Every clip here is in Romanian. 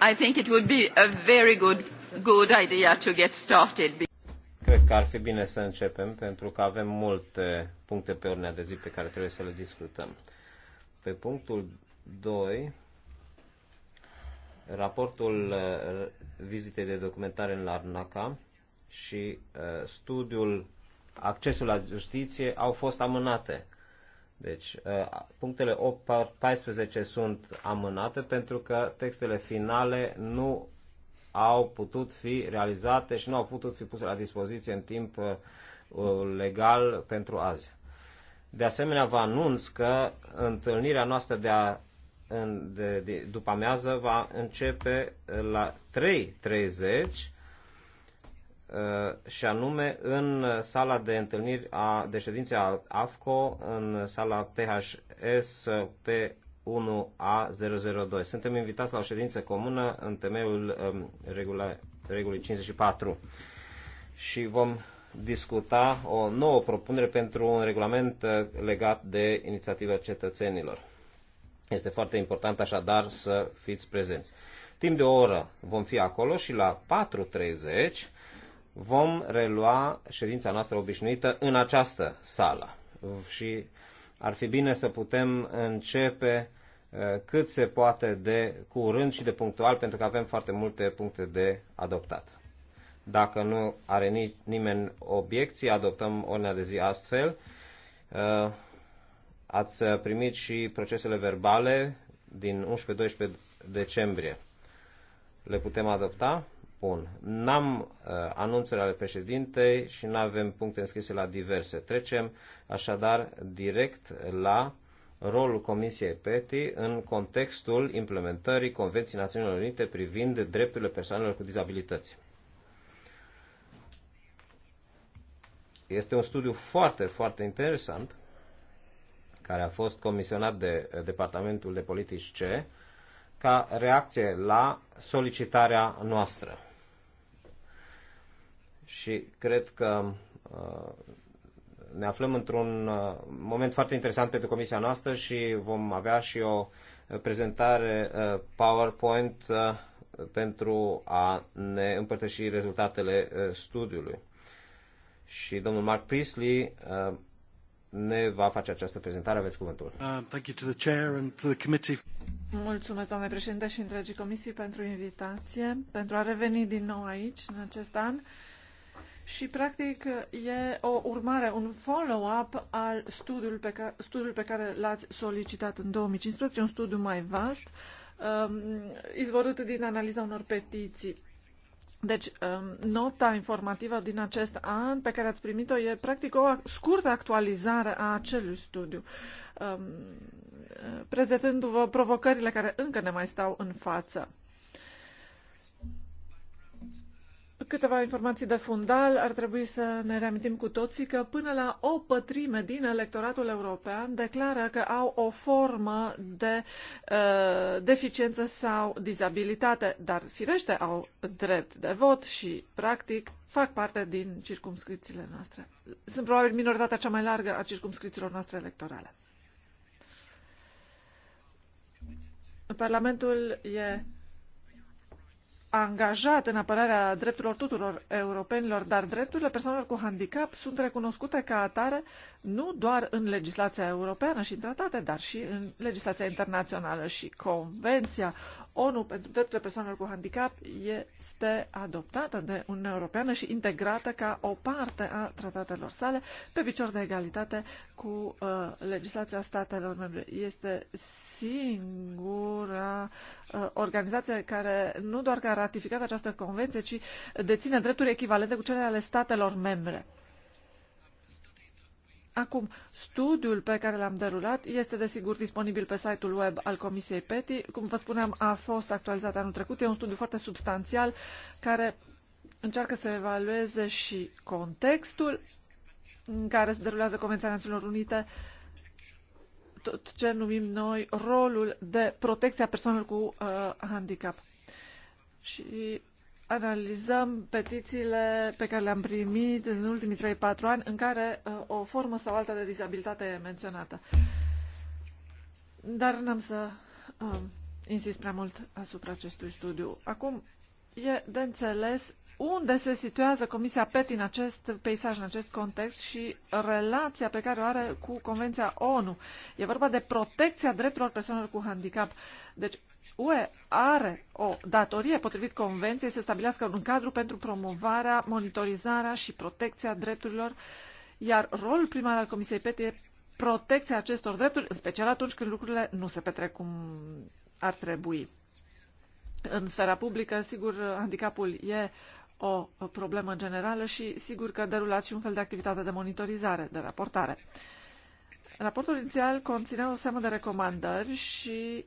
I think it would be a very good, good idea to get started. Cred că ar fi bine să începem, pentru că avem multe puncte pe ordinea de zi pe care trebuie să le discutăm. Pe punctul 2, raportul uh, vizitei de documentare în Larnaca și uh, studiul accesul la justiție au fost amânate deci, uh, punctele 8, 14 sunt amânate pentru că textele finale nu au putut fi realizate și nu au putut fi puse la dispoziție în timp uh, uh, legal pentru azi. De asemenea, vă anunț că întâlnirea noastră de, a, de, de după amiază va începe la 3.30 Uh, și anume în sala de întâlniri a, de ședințe a AFCO, în sala PHS p 1A002. Suntem invitați la o ședință comună în temeiul um, regula, regulii 54 și vom discuta o nouă propunere pentru un regulament uh, legat de inițiativa cetățenilor. Este foarte important așadar să fiți prezenți. Timp de o oră vom fi acolo și la 4.30 vom relua ședința noastră obișnuită în această sală. Și ar fi bine să putem începe uh, cât se poate de curând și de punctual, pentru că avem foarte multe puncte de adoptat. Dacă nu are nimeni obiecții, adoptăm ordinea de zi astfel. Uh, ați primit și procesele verbale din 11-12 decembrie. Le putem adopta? Bun. N-am uh, anunțuri ale președintei și nu avem puncte înscrise la diverse. Trecem așadar direct la rolul Comisiei PETI în contextul implementării Convenției Națiunilor Unite privind drepturile persoanelor cu dizabilități. Este un studiu foarte, foarte interesant care a fost comisionat de uh, Departamentul de Politici C ca reacție la solicitarea noastră și cred că uh, ne aflăm într-un uh, moment foarte interesant pentru comisia noastră și vom avea și o prezentare uh, PowerPoint pentru a ne împărtăși rezultatele studiului. Și domnul Mark Priestley ne va face această prezentare. Aveți cuvântul. Mulțumesc, domnule președinte și întregii comisii pentru invitație, pentru a reveni din nou aici, în acest an și, practic, e o urmare, un follow-up al studiul pe care, studiul pe care l-ați solicitat în 2015, un studiu mai vast, um, izvorât din analiza unor petiții. Deci, um, nota informativă din acest an pe care ați primit-o e, practic, o scurtă actualizare a acelui studiu, um, prezentându-vă provocările care încă ne mai stau în față. Câteva informații de fundal. Ar trebui să ne reamintim cu toții că până la o pătrime din electoratul european declară că au o formă de uh, deficiență sau dizabilitate, dar firește au drept de vot și, practic, fac parte din circumscripțiile noastre. Sunt probabil minoritatea cea mai largă a circumscripțiilor noastre electorale. Parlamentul e angajat în apărarea drepturilor tuturor europenilor, dar drepturile persoanelor cu handicap sunt recunoscute ca atare nu doar în legislația europeană și în tratate, dar și în legislația internațională și Convenția ONU pentru drepturile persoanelor cu handicap este adoptată de Uniunea Europeană și integrată ca o parte a tratatelor sale pe picior de egalitate cu uh, legislația statelor membre. Este singura uh, organizație care nu doar că a ratificat această convenție, ci deține drepturi echivalente cu cele ale statelor membre. Acum, studiul pe care l-am derulat este desigur disponibil pe site-ul web al Comisiei PETI. Cum vă spuneam, a fost actualizat anul trecut. E un studiu foarte substanțial care încearcă să evalueze și contextul în care se derulează Convenția Națiunilor Unite, tot ce numim noi rolul de protecție a persoanelor cu uh, handicap. Și analizăm petițiile pe care le-am primit în ultimii 3-4 ani în care uh, o formă sau alta de dizabilitate e menționată. Dar n-am să uh, insist prea mult asupra acestui studiu. Acum, e de înțeles unde se situează Comisia PET în acest peisaj, în acest context și relația pe care o are cu Convenția ONU. E vorba de protecția drepturilor persoanelor cu handicap. Deci UE are o datorie potrivit Convenției să stabilească un cadru pentru promovarea, monitorizarea și protecția drepturilor, iar rolul primar al Comisiei PET e protecția acestor drepturi, în special atunci când lucrurile nu se petrec cum ar trebui. În sfera publică, sigur, handicapul e o problemă generală și sigur că derulați și un fel de activitate de monitorizare, de raportare. Raportul inițial conținea o seamă de recomandări și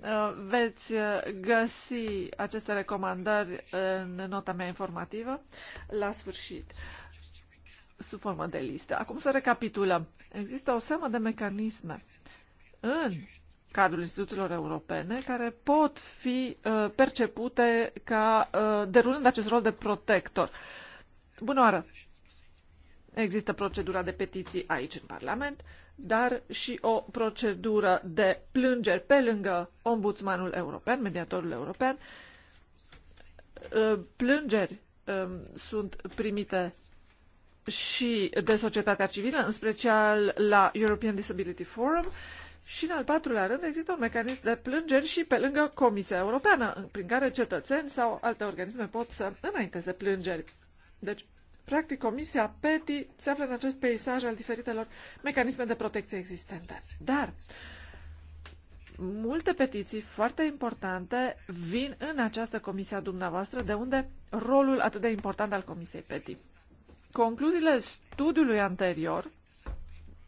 Uh, veți uh, găsi aceste recomandări în nota mea informativă la sfârșit sub formă de listă. Acum să recapitulăm. Există o seamă de mecanisme în cadrul instituțiilor europene care pot fi uh, percepute ca uh, derulând acest rol de protector. Bună oară! Există procedura de petiții aici în Parlament, uh, dar și o procedură de plângeri pe lângă ombudsmanul european, mediatorul european. Ă, plângeri ă, sunt primite și de societatea civilă, în special la European Disability Forum. Și în al patrulea rând există un mecanism de plângeri și pe lângă Comisia Europeană, prin care cetățeni sau alte organisme pot să înainteze plângeri. Deci Practic, Comisia PETI se află în acest peisaj al diferitelor mecanisme de protecție existente. Dar multe petiții foarte importante vin în această comisie a dumneavoastră, de unde rolul atât de important al Comisiei PETI. Concluziile studiului anterior,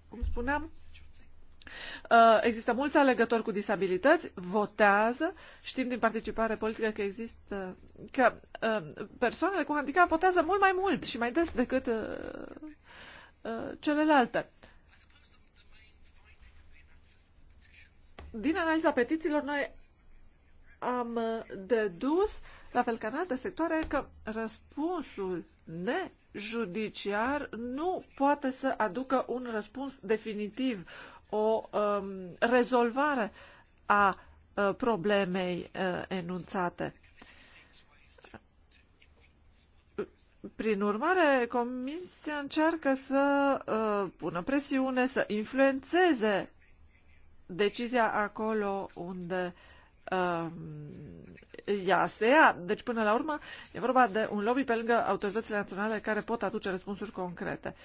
cum spuneam, Uh, există mulți alegători cu disabilități, votează, știm din participare politică că există că uh, persoanele cu handicap votează mult mai mult și mai des decât uh, celelalte. Din analiza petițiilor, noi am dedus, la fel ca în alte sectoare, că răspunsul nejudiciar nu poate să aducă un răspuns definitiv, o um, rezolvare a uh, problemei uh, enunțate. Prin urmare, Comisia încearcă să uh, pună presiune, să influențeze decizia acolo unde uh, ea se ia. Deci, până la urmă, e vorba de un lobby pe lângă autoritățile naționale care pot aduce răspunsuri concrete. Uh,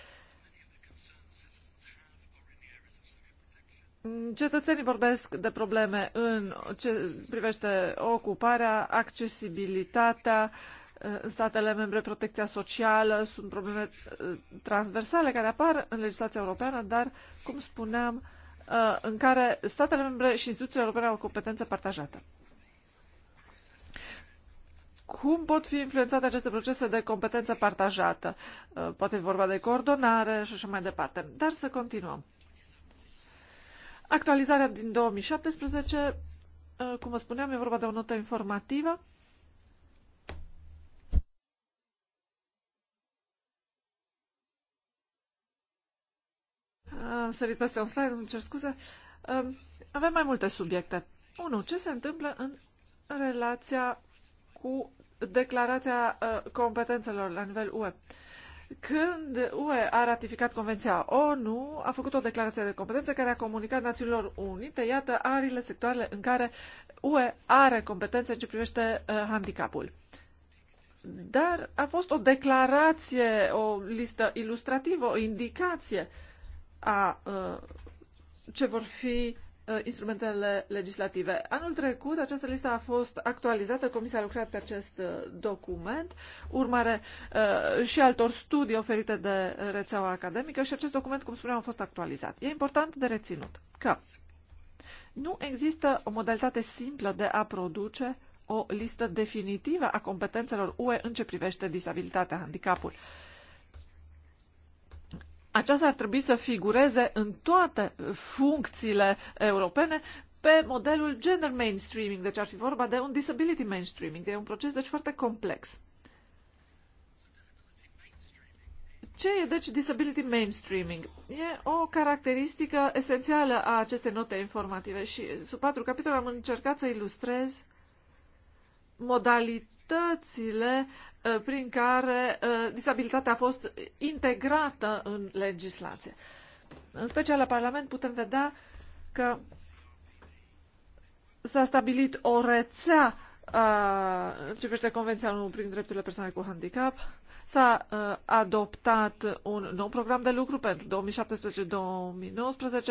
Cetățenii vorbesc de probleme în ce privește ocuparea, accesibilitatea, eh, în statele membre protecția socială, sunt probleme eh, transversale care apar în legislația europeană, dar, cum spuneam, eh, în care statele membre și instituțiile europene au competență partajată. Cum pot fi influențate aceste procese de competență partajată? Poate fi vorba de coordonare și așa mai departe. Dar să continuăm. Actualizarea din 2017, uh, cum vă spuneam, e vorba de o notă informativă. Am sărit peste un slide, îmi cer scuze. Um, avem mai multe subiecte. 1. Ce se întâmplă în relația cu declarația uh, competențelor la nivel UE? Când UE a ratificat Convenția ONU, a făcut o declarație de competență care a comunicat Națiunilor Unite, iată, arile, sectoarele în care UE are competențe ce privește uh, handicapul. Dar a fost o declarație, o listă ilustrativă, o indicație a uh, ce vor fi Uh, instrumentele legislative. Anul trecut această listă a fost actualizată, Comisia a lucrat pe acest uh, document, urmare uh, și altor studii oferite de rețeaua academică și acest document, cum spuneam, a fost actualizat. E important de reținut că nu există o modalitate simplă de a produce o listă definitivă a competențelor UE în ce privește disabilitatea, handicapul aceasta ar trebui să figureze în toate funcțiile europene pe modelul gender mainstreaming, deci ar fi vorba de un disability mainstreaming, e un proces deci foarte complex. Ce e deci disability mainstreaming? E o caracteristică esențială a acestei note informative și sub patru capitole am încercat să ilustrez modalitatea modalitățile uh, prin care uh, disabilitatea a fost integrată în legislație. În special la Parlament putem vedea că s-a stabilit o rețea uh, în ce privește Convenția 1 prin drepturile persoanelor cu handicap. S-a adoptat un nou program de lucru pentru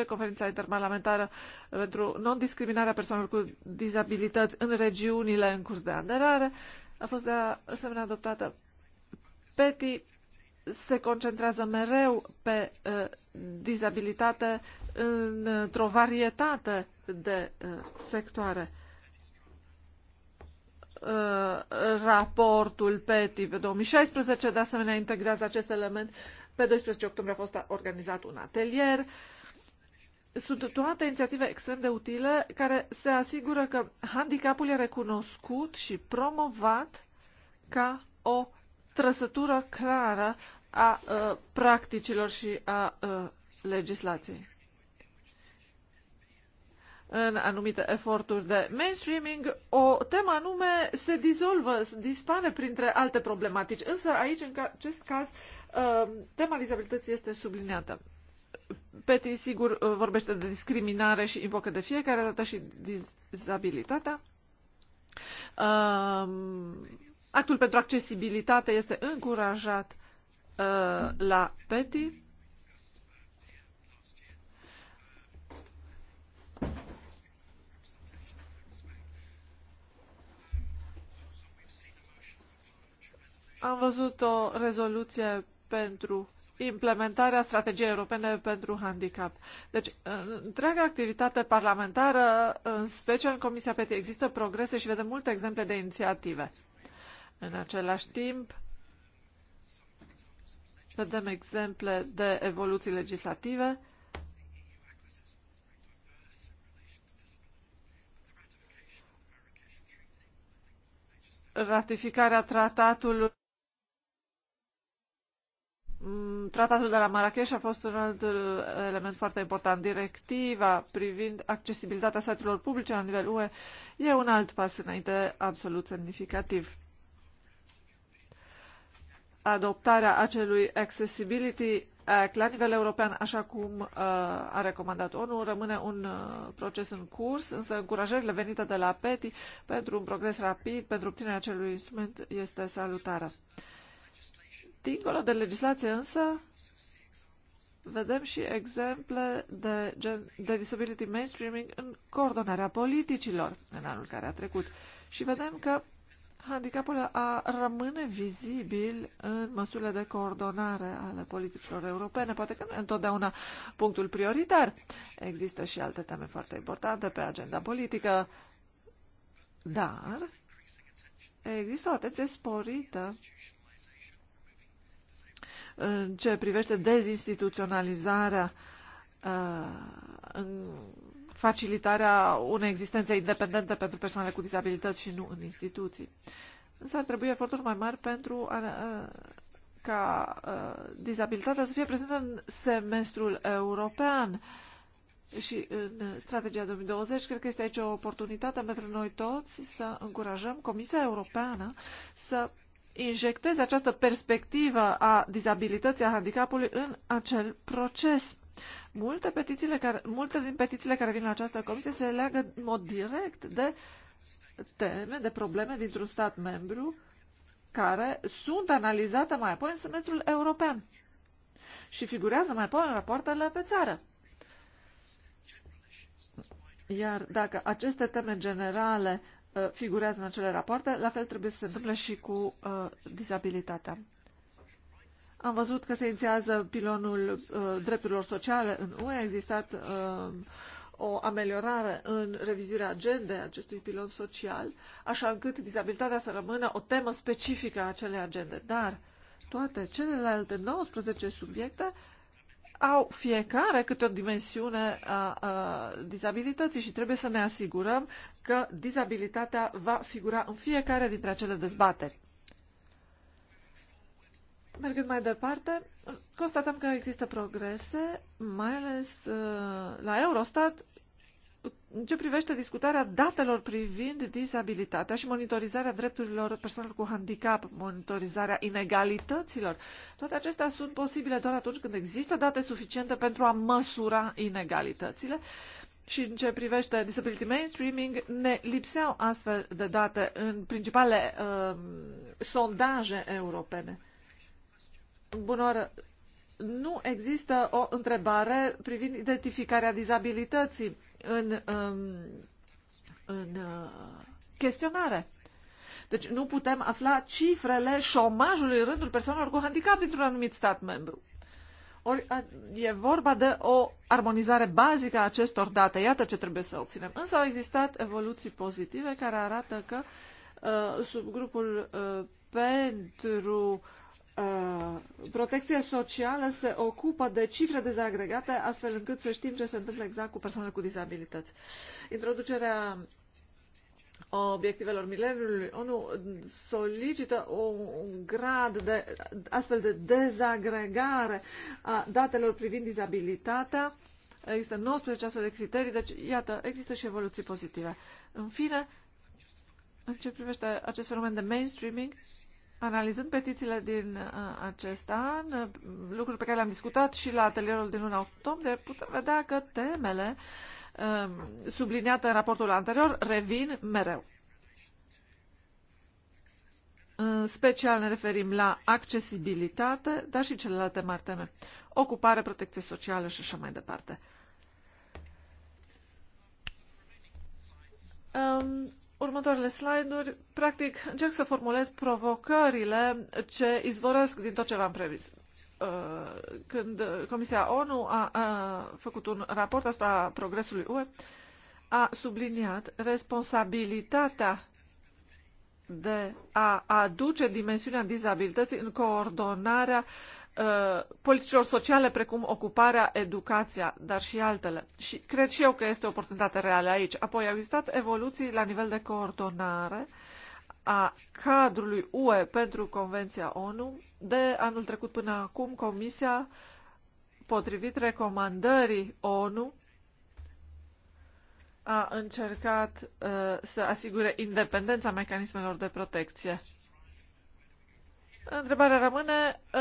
2017-2019, Conferința Interparlamentară pentru Non-Discriminarea Persoanelor cu Dizabilități în regiunile în curs de aderare a fost de asemenea adoptată. PETI se concentrează mereu pe uh, dizabilitate într-o varietate de uh, sectoare. Uh, raportul PETI pe 2016 de asemenea integrează acest element. Pe 12 octombrie a fost organizat un atelier uh, sunt toate inițiative extrem de utile care se asigură că handicapul e recunoscut și promovat ca o trăsătură clară a uh, practicilor și a uh, legislației. În anumite eforturi de mainstreaming, o temă anume se dizolvă, se dispare printre alte problematici, însă aici, în acest caz, uh, tema dizabilității este subliniată. Peti, sigur, vorbește de discriminare și invocă de fiecare dată și dizabilitatea. Actul pentru accesibilitate este încurajat uh, la Peti. Am văzut o rezoluție pentru implementarea strategiei europene pentru handicap. Deci, întreaga activitate parlamentară, în special în Comisia PETI, există progrese și vedem multe exemple de inițiative. În același timp, vedem exemple de evoluții legislative, ratificarea tratatului Mm, tratatul de la Marrakesh a fost un alt uh, element foarte important. Directiva privind accesibilitatea site-urilor publice la nivel UE e un alt pas înainte absolut semnificativ. Adoptarea acelui Accessibility Act la nivel european, așa cum uh, a recomandat ONU, rămâne un uh, proces în curs, însă încurajările venite de la PETI pentru un progres rapid, pentru obținerea acelui instrument, este salutară. Dincolo de legislație însă, vedem și exemple de, gen, de disability mainstreaming în coordonarea politicilor în anul care a trecut. Și vedem că handicapul a rămâne vizibil în măsurile de coordonare ale politicilor europene. Poate că nu e întotdeauna punctul prioritar. Există și alte teme foarte importante pe agenda politică, dar există o atenție sporită în ce privește dezinstituționalizarea, uh, în facilitarea unei existențe independente pentru persoanele cu dizabilități și nu în instituții. Însă ar trebui eforturi mai mari pentru a, uh, ca uh, dizabilitatea să fie prezentă în semestrul european și în strategia 2020, cred că este aici o oportunitate pentru noi toți să încurajăm Comisia Europeană să injecteze această perspectivă a dizabilității, a handicapului în acel proces. Multe, petițiile care, multe din petițiile care vin la această comisie se leagă în mod direct de teme, de probleme dintr-un stat membru care sunt analizate mai apoi în semestrul european și figurează mai apoi în rapoartele pe țară. Iar dacă aceste teme generale Uh, figurează în acele rapoarte, la fel trebuie să se întâmple și cu uh, dizabilitatea. Am văzut că se inițiază pilonul uh, drepturilor sociale în UE, a existat uh, o ameliorare în revizuirea agendei acestui pilon social, așa încât dizabilitatea să rămână o temă specifică a acelei agende. Dar toate celelalte 19 subiecte au fiecare câte o dimensiune a, a dizabilității și trebuie să ne asigurăm că dizabilitatea va figura în fiecare dintre acele dezbateri. Mergând mai departe, constatăm că există progrese, mai ales uh, la Eurostat în ce privește discutarea datelor privind dizabilitatea și monitorizarea drepturilor persoanelor cu handicap, monitorizarea inegalităților, toate acestea sunt posibile doar atunci când există date suficiente pentru a măsura inegalitățile. Și în ce privește disability mainstreaming, ne lipseau astfel de date în principale uh, um, sondaje europene. Bună oară! Nu există o întrebare privind identificarea dizabilității în, um, în uh, chestionare. Deci nu putem afla cifrele șomajului în rândul persoanelor cu handicap dintr-un anumit stat membru. Ori e vorba de o armonizare bazică a acestor date. Iată ce trebuie să obținem. Însă au existat evoluții pozitive care arată că uh, subgrupul uh, pentru Uh, protecție socială se ocupă de cifre dezagregate, astfel încât să știm ce se întâmplă exact cu persoanele cu dizabilități. Introducerea obiectivelor mileniului ONU solicită un grad de astfel de dezagregare a datelor privind dizabilitatea. Există 19 astfel de criterii, deci iată, există și evoluții pozitive. În fine, în ce privește acest fenomen de mainstreaming, Analizând petițiile din uh, acest an, uh, lucruri pe care le-am discutat și la atelierul din luna octombrie, putem vedea că temele um, subliniate în raportul anterior revin mereu. În special ne referim la accesibilitate, dar și celelalte mari teme. Ocupare, protecție socială și așa mai departe. Um, următoarele slide-uri, practic, încerc să formulez provocările ce izvoresc din tot ce v-am previs. Uh, când Comisia ONU a, a făcut un raport asupra progresului UE, a subliniat responsabilitatea de a aduce dimensiunea dizabilității în coordonarea uh, Uh, politicilor sociale, precum ocuparea, educația, dar și altele. Și cred și eu că este o oportunitate reală aici. Apoi au existat evoluții la nivel de coordonare a cadrului UE pentru Convenția ONU. De anul trecut până acum, Comisia, potrivit recomandării ONU, a încercat uh, să asigure independența mecanismelor de protecție Întrebarea rămâne ă,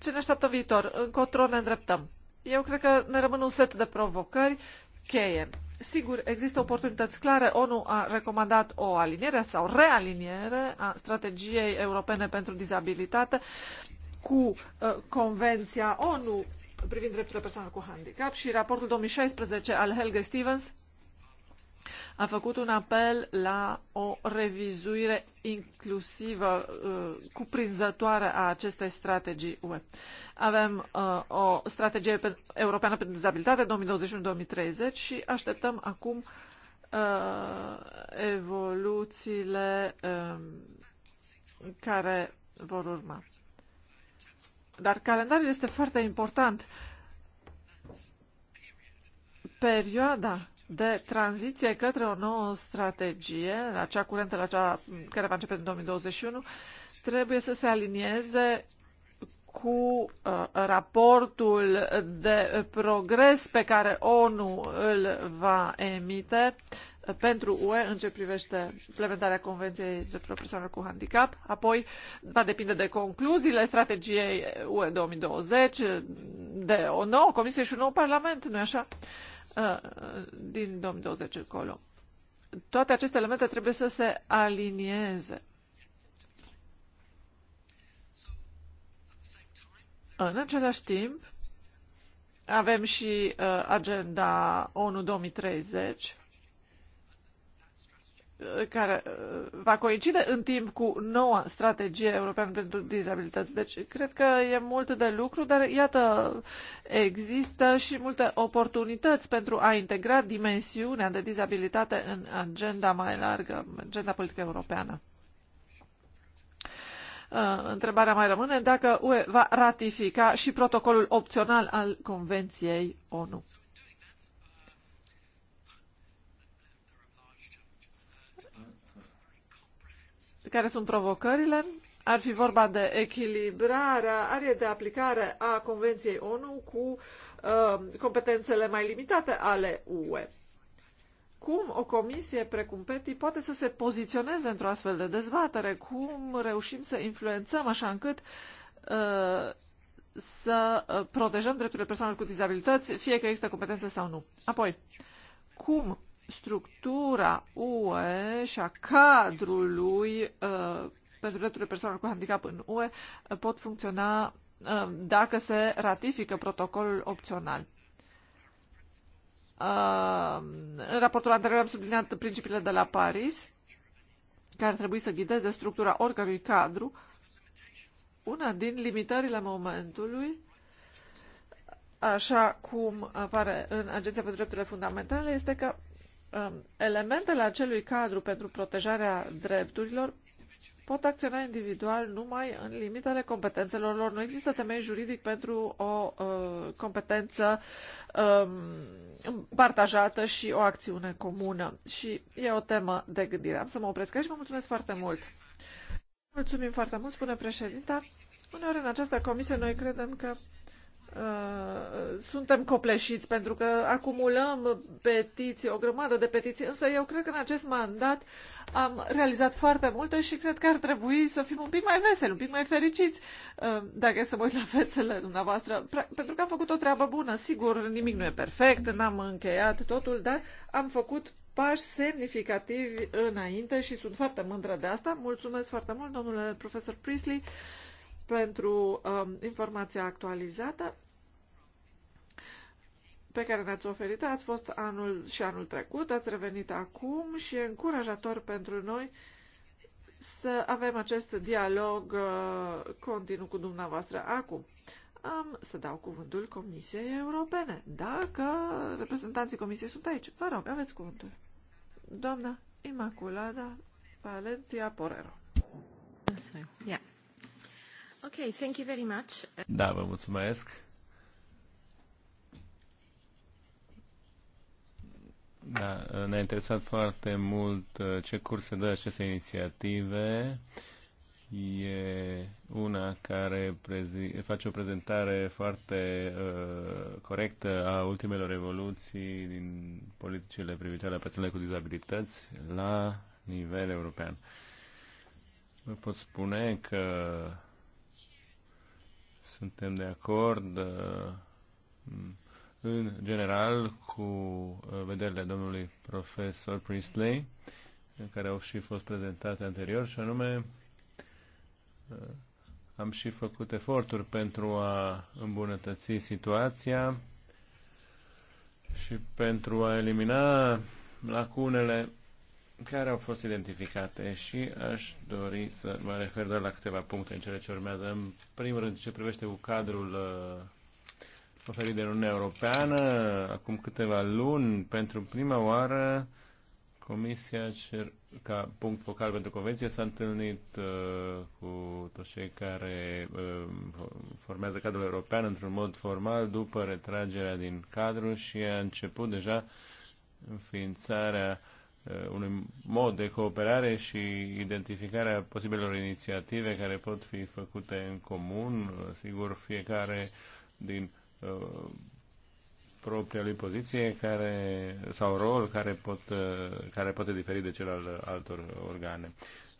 ce ne așteaptă în viitor, încotro ne îndreptăm. Eu cred că ne rămân un set de provocări cheie. Sigur, există oportunități clare. ONU a recomandat o aliniere sau realiniere a strategiei europene pentru dizabilitate cu ă, Convenția ONU privind drepturile persoanelor cu handicap și raportul 2016 al Helge Stevens a făcut un apel la o revizuire inclusivă, uh, cuprinzătoare a acestei strategii UE. Avem uh, o strategie europeană pentru dizabilitate 2021-2030 și așteptăm acum uh, evoluțiile um, care vor urma. Dar calendarul este foarte important. Perioada de tranziție către o nouă strategie, la cea curentă, la cea care va începe în 2021, trebuie să se alinieze cu uh, raportul de progres pe care ONU îl va emite uh, pentru UE în ce privește implementarea Convenției de persoane cu handicap. Apoi va depinde de concluziile strategiei UE 2020, de o nouă comisie și un nou parlament, nu-i așa? Uh, din 2020 încolo. Toate aceste elemente trebuie să se alinieze. În același timp, avem și uh, agenda ONU 2030 care uh, va coincide în timp cu noua strategie europeană pentru dizabilități. Deci, cred că e mult de lucru, dar iată, există și multe oportunități pentru a integra dimensiunea de dizabilitate în agenda mai largă, agenda politică europeană. Uh, întrebarea mai rămâne dacă UE va ratifica și protocolul opțional al Convenției ONU. care sunt provocările. Ar fi vorba de echilibrarea ariei de aplicare a Convenției ONU cu uh, competențele mai limitate ale UE. Cum o comisie precum PETI poate să se poziționeze într-o astfel de dezbatere? Cum reușim să influențăm așa încât uh, să uh, protejăm drepturile persoanelor cu dizabilități, fie că există competențe sau nu? Apoi, cum structura UE și a cadrului uh, pentru drepturile persoanelor cu handicap în UE uh, pot funcționa uh, dacă se ratifică protocolul opțional. Uh, în raportul anterior am subliniat principiile de la Paris, care trebuie să ghideze structura oricărui cadru. Una din limitările momentului așa cum apare în Agenția pentru Drepturile Fundamentale, este că Um, elementele acelui cadru pentru protejarea drepturilor pot acționa individual numai în limitele competențelor lor. Nu există temei juridic pentru o uh, competență um, partajată și o acțiune comună. Și e o temă de gândire. Am să mă opresc aici. Vă mulțumesc foarte mult. Mulțumim foarte mult, spune președinta. Uneori în această comisie noi credem că Uh, suntem copleșiți pentru că acumulăm petiții, o grămadă de petiții, însă eu cred că în acest mandat am realizat foarte multe și cred că ar trebui să fim un pic mai veseli, un pic mai fericiți, uh, dacă e să mă uit la fețele dumneavoastră, pentru că am făcut o treabă bună. Sigur, nimic nu e perfect, n-am încheiat totul, dar am făcut pași semnificativi înainte și sunt foarte mândră de asta. Mulțumesc foarte mult, domnule profesor Priestley pentru um, informația actualizată pe care ne-ați oferit. Ați fost anul și anul trecut, ați revenit acum și e încurajator pentru noi să avem acest dialog uh, continuu cu dumneavoastră acum. Am să dau cuvântul Comisiei Europene. Dacă reprezentanții Comisiei sunt aici, vă rog, aveți cuvântul. Doamna Imaculada Valencia Porero. Yeah. Okay, thank you very much. Da, vă mulțumesc. Da, ne-a interesat foarte mult uh, ce curse dă aceste inițiative. E una care face o prezentare foarte uh, corectă a ultimelor evoluții din politicile privitoare la persoanele cu dizabilități la nivel european. Vă pot spune că suntem de acord uh, în general cu uh, vederile domnului profesor Priestley, care au și fost prezentate anterior, și anume uh, am și făcut eforturi pentru a îmbunătăți situația și pentru a elimina lacunele care au fost identificate și aș dori să mă refer doar la câteva puncte în cele ce urmează. În primul rând, ce privește cu cadrul uh, oferit de Uniunea Europeană, acum câteva luni, pentru prima oară, Comisia, cer, ca punct focal pentru convenție, s-a întâlnit uh, cu toți cei care uh, formează cadrul european într-un mod formal după retragerea din cadru și a început deja înființarea uh, Uh, unui mod de cooperare și identificarea posibilor inițiative care pot fi făcute în comun, uh, sigur fiecare din uh, propria lui poziție care, sau rol care, pot, uh, care poate diferi de cel al altor organe.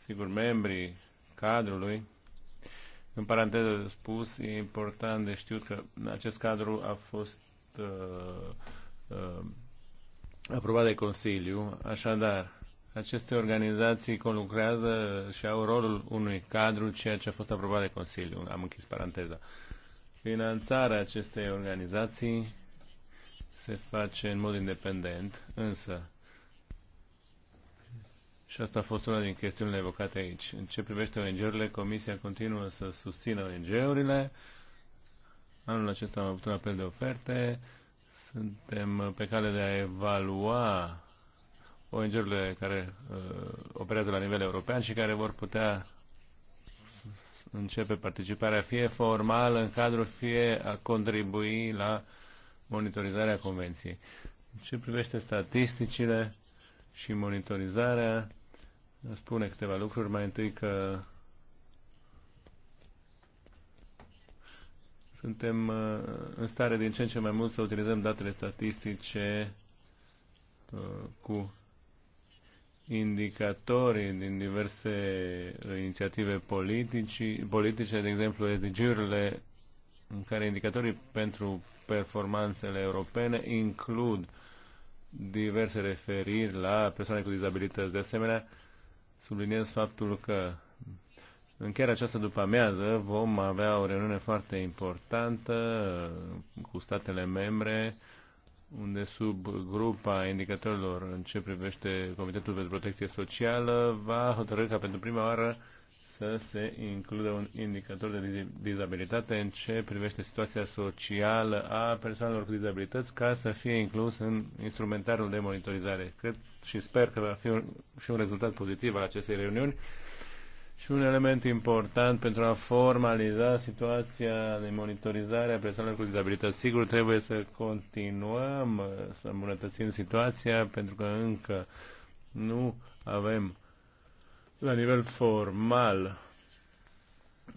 Sigur, membrii cadrului, în paranteză spus, e important de știut că acest cadru a fost uh, uh, aprobat de Consiliu. Așadar, aceste organizații conlucrează și au rolul unui cadru, ceea ce a fost aprobat de Consiliu. Am închis paranteza. Finanțarea acestei organizații se face în mod independent, însă și asta a fost una din chestiunile evocate aici. În ce privește ONG-urile, Comisia continuă să susțină ONG-urile. Anul acesta am avut un apel de oferte suntem pe cale de a evalua ONG-urile care uh, operează la nivel european și care vor putea începe participarea fie formală în cadrul, fie a contribui la monitorizarea convenției. În ce privește statisticile și monitorizarea, spune câteva lucruri. Mai întâi că Suntem uh, în stare din ce în ce mai mult să utilizăm datele statistice uh, cu indicatorii din diverse inițiative politici, politice, de exemplu SDG-urile, în care indicatorii pentru performanțele europene includ diverse referiri la persoane cu dizabilități. De asemenea, subliniez faptul că în chiar această după-amiază vom avea o reuniune foarte importantă cu statele membre, unde sub grupa indicatorilor în ce privește Comitetul pentru Protecție Socială va hotărâi ca pentru prima oară să se includă un indicator de dizabilitate în ce privește situația socială a persoanelor cu dizabilități ca să fie inclus în instrumentarul de monitorizare. Cred și sper că va fi un, și un rezultat pozitiv al acestei reuniuni și un element important pentru a formaliza situația de monitorizare a persoanelor cu dizabilități. Sigur, trebuie să continuăm să îmbunătățim situația pentru că încă nu avem la nivel formal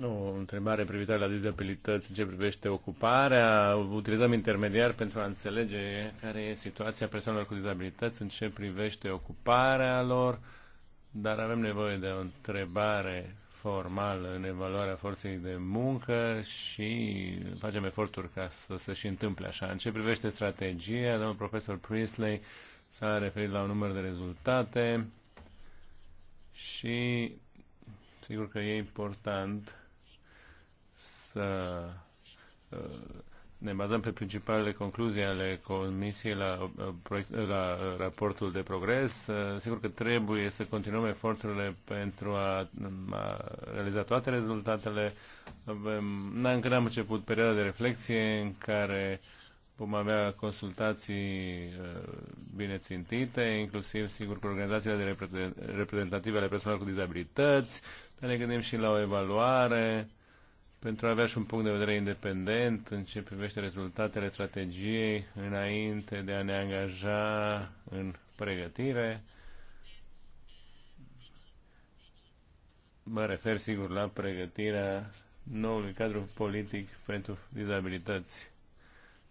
o întrebare privitoare la dizabilități în ce privește ocuparea. Utilizăm intermediar pentru a înțelege care e situația persoanelor cu dizabilități în ce privește ocuparea lor dar avem nevoie de o întrebare formală în evaluarea forței de muncă și facem eforturi ca să se și întâmple așa. În ce privește strategia, domnul profesor Priestley s-a referit la un număr de rezultate și sigur că e important să uh, ne bazăm pe principalele concluzii ale Comisiei la, la raportul de progres. Sigur că trebuie să continuăm eforturile pentru a, a realiza toate rezultatele. Avem, încă n-am început perioada de reflexie în care vom avea consultații uh, bine țintite, inclusiv, sigur, cu organizațiile de reprezentative ale persoanelor cu dizabilități, dar ne gândim și la o evaluare pentru a avea și un punct de vedere independent în ce privește rezultatele strategiei înainte de a ne angaja în pregătire. Mă refer sigur la pregătirea noului cadru politic pentru dizabilități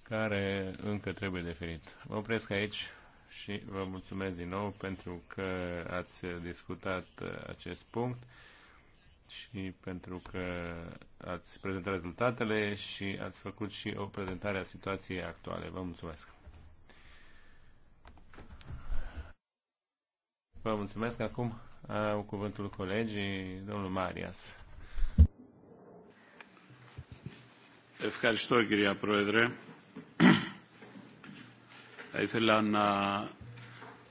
care încă trebuie definit. Mă opresc aici și vă mulțumesc din nou pentru că ați discutat acest punct și pentru că ați prezentat rezultatele și ați făcut și o prezentare a situației actuale. Vă mulțumesc! Vă mulțumesc. Acum au cuvântul colegii, domnul Marias. Ευχαριστώ κυρία Πρόεδρε. Θα ήθελα να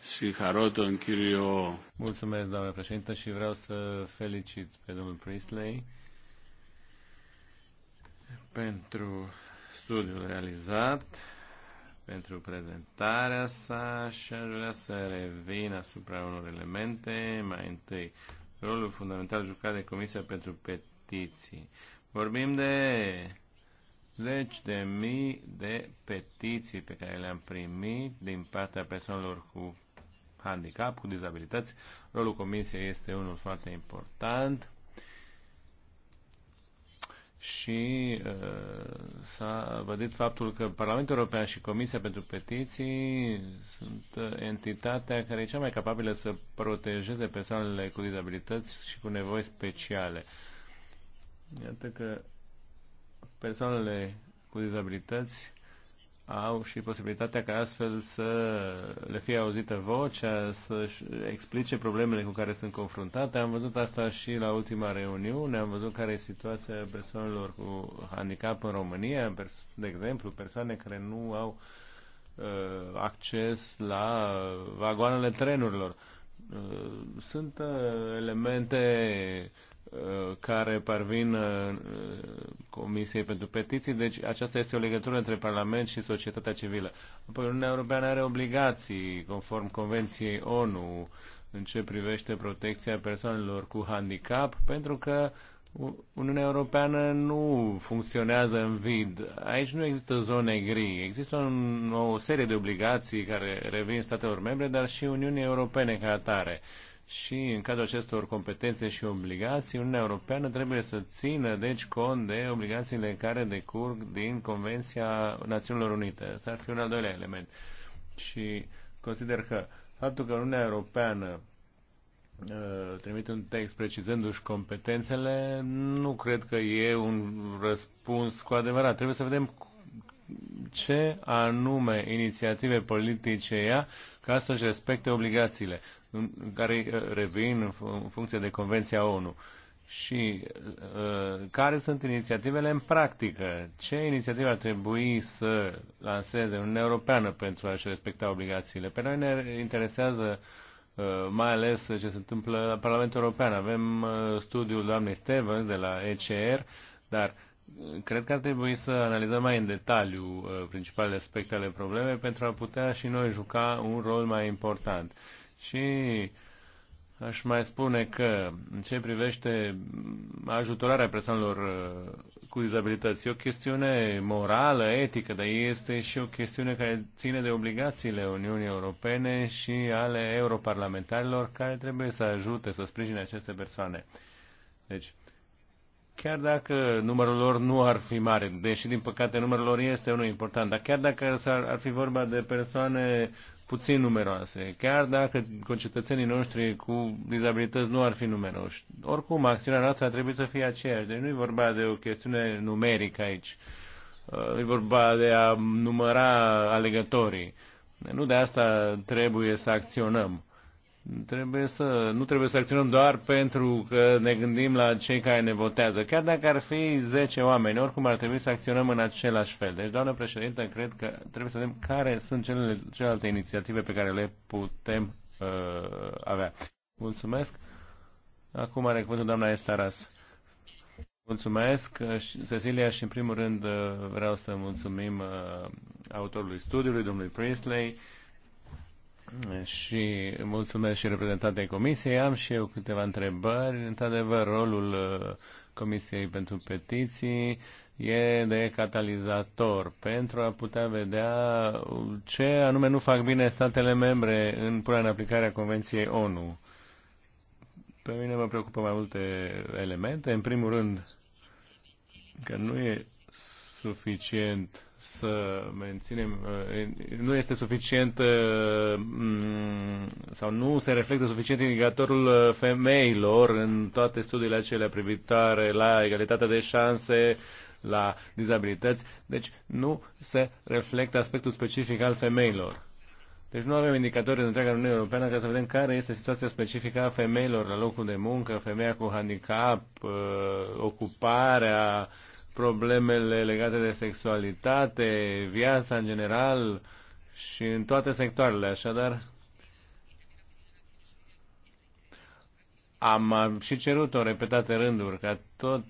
συγχαρώ τον κύριο... Mulțumesc, doamnă președintă, și vreau să felicit pe domnul Priestley pentru studiul realizat, pentru prezentarea sa și aș vrea să revin asupra unor elemente. Mai întâi, rolul fundamental jucat de Comisia pentru Petiții. Vorbim de zeci de mii de petiții pe care le-am primit din partea persoanelor cu handicap, cu dizabilități. Rolul Comisiei este unul foarte important și uh, s-a vădit faptul că Parlamentul European și Comisia pentru Petiții sunt uh, entitatea care e cea mai capabilă să protejeze persoanele cu dizabilități și cu nevoi speciale. Iată că persoanele cu dizabilități au și posibilitatea ca astfel să le fie auzită vocea, să-și explice problemele cu care sunt confruntate. Am văzut asta și la ultima reuniune, am văzut care e situația persoanelor cu handicap în România, de exemplu, persoane care nu au uh, acces la vagoanele trenurilor. Uh, sunt uh, elemente uh, Uh, care parvin uh, Comisiei pentru Petiții, deci aceasta este o legătură între Parlament și societatea civilă. Apoi Uniunea Europeană are obligații conform Convenției ONU în ce privește protecția persoanelor cu handicap, pentru că Uniunea Europeană nu funcționează în vid. Aici nu există zone gri. Există o serie de obligații care revin statelor membre, dar și Uniunii Europene ca atare. Uh, și în cadrul acestor competențe și obligații, Uniunea Europeană trebuie să țină, deci, cont de obligațiile care decurg din Convenția Națiunilor Unite. Asta ar fi un al doilea element. Și consider că faptul că Uniunea Europeană uh, trimite un text precizându-și competențele, nu cred că e un răspuns cu adevărat. Trebuie să vedem ce anume inițiative politice ea ca să-și respecte obligațiile care uh, revin în funcție de Convenția ONU. Și uh, care sunt inițiativele în practică? Ce inițiative ar trebui să lanseze Uniunea Europeană pentru a-și respecta obligațiile? Pe noi ne interesează uh, mai ales ce se întâmplă la Parlamentul European. Avem uh, studiul doamnei Stevens de la ECR, dar uh, cred că ar trebui să analizăm mai în detaliu uh, principalele aspecte ale problemei pentru a putea și noi juca un rol mai important. Uh, și aș mai spune că în ce privește ajutorarea persoanelor uh, cu dizabilități, e o chestiune morală, etică, dar este și o chestiune care ține de obligațiile Uniunii Europene și ale europarlamentarilor care trebuie să ajute, să sprijine aceste persoane. Deci, chiar dacă numărul lor nu ar fi mare, deși din păcate numărul lor este unul important, dar chiar dacă ar, ar fi vorba de persoane puțin numeroase, chiar dacă concetățenii noștri cu dizabilități nu ar fi numeroși. Oricum, acțiunea noastră ar trebui să fie aceeași, deci nu e vorba de o chestiune numerică aici. Uh, e vorba de a număra alegătorii. Nu de asta trebuie să acționăm. Trebuie să, nu trebuie să acționăm doar pentru că ne gândim la cei care ne votează. Chiar dacă ar fi 10 oameni, oricum ar trebui să acționăm în același fel. Deci, doamnă președintă, cred că trebuie să vedem care sunt cele, celelalte inițiative pe care le putem uh, avea. Mulțumesc. Acum are cuvântul doamna Estaras. Mulțumesc, uh, Cecilia, și în primul rând uh, vreau să mulțumim uh, autorului studiului, domnului Priestley, și mulțumesc și reprezentantei Comisiei. Am și eu câteva întrebări. Într-adevăr, rolul uh, Comisiei pentru Petiții e de catalizator pentru a putea vedea ce anume nu fac bine statele membre în punerea în aplicare a Convenției ONU. Pe mine mă preocupă mai multe elemente. În primul rând, că nu e suficient să menținem, uh, nu este suficient uh, mm, sau nu se reflectă suficient indicatorul uh, femeilor în toate studiile acelea privitoare la egalitatea de șanse, la dizabilități, deci nu se reflectă aspectul specific al femeilor. Deci nu avem indicatori în întreaga Uniunea Europeană ca să vedem care este situația specifică a femeilor la locul de muncă, femeia cu handicap, ocuparea, problemele legate de sexualitate, viața în general și în toate sectoarele. Așadar, am și cerut-o repetate rânduri ca tot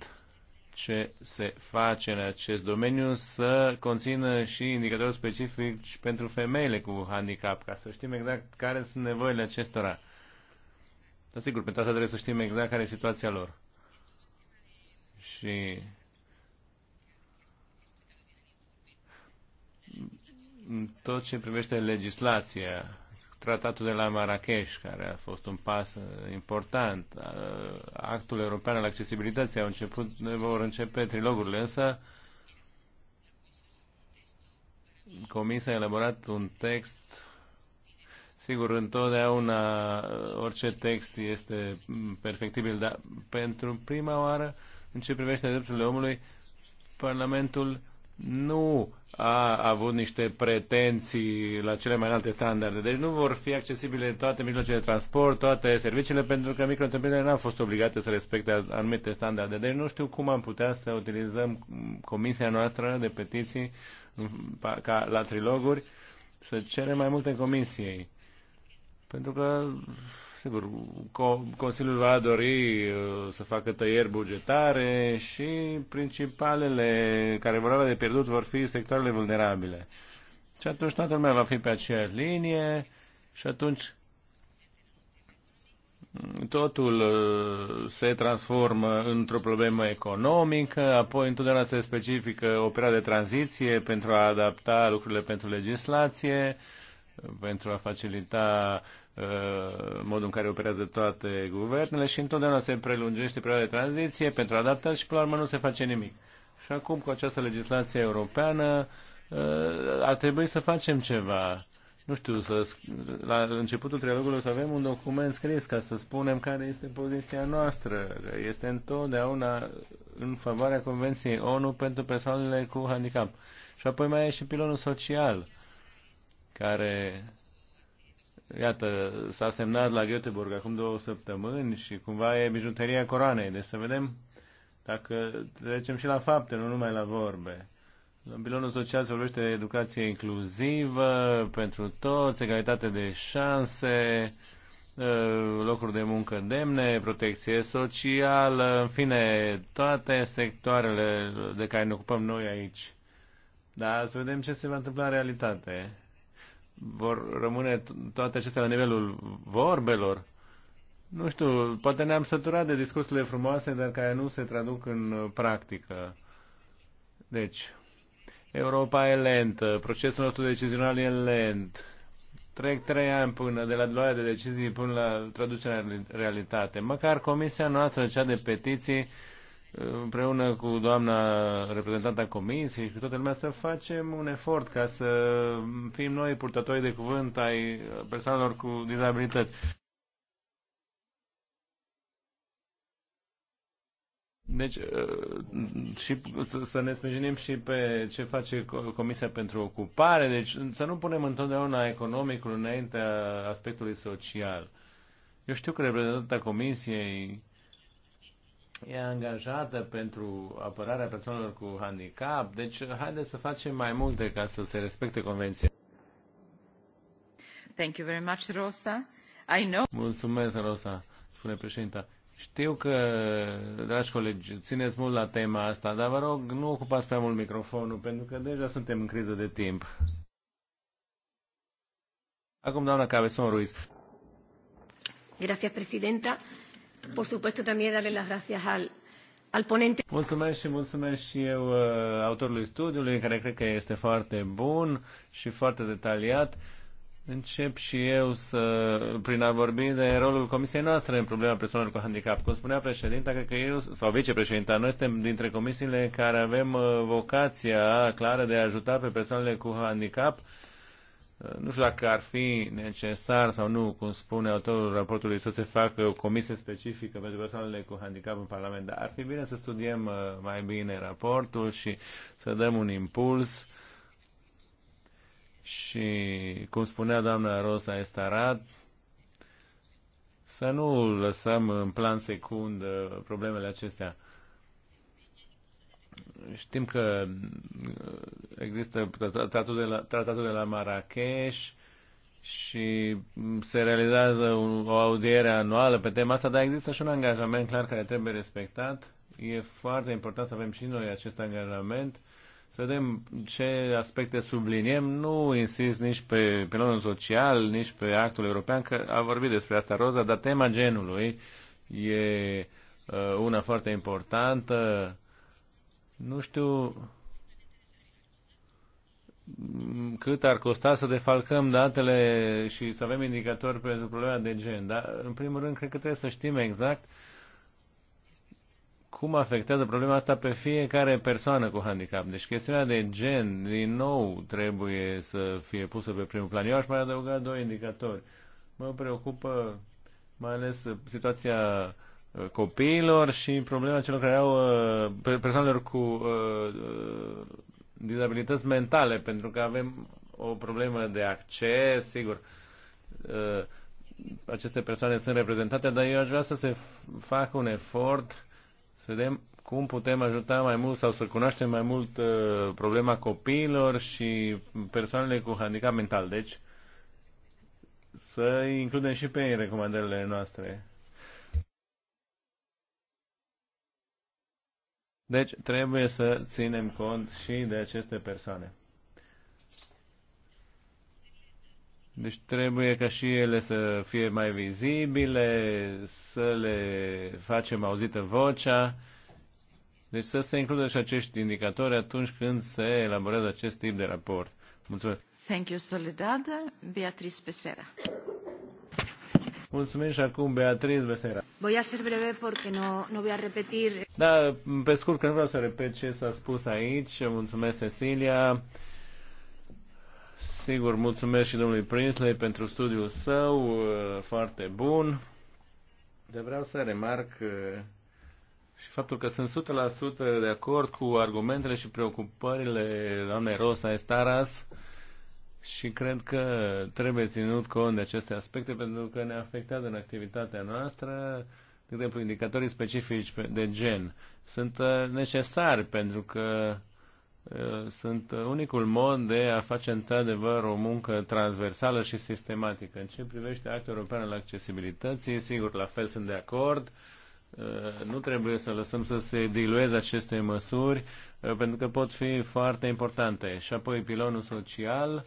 ce se face în acest domeniu să conțină și indicatori specifici pentru femeile cu handicap, ca să știm exact care sunt nevoile acestora. Dar sigur, pentru asta trebuie să știm exact care e situația lor. Și în tot ce privește legislația, tratatul de la Marrakesh, care a fost un pas uh, important, uh, actul european al accesibilității, au început, vor începe trilogurile, însă Comisia a elaborat un text Sigur, întotdeauna uh, orice text este perfectibil, dar pentru prima oară, în ce privește drepturile omului, Parlamentul nu a avut niște pretenții la cele mai înalte standarde. Deci nu vor fi accesibile toate mijloacele de transport, toate serviciile, pentru că micro nu au fost obligate să respecte anumite standarde. Deci nu știu cum am putea să utilizăm comisia noastră de petiții ca la triloguri să cerem mai multe comisiei. Pentru că Sigur, Consiliul va dori uh, să facă tăieri bugetare și principalele care vor avea de pierdut vor fi sectoarele vulnerabile. Și atunci toată lumea va fi pe aceeași linie și atunci totul uh, se transformă într-o problemă economică, apoi întotdeauna se specifică o perioadă de tranziție pentru a adapta lucrurile pentru legislație, pentru a facilita Uh, modul în care operează toate guvernele și întotdeauna se prelungește perioada de tranziție pentru adaptare și până la urmă nu se face nimic. Și acum cu această legislație europeană uh, a trebuit să facem ceva. Nu știu, să, la începutul trialogului să avem un document scris ca să spunem care este poziția noastră. Este întotdeauna în favoarea Convenției ONU pentru persoanele cu handicap. Și apoi mai e și pilonul social, care Iată, s-a semnat la Göteborg acum două săptămâni și cumva e bijuteria coroanei. Deci să vedem dacă trecem și la fapte, nu numai la vorbe. Bilonul social se vorbește de educație inclusivă pentru toți, egalitate de șanse, ă, locuri de muncă demne, protecție socială, în fine, toate sectoarele de care ne ocupăm noi aici. Dar să vedem ce se va întâmpla în realitate vor rămâne toate acestea la nivelul vorbelor? Nu știu, poate ne-am săturat de discursurile frumoase, dar care nu se traduc în practică. Deci, Europa e lentă, procesul nostru decizional e lent. Trec trei ani până de la luarea de decizii până la traducerea în realitate. Măcar comisia noastră, cea de petiții, împreună cu doamna reprezentanta comisiei și cu toată lumea să facem un efort ca să fim noi purtători de cuvânt ai persoanelor cu dizabilități. Deci, uh, și să ne sprijinim și pe ce face Comisia pentru Ocupare, deci să nu punem întotdeauna economicul înaintea aspectului social. Eu știu că reprezentanta Comisiei e angajată pentru apărarea persoanelor cu handicap, deci haideți să facem mai multe ca să se respecte convenția. Thank you very much, Rosa. I know... Mulțumesc, Rosa, spune președinta. Știu că, dragi colegi, țineți mult la tema asta, dar vă rog, nu ocupați prea mult microfonul, pentru că deja suntem în criză de timp. Acum, doamna Cabezon Ruiz. Gracias, presidenta por supuesto, también darle las gracias al, al ponente. Mulțumesc și mulțumesc și eu uh, autorului studiului, care cred că este foarte bun și foarte detaliat. Încep și eu să, prin a vorbi de rolul comisiei noastre în problema persoanelor cu handicap. Cum spunea președinta, cred că eu, sau vicepreședinta, noi suntem dintre comisiile care avem uh, vocația clară de a ajuta pe persoanele cu handicap nu știu dacă ar fi necesar sau nu, cum spune autorul raportului, să se facă o comisie specifică pentru persoanele cu handicap în Parlament, dar ar fi bine să studiem uh, mai bine raportul și să dăm un impuls. Și, cum spunea doamna Rosa Estarat, să nu lăsăm în plan secund uh, problemele acestea. Știm că uh, există tratatul de la, tratatul de la Marrakesh și se realizează o audiere anuală pe tema asta, dar există și un angajament clar care trebuie respectat. E foarte important să avem și noi acest angajament, să vedem ce aspecte subliniem. Nu insist nici pe planul social, nici pe actul european, că a vorbit despre asta Roza, dar tema genului e uh, una foarte importantă nu știu cât ar costa să defalcăm datele și să avem indicatori pentru problema de gen, dar în primul rând cred că trebuie să știm exact cum afectează problema asta pe fiecare persoană cu handicap. Deci chestiunea de gen, din nou, trebuie să fie pusă pe primul plan. Eu aș mai adăuga doi indicatori. Mă preocupă mai ales situația Uh, copiilor și problema celor care au uh, persoanelor cu uh, dizabilități mentale, pentru că avem o problemă de acces, sigur. Aceste persoane sunt reprezentate, dar eu aș vrea să se facă un efort să vedem cum putem ajuta mai mult sau să cunoaștem mai mult problema copiilor și persoanele cu handicap mental. Deci, să includem și pe ei în recomandările noastre. Deci trebuie să ținem cont și de aceste persoane. Deci trebuie ca și ele să fie mai vizibile, să le facem auzită vocea. Deci să se includă și acești indicatori atunci când se elaborează acest tip de raport. Mulțumesc. Thank you, Soledad. Beatriz Pesera. Mulțumim și acum Beatriz Besera. Voy a ser breve porque no, no voy a repetir da, pe scurt, că nu vreau să repet ce s-a spus aici. Mulțumesc, Cecilia. Sigur, mulțumesc și domnului Prinsley pentru studiul său, uh, foarte bun. De vreau să remarc uh, și faptul că sunt 100% de acord cu argumentele și preocupările doamnei Rosa Estaras și cred că trebuie ținut cont de aceste aspecte pentru că ne afectează în activitatea noastră de exemplu, indicatorii specifici de gen sunt uh, necesari pentru că uh, sunt unicul mod de a face într-adevăr o muncă transversală și sistematică. În ce privește actul european al accesibilității, sigur, la fel sunt de acord. Uh, nu trebuie să lăsăm să se dilueze aceste măsuri, pentru că pot fi foarte importante. Și apoi pilonul social,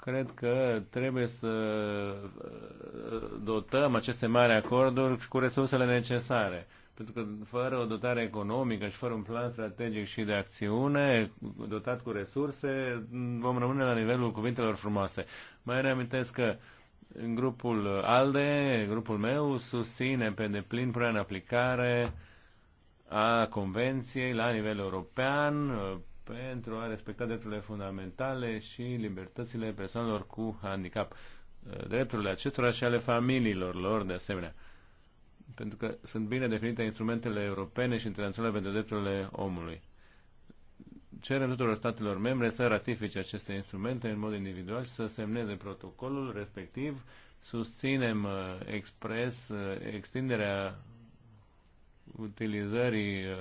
Cred că trebuie să uh, dotăm aceste mari acorduri cu resursele necesare. Pentru că fără o dotare economică și fără un plan strategic și de acțiune, dotat cu resurse, vom rămâne la nivelul cuvintelor frumoase. Mai reamintesc că în grupul ALDE, grupul meu, susține pe deplin punerea în aplicare a convenției la nivel european pentru a respecta drepturile fundamentale și libertățile persoanelor cu handicap. Uh, drepturile acestora și ale familiilor lor, de asemenea. Pentru că sunt bine definite instrumentele europene și internaționale pentru drepturile omului. Cerem tuturor statelor membre să ratifice aceste instrumente în mod individual și să semneze protocolul respectiv. Susținem uh, expres uh, extinderea utilizării uh,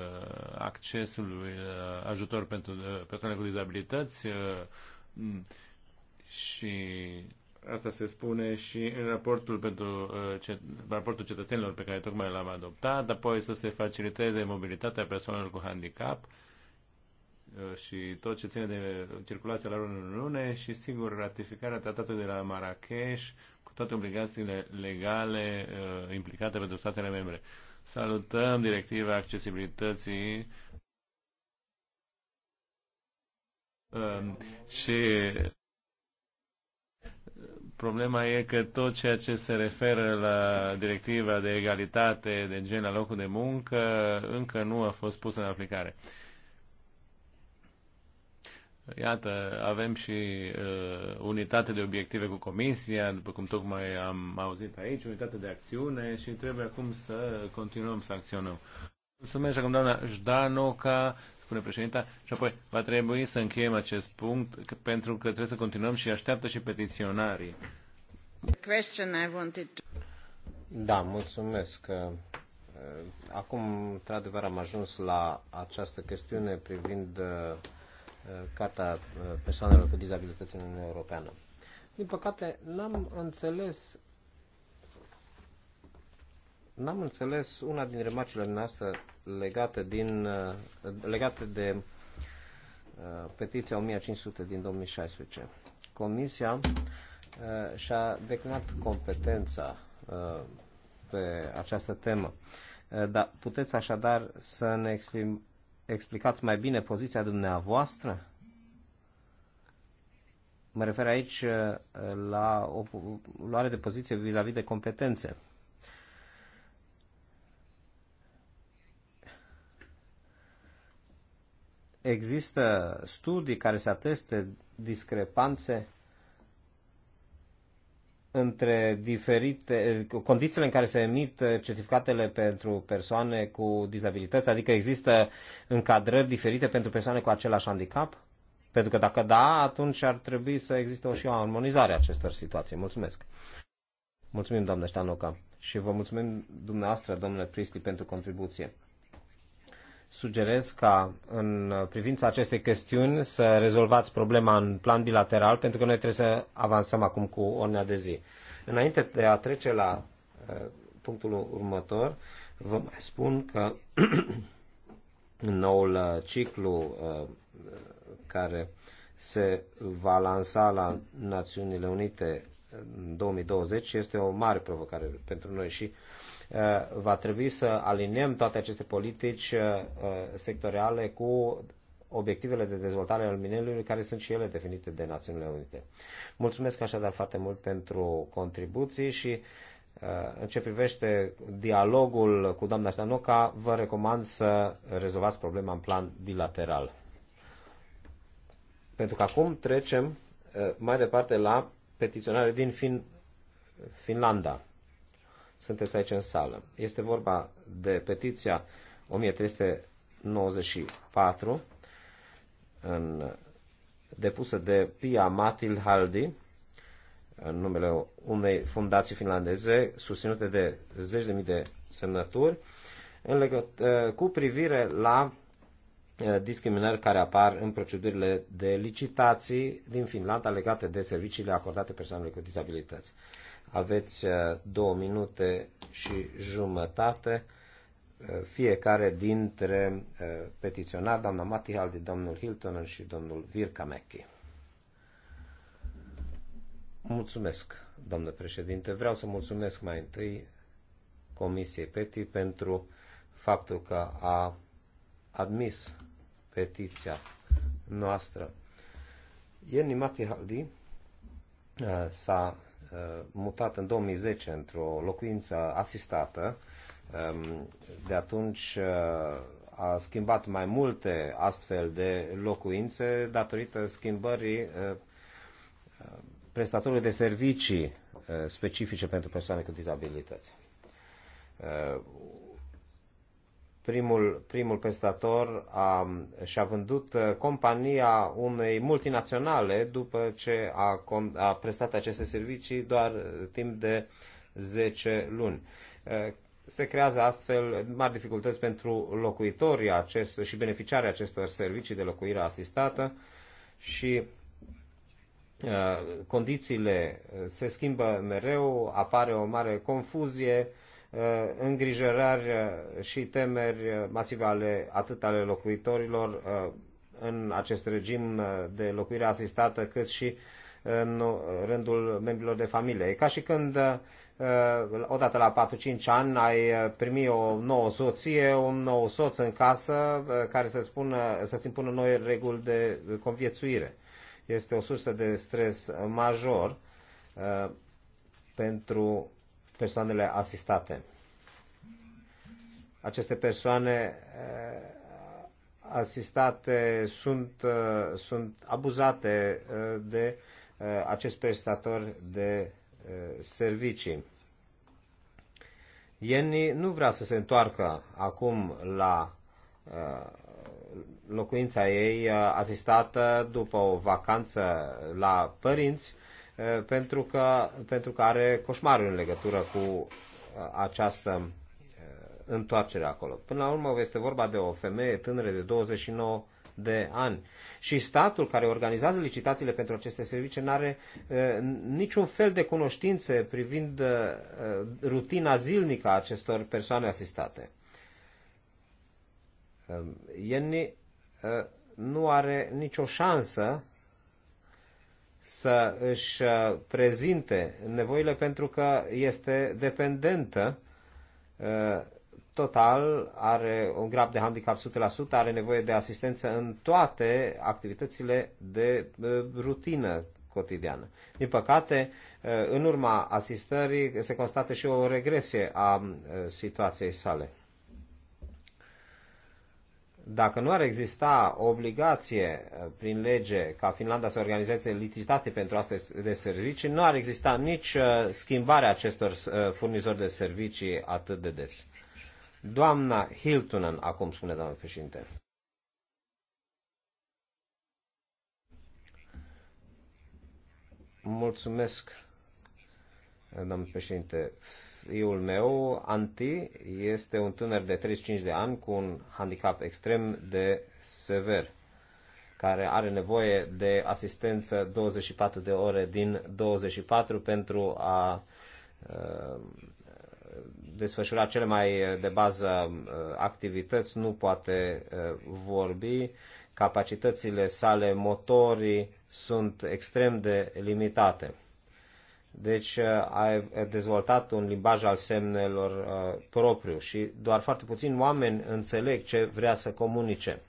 accesului uh, ajutor pentru uh, persoane cu dizabilități mm, și asta se spune și în raportul pentru raportul cetățenilor pe care tocmai l-am adoptat, apoi să se faciliteze mobilitatea persoanelor cu handicap și tot ce ține de circulația la în lune și, sigur, ratificarea tratatului de la Marrakesh cu toate obligațiile legale implicate pentru statele membre. Salutăm directiva accesibilității um, și problema e că tot ceea ce se referă la directiva de egalitate de gen la locul de muncă încă nu a fost pusă în aplicare. Iată, avem și uh, unitate de obiective cu Comisia, după cum tocmai am auzit aici, unitate de acțiune și trebuie acum să continuăm să acționăm. Mulțumesc și acum doamna Jdanoca, spune președinta, și apoi va trebui să încheiem acest punct pentru că trebuie să continuăm și așteaptă și petiționarii. Da, mulțumesc. Uh, acum, într-adevăr, am ajuns la această chestiune privind uh, Uh, Carta uh, Persoanelor cu Dizabilități în Uniunea Europeană. Din păcate, n-am înțeles n-am înțeles una din remarcile noastre legate, din, uh, legate de petiția 1500 din 2016. Comisia și-a declinat competența pe această temă. Dar puteți așadar să ne exprim, explicați mai bine poziția dumneavoastră? Mă refer aici uh, la o luare de poziție vis-a-vis -vis de competențe. Există studii care să ateste discrepanțe între diferite, condițiile în care se emit certificatele pentru persoane cu dizabilități, adică există încadrări diferite pentru persoane cu același handicap? Pentru că dacă da, atunci ar trebui să existe o și o armonizare a acestor situații. Mulțumesc! Mulțumim, doamnă Ștanoca, și vă mulțumim dumneavoastră, domnule Pristi, pentru contribuție sugerez ca în privința acestei chestiuni să rezolvați problema în plan bilateral, pentru că noi trebuie să avansăm acum cu ordinea de zi. Înainte de a trece la uh, punctul următor, vă mai spun că în noul uh, ciclu uh, care se va lansa la Națiunile Unite în 2020 este o mare provocare pentru noi și uh, Eh, va trebui să aliniem toate aceste politici eh, sectoriale cu obiectivele de dezvoltare al mineriului, care sunt și ele definite de Națiunile Unite. Mulțumesc așadar foarte mult pentru contribuții și eh, în ce privește dialogul cu doamna Ștanoca, vă recomand să rezolvați problema în plan bilateral. Pentru că acum trecem mai departe la petiționare din fin- Finlanda sunteți aici în sală. Este vorba de petiția 1394 în, depusă de Pia Matil Haldi în numele unei fundații finlandeze susținute de zeci de mii de semnături în legăt- eh, cu privire la eh, discriminări care apar în procedurile de licitații din Finlanda legate de serviciile acordate persoanelor cu dizabilități. Aveți uh, două minute și jumătate uh, fiecare dintre uh, petiționari, doamna Matihaldi, domnul Hilton și domnul Virkamechi. Mulțumesc, domnule președinte. Vreau să mulțumesc mai întâi Comisiei PETI pentru faptul că a admis petiția noastră. Ieni Matihaldi s-a Uh, mutat în 2010 într-o locuință asistată. Um, de atunci uh, a schimbat mai multe astfel de locuințe datorită schimbării uh, prestatorului de servicii specifice pentru persoane cu dizabilități primul, primul prestator a, și-a vândut uh, compania unei multinaționale după ce a, a prestat aceste servicii doar uh, timp de 10 luni. Uh, se creează astfel mari dificultăți pentru locuitorii acest, și beneficiarii acestor servicii de locuire asistată și condițiile se schimbă mereu, apare o mare confuzie, Uh, îngrijorări uh, și temeri uh, masive ale atât ale locuitorilor în acest regim de locuire asistată, cât și în rândul membrilor de familie. E ca și când odată la 4-5 ani ai primi o nouă soție, un nou soț în casă care să-ți, să-ți impună noi reguli de conviețuire. Este o sursă de stres major pentru persoanele asistate. Aceste persoane eh, asistate sunt, eh, sunt abuzate eh, de acest prestator de servicii. Jenny nu vrea să se întoarcă acum la locuința ei asistată după o vacanță la părinți, Eh, pentru că, pentru că are coșmarul în legătură cu eh, această eh, întoarcere acolo. Până la urmă este vorba de o femeie tânără de 29 de ani. Și statul care organizează licitațiile pentru aceste servicii nu are uh, niciun fel de cunoștințe privind uh, rutina zilnică a acestor persoane asistate. Uh, Ieni uh, nu are nicio șansă să își uh, prezinte nevoile pentru că este dependentă uh, total, are un grab de handicap 100%, are nevoie de asistență în toate activitățile de uh, rutină cotidiană. Din păcate, în urma asistării se constată și o regresie a situației sale. Dacă nu ar exista obligație uh, prin lege ca Finlanda să organizeze licitații pentru astfel de servicii, nu ar exista nici uh, schimbarea acestor uh, furnizori de servicii atât de des. Doamna Hiltunen, acum spune doamna președinte. Mulțumesc, doamnă președinte fiul meu, Anti, este un tânăr de 35 de ani cu un handicap extrem de sever, care are nevoie de asistență 24 de ore din 24 pentru a uh, desfășura cele mai de bază uh, activități, nu poate uh, vorbi, capacitățile sale motorii sunt extrem de limitate. Deci uh, a dezvoltat un limbaj al semnelor uh, propriu și doar foarte puțini oameni înțeleg ce vrea să comunice.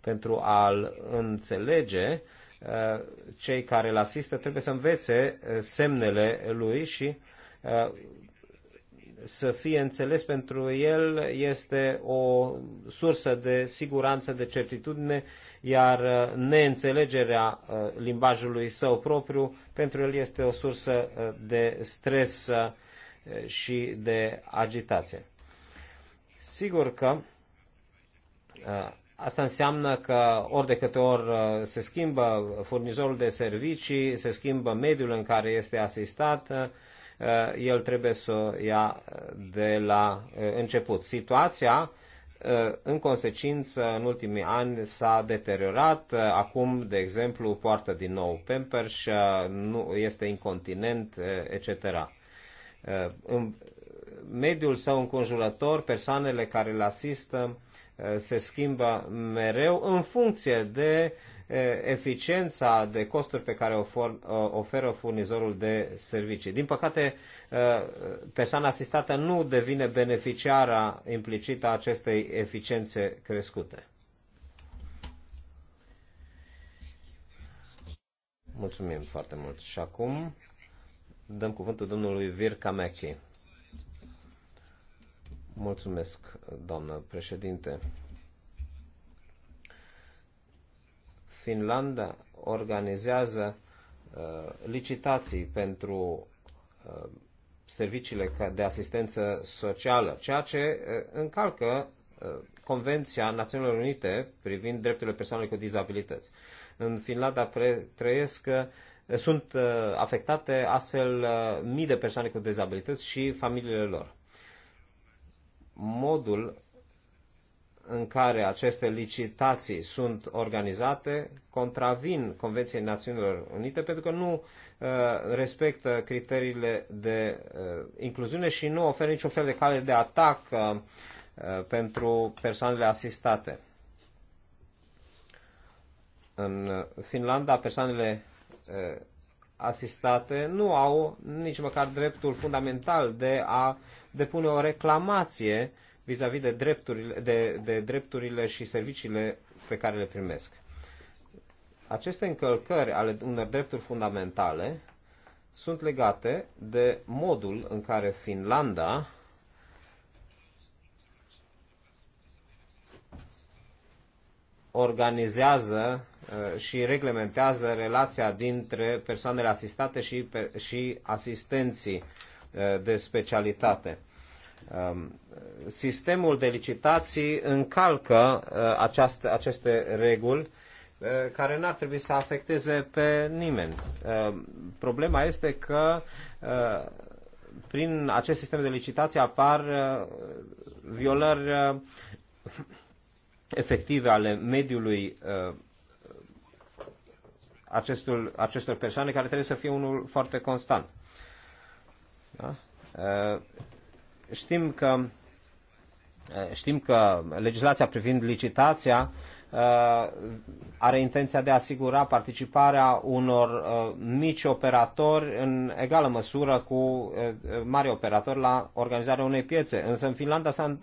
Pentru a-l înțelege, uh, cei care îl asistă trebuie să învețe semnele lui și să fie înțeles pentru el este o sursă de siguranță, de certitudine, iar uh, neînțelegerea uh, limbajului său propriu pentru el este o sursă uh, de stres și de agitație. Sigur că Asta înseamnă că ori de câte ori se schimbă furnizorul de servicii, se schimbă mediul în care este asistat, Eh, el trebuie să ia de la eh, început. Situația eh, în consecință, în ultimii ani s-a deteriorat. Acum, de exemplu, poartă din nou Pampers, nu este incontinent, etc. În mediul său înconjurător, persoanele care îl asistă se schimbă mereu în funcție de uh, eficiența de costuri pe care oferă furnizorul de servicii. Din păcate, persoana asistată nu devine beneficiara implicită a acestei eficiențe crescute. Mulțumim foarte mult. Și acum dăm cuvântul domnului Vir Kamechi. Mulțumesc, doamnă președinte. Finlanda organizează uh, licitații pentru uh, serviciile de asistență socială, ceea ce uh, încalcă Convenția Națiunilor Unite privind drepturile persoanelor cu dizabilități. În Finlanda trăiesc, sunt afectate astfel mii de persoane cu dizabilități și familiile lor. Modul în care aceste licitații sunt organizate contravin Convenției Națiunilor Unite pentru că nu uh, respectă criteriile de uh, incluziune și nu oferă niciun fel de cale de atac uh, uh pentru persoanele asistate. În Finlanda, persoanele uh, asistate nu au nici măcar dreptul fundamental de a depune o reclamație uh, vis-a-vis -vis de, drepturile, de, de drepturile și serviciile pe care le primesc. Aceste încălcări ale unor drepturi fundamentale sunt legate de modul în care Finlanda organizează uh, și reglementează relația dintre persoanele asistate și, și asistenții uh, de specialitate. Um, sistemul de licitații încalcă uh, aceaste, aceste reguli uh, care n-ar trebui să afecteze pe nimeni. Uh, problema este că prin acest sistem de licitații apar violări efective ale mediului acestul, acestor persoane care trebuie să fie unul foarte constant. Da? Știm că, eh, știm că legislația privind licitația eh, are intenția de a asigura participarea unor eh, mici operatori în egală măsură cu mari operatori la organizarea unei piețe. Însă în Finlanda s-a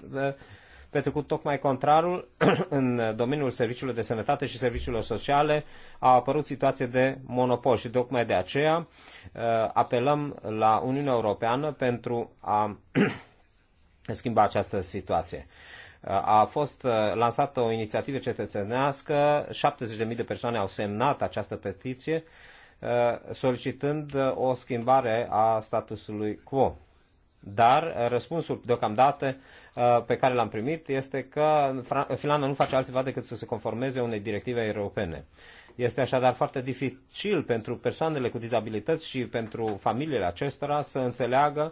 petrecut tocmai contrarul în domeniul serviciilor de sănătate și serviciilor sociale a apărut situație de monopol și tocmai de aceea apelăm la Uniunea Europeană pentru a schimba această situație. A fost uh, lansată o inițiativă cetățenească, 70.000 de persoane au semnat această petiție uh, solicitând uh, o schimbare a statusului quo. Dar răspunsul deocamdată pe care l-am primit este că Finlanda nu face altceva decât să se conformeze unei directive europene. Este așadar foarte dificil pentru persoanele cu dizabilități și pentru familiile acestora să înțeleagă uh,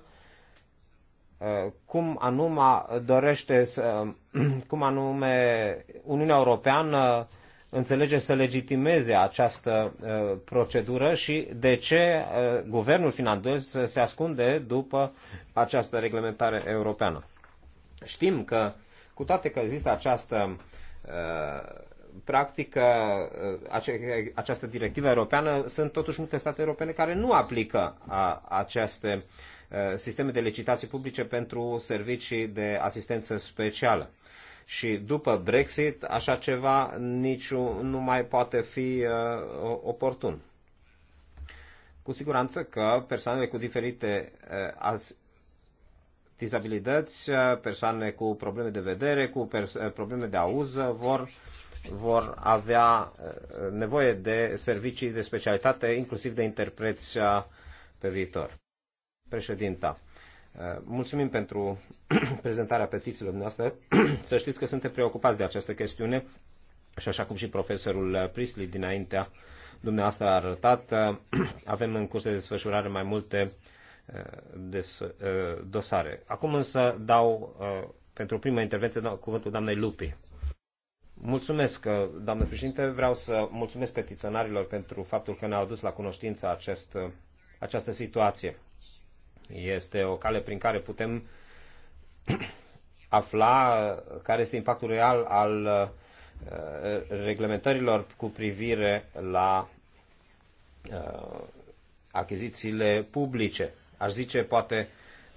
cum anume dorește să, cum anume Uniunea Europeană înțelege să legitimeze această uh, procedură și de ce uh, guvernul finlandez se ascunde după această reglementare europeană. Știm că, cu toate că există această uh, practică, această directivă europeană, sunt totuși multe state europene care nu aplică aceste Uh, sisteme de licitații publice pentru servicii de asistență specială. Și după Brexit, așa ceva nici nu mai poate fi uh, oportun. Cu siguranță că persoanele cu diferite uh, dizabilități, persoane cu probleme de vedere, cu probleme de auz vor, vor avea nevoie de servicii de specialitate, inclusiv de interpreți pe viitor. Președinta, eh, mulțumim pentru prezentarea petițiilor noastre. Să știți că suntem preocupați de această chestiune și așa cum și profesorul Prisley dinaintea dumneavoastră a arătat, eh, avem în curs de desfășurare mai multe eh, dosare. Acum însă dau pentru prima intervenție cuvântul doamnei Lupi. Mulțumesc, doamnă președinte. Vreau să mulțumesc petiționarilor pentru faptul că ne-au adus la cunoștință acest, această situație. Este o cale prin care putem afla care este impactul real al uh, reglementărilor cu privire la uh, achizițiile publice. Aș zice, poate,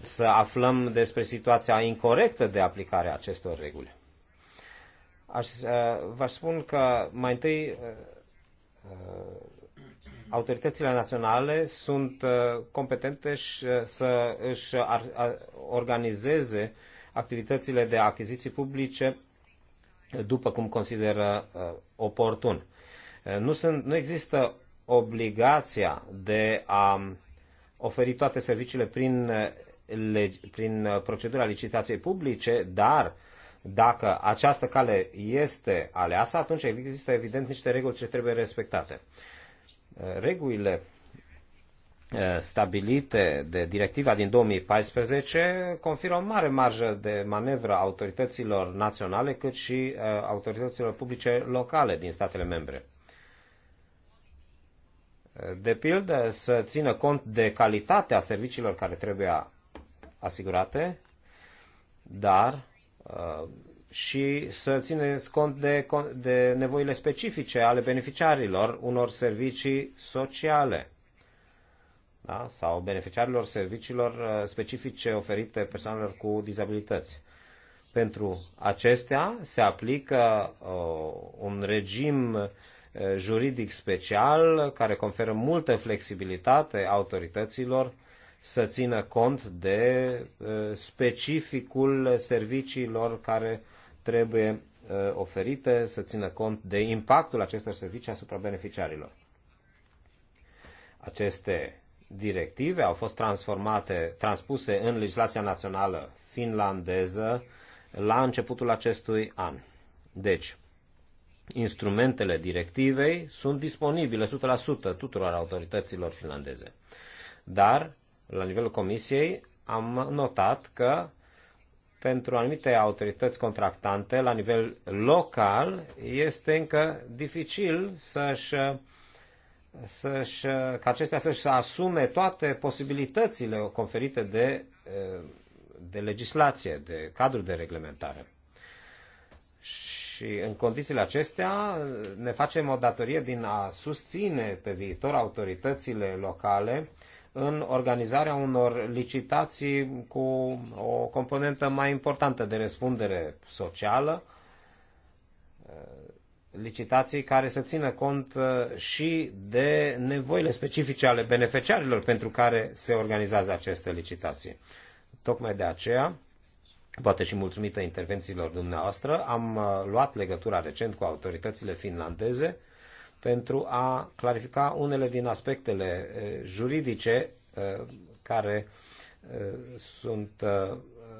să aflăm despre situația incorrectă de aplicare a acestor reguli. Aș, uh, v-aș spun că mai întâi autoritățile naționale sunt uh, competente uh, să își organizeze activitățile de achiziții publice după cum consideră uh, oportun. Nu, sunt, nu există obligația de a oferi toate serviciile prin, prin procedura licitației publice, dar dacă această cale este aleasă, atunci există evident niște reguli ce trebuie respectate regulile stabilite de directiva din 2014 conferă o mare marjă de manevră autorităților naționale cât și autorităților publice locale din statele membre. De pildă, să țină cont de calitatea serviciilor care trebuie asigurate, dar și să țineți cont de, de nevoile specifice ale beneficiarilor unor servicii sociale da? sau beneficiarilor serviciilor uh, specifice oferite persoanelor cu dizabilități. Pentru acestea se aplică uh, un regim uh, juridic special care conferă multă flexibilitate autorităților să țină cont de uh, specificul serviciilor care trebuie uh, oferite să țină cont de impactul acestor servicii asupra beneficiarilor. Aceste directive au fost transformate, transpuse în legislația națională finlandeză la începutul acestui an. Deci, instrumentele directivei sunt disponibile 100% tuturor autorităților finlandeze. Dar, la nivelul Comisiei, am notat că pentru anumite autorități contractante la nivel local este încă dificil să-și, să-și, ca acestea să-și asume toate posibilitățile conferite de, de legislație, de cadru de reglementare. Și în condițiile acestea ne facem o datorie din a susține pe viitor autoritățile locale uh, în organizarea unor licitații cu o componentă mai importantă de răspundere socială, licitații care să țină cont uh, și de nevoile specifice ale beneficiarilor pentru care se organizează aceste licitații. Tocmai de aceea, poate și mulțumită intervențiilor dumneavoastră, am uh, luat legătura recent cu autoritățile finlandeze pentru a clarifica unele din aspectele eh, juridice eh, care eh, sunt,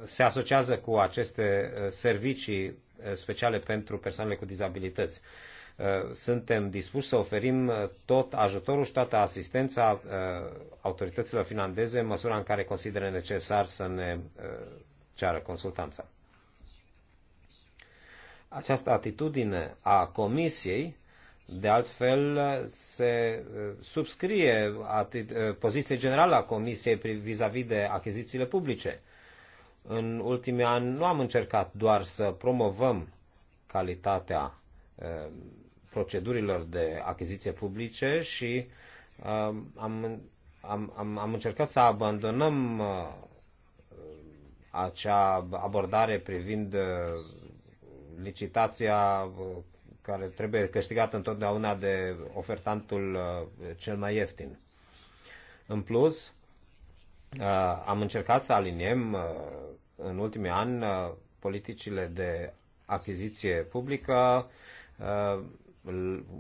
se asociază cu aceste servicii speciale pentru persoanele cu dizabilități. Suntem dispuși să oferim tot ajutorul și toată asistența autorităților finlandeze în măsura în care consideră necesar să ne ceară consultanța. Această atitudine a Comisiei de altfel, se uh, subscrie uh, poziția generală a Comisiei vis-a-vis -vis de achizițiile publice. În ultimii ani nu am încercat doar să promovăm calitatea uh, procedurilor de achiziție publice și am, am, am, am încercat să abandonăm acea abordare privind licitația care trebuie câștigat întotdeauna de ofertantul uh, cel mai ieftin. În plus, uh, am încercat să aliniem uh, în ultimii ani politicile de achiziție publică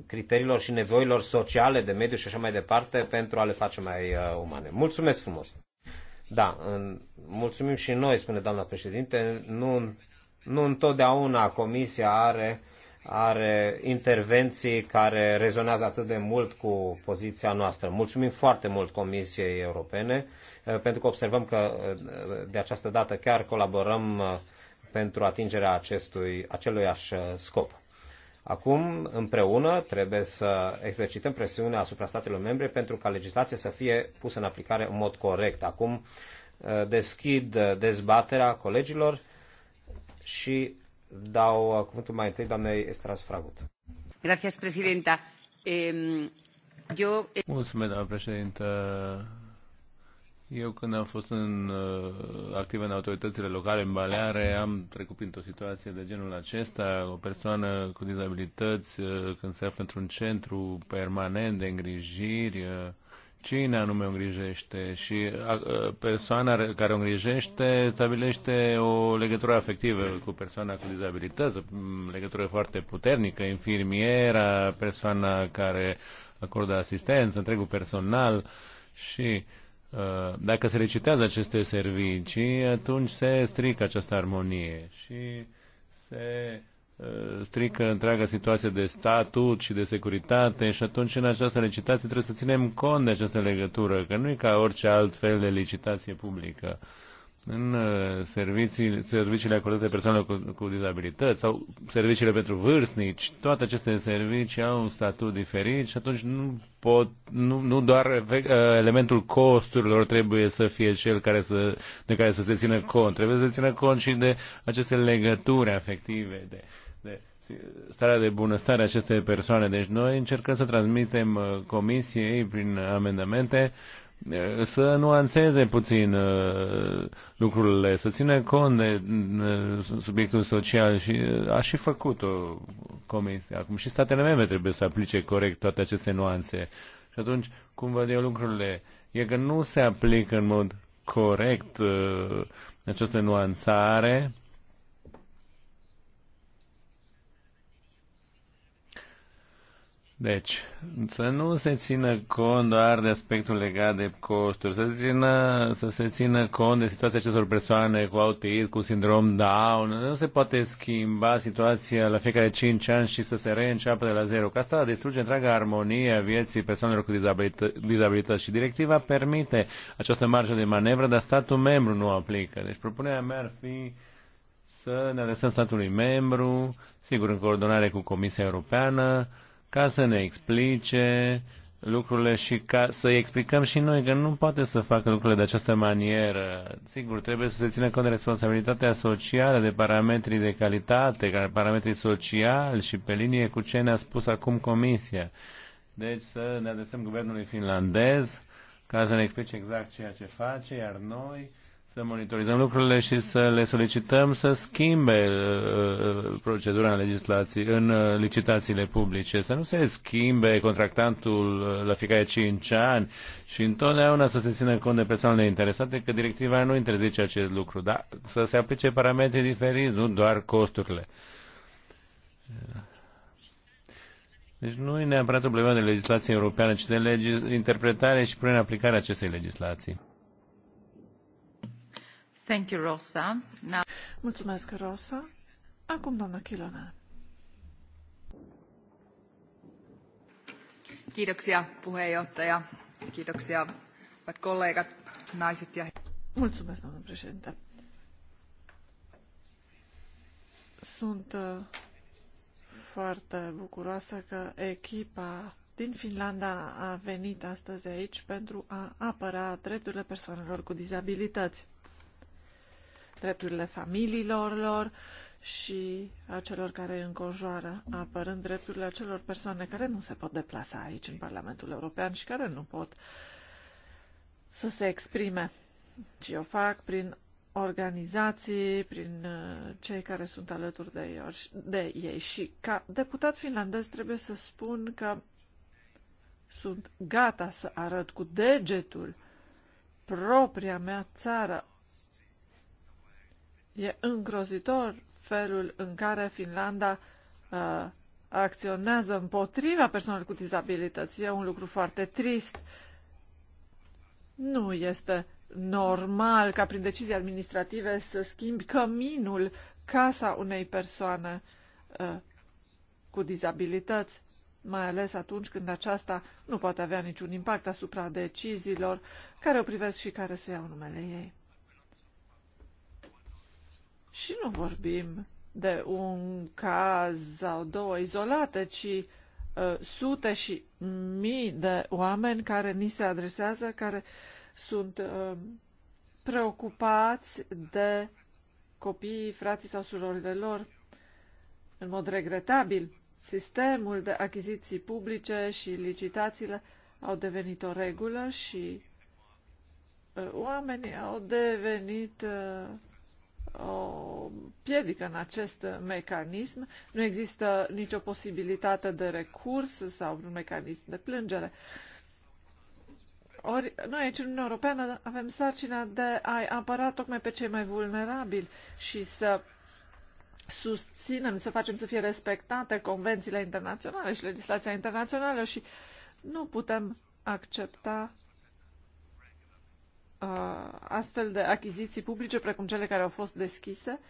criteriilor și nevoilor sociale de mediu și așa mai departe pentru a le face mai umane. Mulțumesc frumos! Da, în, mulțumim și noi, spune doamna președinte. Nu, nu întotdeauna comisia are are intervenții care rezonează atât de mult cu poziția noastră. Mulțumim foarte mult Comisiei Europene, eh, pentru că observăm că eh, de această dată chiar colaborăm eh, pentru atingerea acestui, aceluiași scop. Acum, împreună, trebuie să exercităm presiunea asupra statelor membre pentru ca legislația să fie pusă în aplicare în mod corect. Acum deschid dezbaterea colegilor și dau cuvântul mai întâi doamnei Estras Fragut. Gracias, presidenta. Eu... Eh, Mulțumesc, doamnă președintă. Eu când am fost în, uh, activ în autoritățile locale, în Baleare, am trecut printr-o situație de genul acesta. O persoană cu dizabilități, uh, când se află într-un centru permanent de îngrijiri, uh, cine anume o îngrijește și persoana care o îngrijește stabilește o legătură afectivă cu persoana cu dizabilități, o legătură foarte puternică, infirmiera, persoana care acordă asistență, întregul personal și dacă se recitează aceste servicii, atunci se strică această armonie și se Uh, strică întreaga situație de statut și de securitate și atunci în această licitație trebuie să ținem cont de această legătură, că nu e ca orice alt fel de licitație publică. În uh, servicii, serviciile acordate persoanelor cu, cu dizabilități sau serviciile pentru vârstnici, toate aceste servicii au un statut diferit și atunci nu, pot, nu, nu doar uh, elementul costurilor trebuie să fie cel care să, de care să se țină cont, trebuie să se țină cont și de aceste legături afective, de starea de bunăstare a acestei persoane. Deci noi încercăm să transmitem uh, comisiei prin amendamente uh, să nuanțeze puțin uh, lucrurile, să ține cont de subiectul social și a și făcut-o comisia. Acum și statele membre trebuie să aplice corect toate aceste nuanțe. Și atunci, cum văd eu lucrurile, e că nu se aplică în mod corect această nuanțare Deci, să nu se țină cont doar de aspectul legat de costuri, să, se țină, să se țină cont de situația acestor persoane cu autism, cu sindrom Down. Nu se poate schimba situația la fiecare 5 ani și să se reînceapă de la zero. Că asta distruge întreaga armonie a vieții persoanelor cu dizabilită- dizabilități și directiva permite această marjă de manevră, dar statul membru nu o aplică. Deci propunerea mea ar fi să ne adresăm statului membru, sigur în coordonare cu Comisia Europeană, ca să ne explice lucrurile și ca să-i explicăm și noi că nu poate să facă lucrurile de această manieră. Sigur, trebuie să se țină cont de responsabilitatea socială, de parametrii de calitate, parametrii sociali și pe linie cu ce ne-a spus acum Comisia. Deci să ne adresăm guvernului finlandez ca să ne explice exact ceea ce face, iar noi să monitorizăm lucrurile și să le solicităm să schimbe uh, uh, procedura în, legislații, în uh, licitațiile publice, să nu se schimbe contractantul la fiecare 5 ani și întotdeauna să se țină cont de persoanele interesate, că directiva nu interzice acest lucru, dar să se aplice parametri diferiți, nu doar costurile. Deci nu e neapărat o problemă de legislație europeană, ci de legi- interpretare și prin aplicarea acestei legislații. Thank you, Mulțumesc, Rosa. Acum, doamna Chilonen. Kiitoksia hyvät kollegat, naiset ja... Mulțumesc, Sunt uh, foarte bucuroasă că echipa din Finlanda a venit astăzi aici pentru a apăra drepturile persoanelor cu dizabilități drepturile familiilor lor și a celor care îi înconjoară, apărând drepturile acelor persoane care nu se pot deplasa aici în Parlamentul European și care nu pot să se exprime, ci o fac prin organizații, prin uh, cei care sunt alături de, de ei. Și ca deputat finlandez trebuie să spun că sunt gata să arăt cu degetul propria mea țară, E îngrozitor felul în care Finlanda uh, acționează împotriva persoanelor cu dizabilități. E un lucru foarte trist. Nu este normal ca prin decizii administrative să schimbi căminul casa unei persoane uh, cu dizabilități, mai ales atunci când aceasta nu poate avea niciun impact asupra deciziilor care o privesc și care se iau numele ei. Și nu vorbim de un caz sau două izolate, ci uh, sute și mii de oameni care ni se adresează, care sunt uh, preocupați de copiii, frații sau surorile lor. În mod regretabil, sistemul de achiziții publice și licitațiile au devenit o regulă și uh, oamenii au devenit uh, o piedică în acest mecanism. Nu există nicio posibilitate de recurs sau un mecanism de plângere. Ori noi aici în Uniunea Europeană avem sarcina de a apăra tocmai pe cei mai vulnerabili și să susținem, să facem să fie respectate convențiile internaționale și legislația internațională și nu putem accepta Uh, astfel de achiziții publice, precum cele care au fost deschise,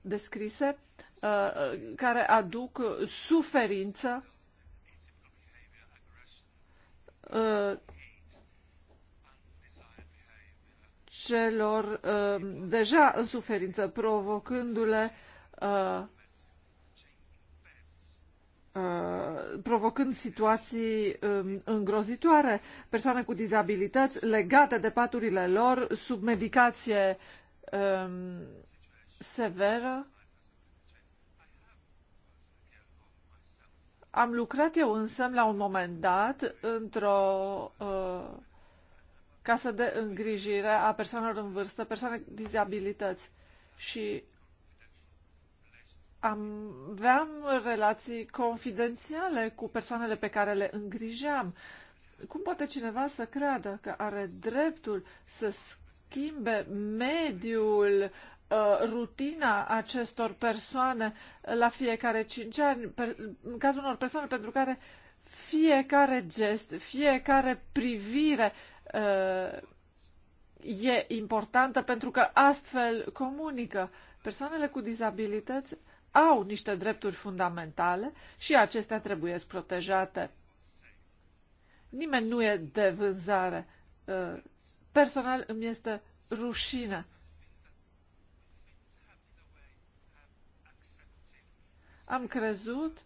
descrise, uh, care aduc suferință uh, celor deja în suferință, provocându-le Uh, provocând situații um, îngrozitoare, persoane cu dizabilități legate de paturile lor, sub medicație um, severă. Am lucrat eu însă la un moment dat într-o uh, casă de îngrijire a persoanelor în vârstă, persoane cu dizabilități. Și am, aveam relații confidențiale cu persoanele pe care le îngrijeam. Cum poate cineva să creadă că are dreptul să schimbe mediul, uh, rutina acestor persoane la fiecare cinci ani, în cazul unor persoane pentru care fiecare gest, fiecare privire uh, e importantă pentru că astfel comunică. Persoanele cu dizabilități au niște drepturi fundamentale și acestea trebuie protejate. Nimeni nu e de vânzare. Uh, personal îmi este rușine. Am crezut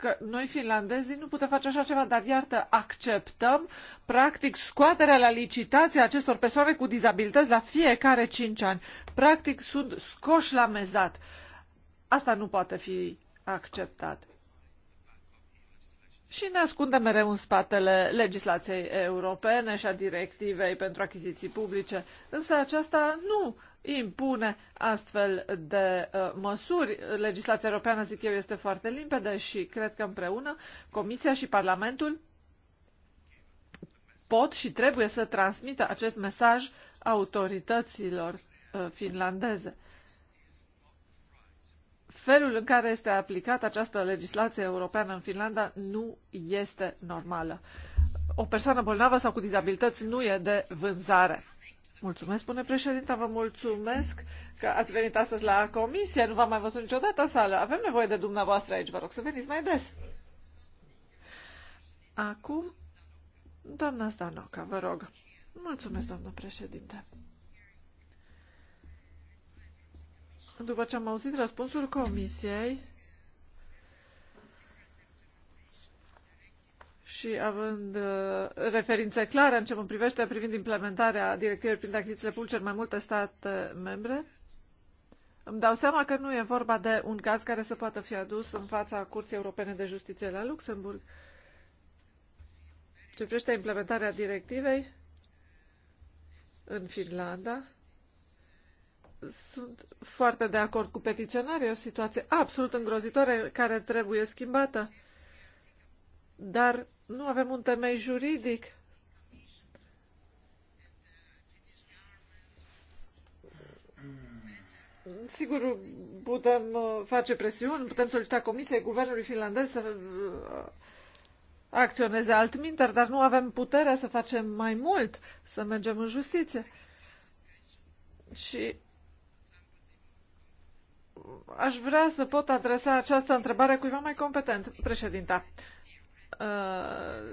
că noi finlandezii nu putem face așa ceva, dar iartă, acceptăm practic scoaterea la licitație acestor persoane cu dizabilități la fiecare cinci ani. Practic sunt scoși la mezat. Asta nu poate fi acceptat. Și ne ascundem mereu în spatele legislației europene și a directivei pentru achiziții publice. Însă aceasta nu impune astfel de uh, măsuri. Legislația europeană, zic eu, este foarte limpede și cred că împreună Comisia și Parlamentul pot și trebuie să transmită acest mesaj autorităților uh, finlandeze. Felul în care este aplicată această legislație europeană în Finlanda nu este normală. O persoană bolnavă sau cu dizabilități nu e de vânzare. Mulțumesc, spune președinte, vă mulțumesc că ați venit astăzi la comisie, nu v-am mai văzut niciodată sală. Avem nevoie de dumneavoastră aici, vă rog să veniți mai des. Acum, doamna Stanoca, vă rog. Mulțumesc, doamnă președinte. După ce am auzit răspunsul comisiei, și având uh, referințe clare în ce mă privește privind implementarea directivei prin achizițiile publice în mai multe state membre, îmi dau seama că nu e vorba de un caz care să poată fi adus în fața Curții Europene de Justiție la Luxemburg. Ce privește implementarea directivei în Finlanda, sunt foarte de acord cu petiționarii. E o situație absolut îngrozitoare care trebuie schimbată. Dar nu avem un temei juridic. Sigur, putem uh, face presiuni, putem solicita comisiei guvernului finlandez să uh, acționeze altminteri, dar nu avem puterea să facem mai mult, să mergem în justiție. Și aș vrea să pot adresa această întrebare cuiva mai competent, președinta. Uh,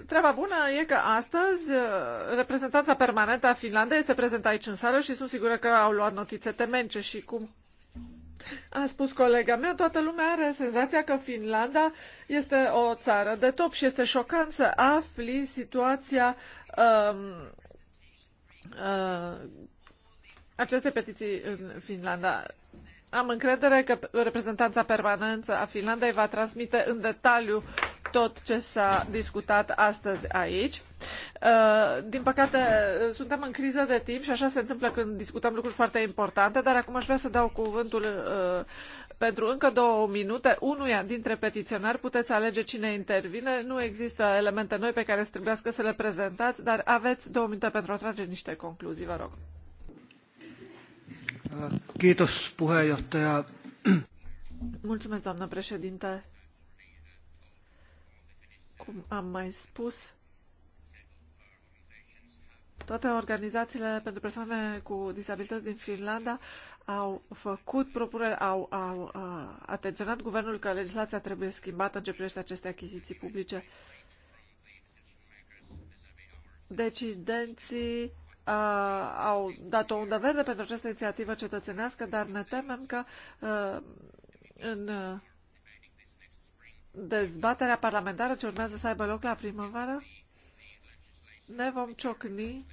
treaba bună e că astăzi uh, reprezentanța permanentă a Finlandei este prezentă aici în sală și sunt sigură că au luat notițe temence și cum a spus colega mea, toată lumea are senzația că Finlanda este o țară de top și este șocant să afli situația um, uh, acestei petiții în Finlanda. Am încredere că reprezentanța permanentă a Finlandei va transmite în detaliu tot ce s-a discutat astăzi aici. Uh, din păcate, suntem în criză de timp și așa se întâmplă când discutăm lucruri foarte importante, dar acum aș vrea să dau cuvântul uh, pentru încă două minute unuia dintre petiționari. Puteți alege cine intervine. Nu există elemente noi pe care să trebuiască să le prezentați, dar aveți două minute pentru a trage niște concluzii, vă rog doamnă președinte. Cum am mai spus, toate organizațiile pentru persoane cu dizabilități din Finlanda au făcut propuneri, au, au a, atenționat guvernul că legislația trebuie schimbată în ce privește aceste achiziții publice. Decidenții uh, au dat o undă verde pentru această inițiativă cetățenească, dar ne temem că uh, în dezbaterea parlamentară ce urmează să aibă loc la primăvară, ne vom ciocni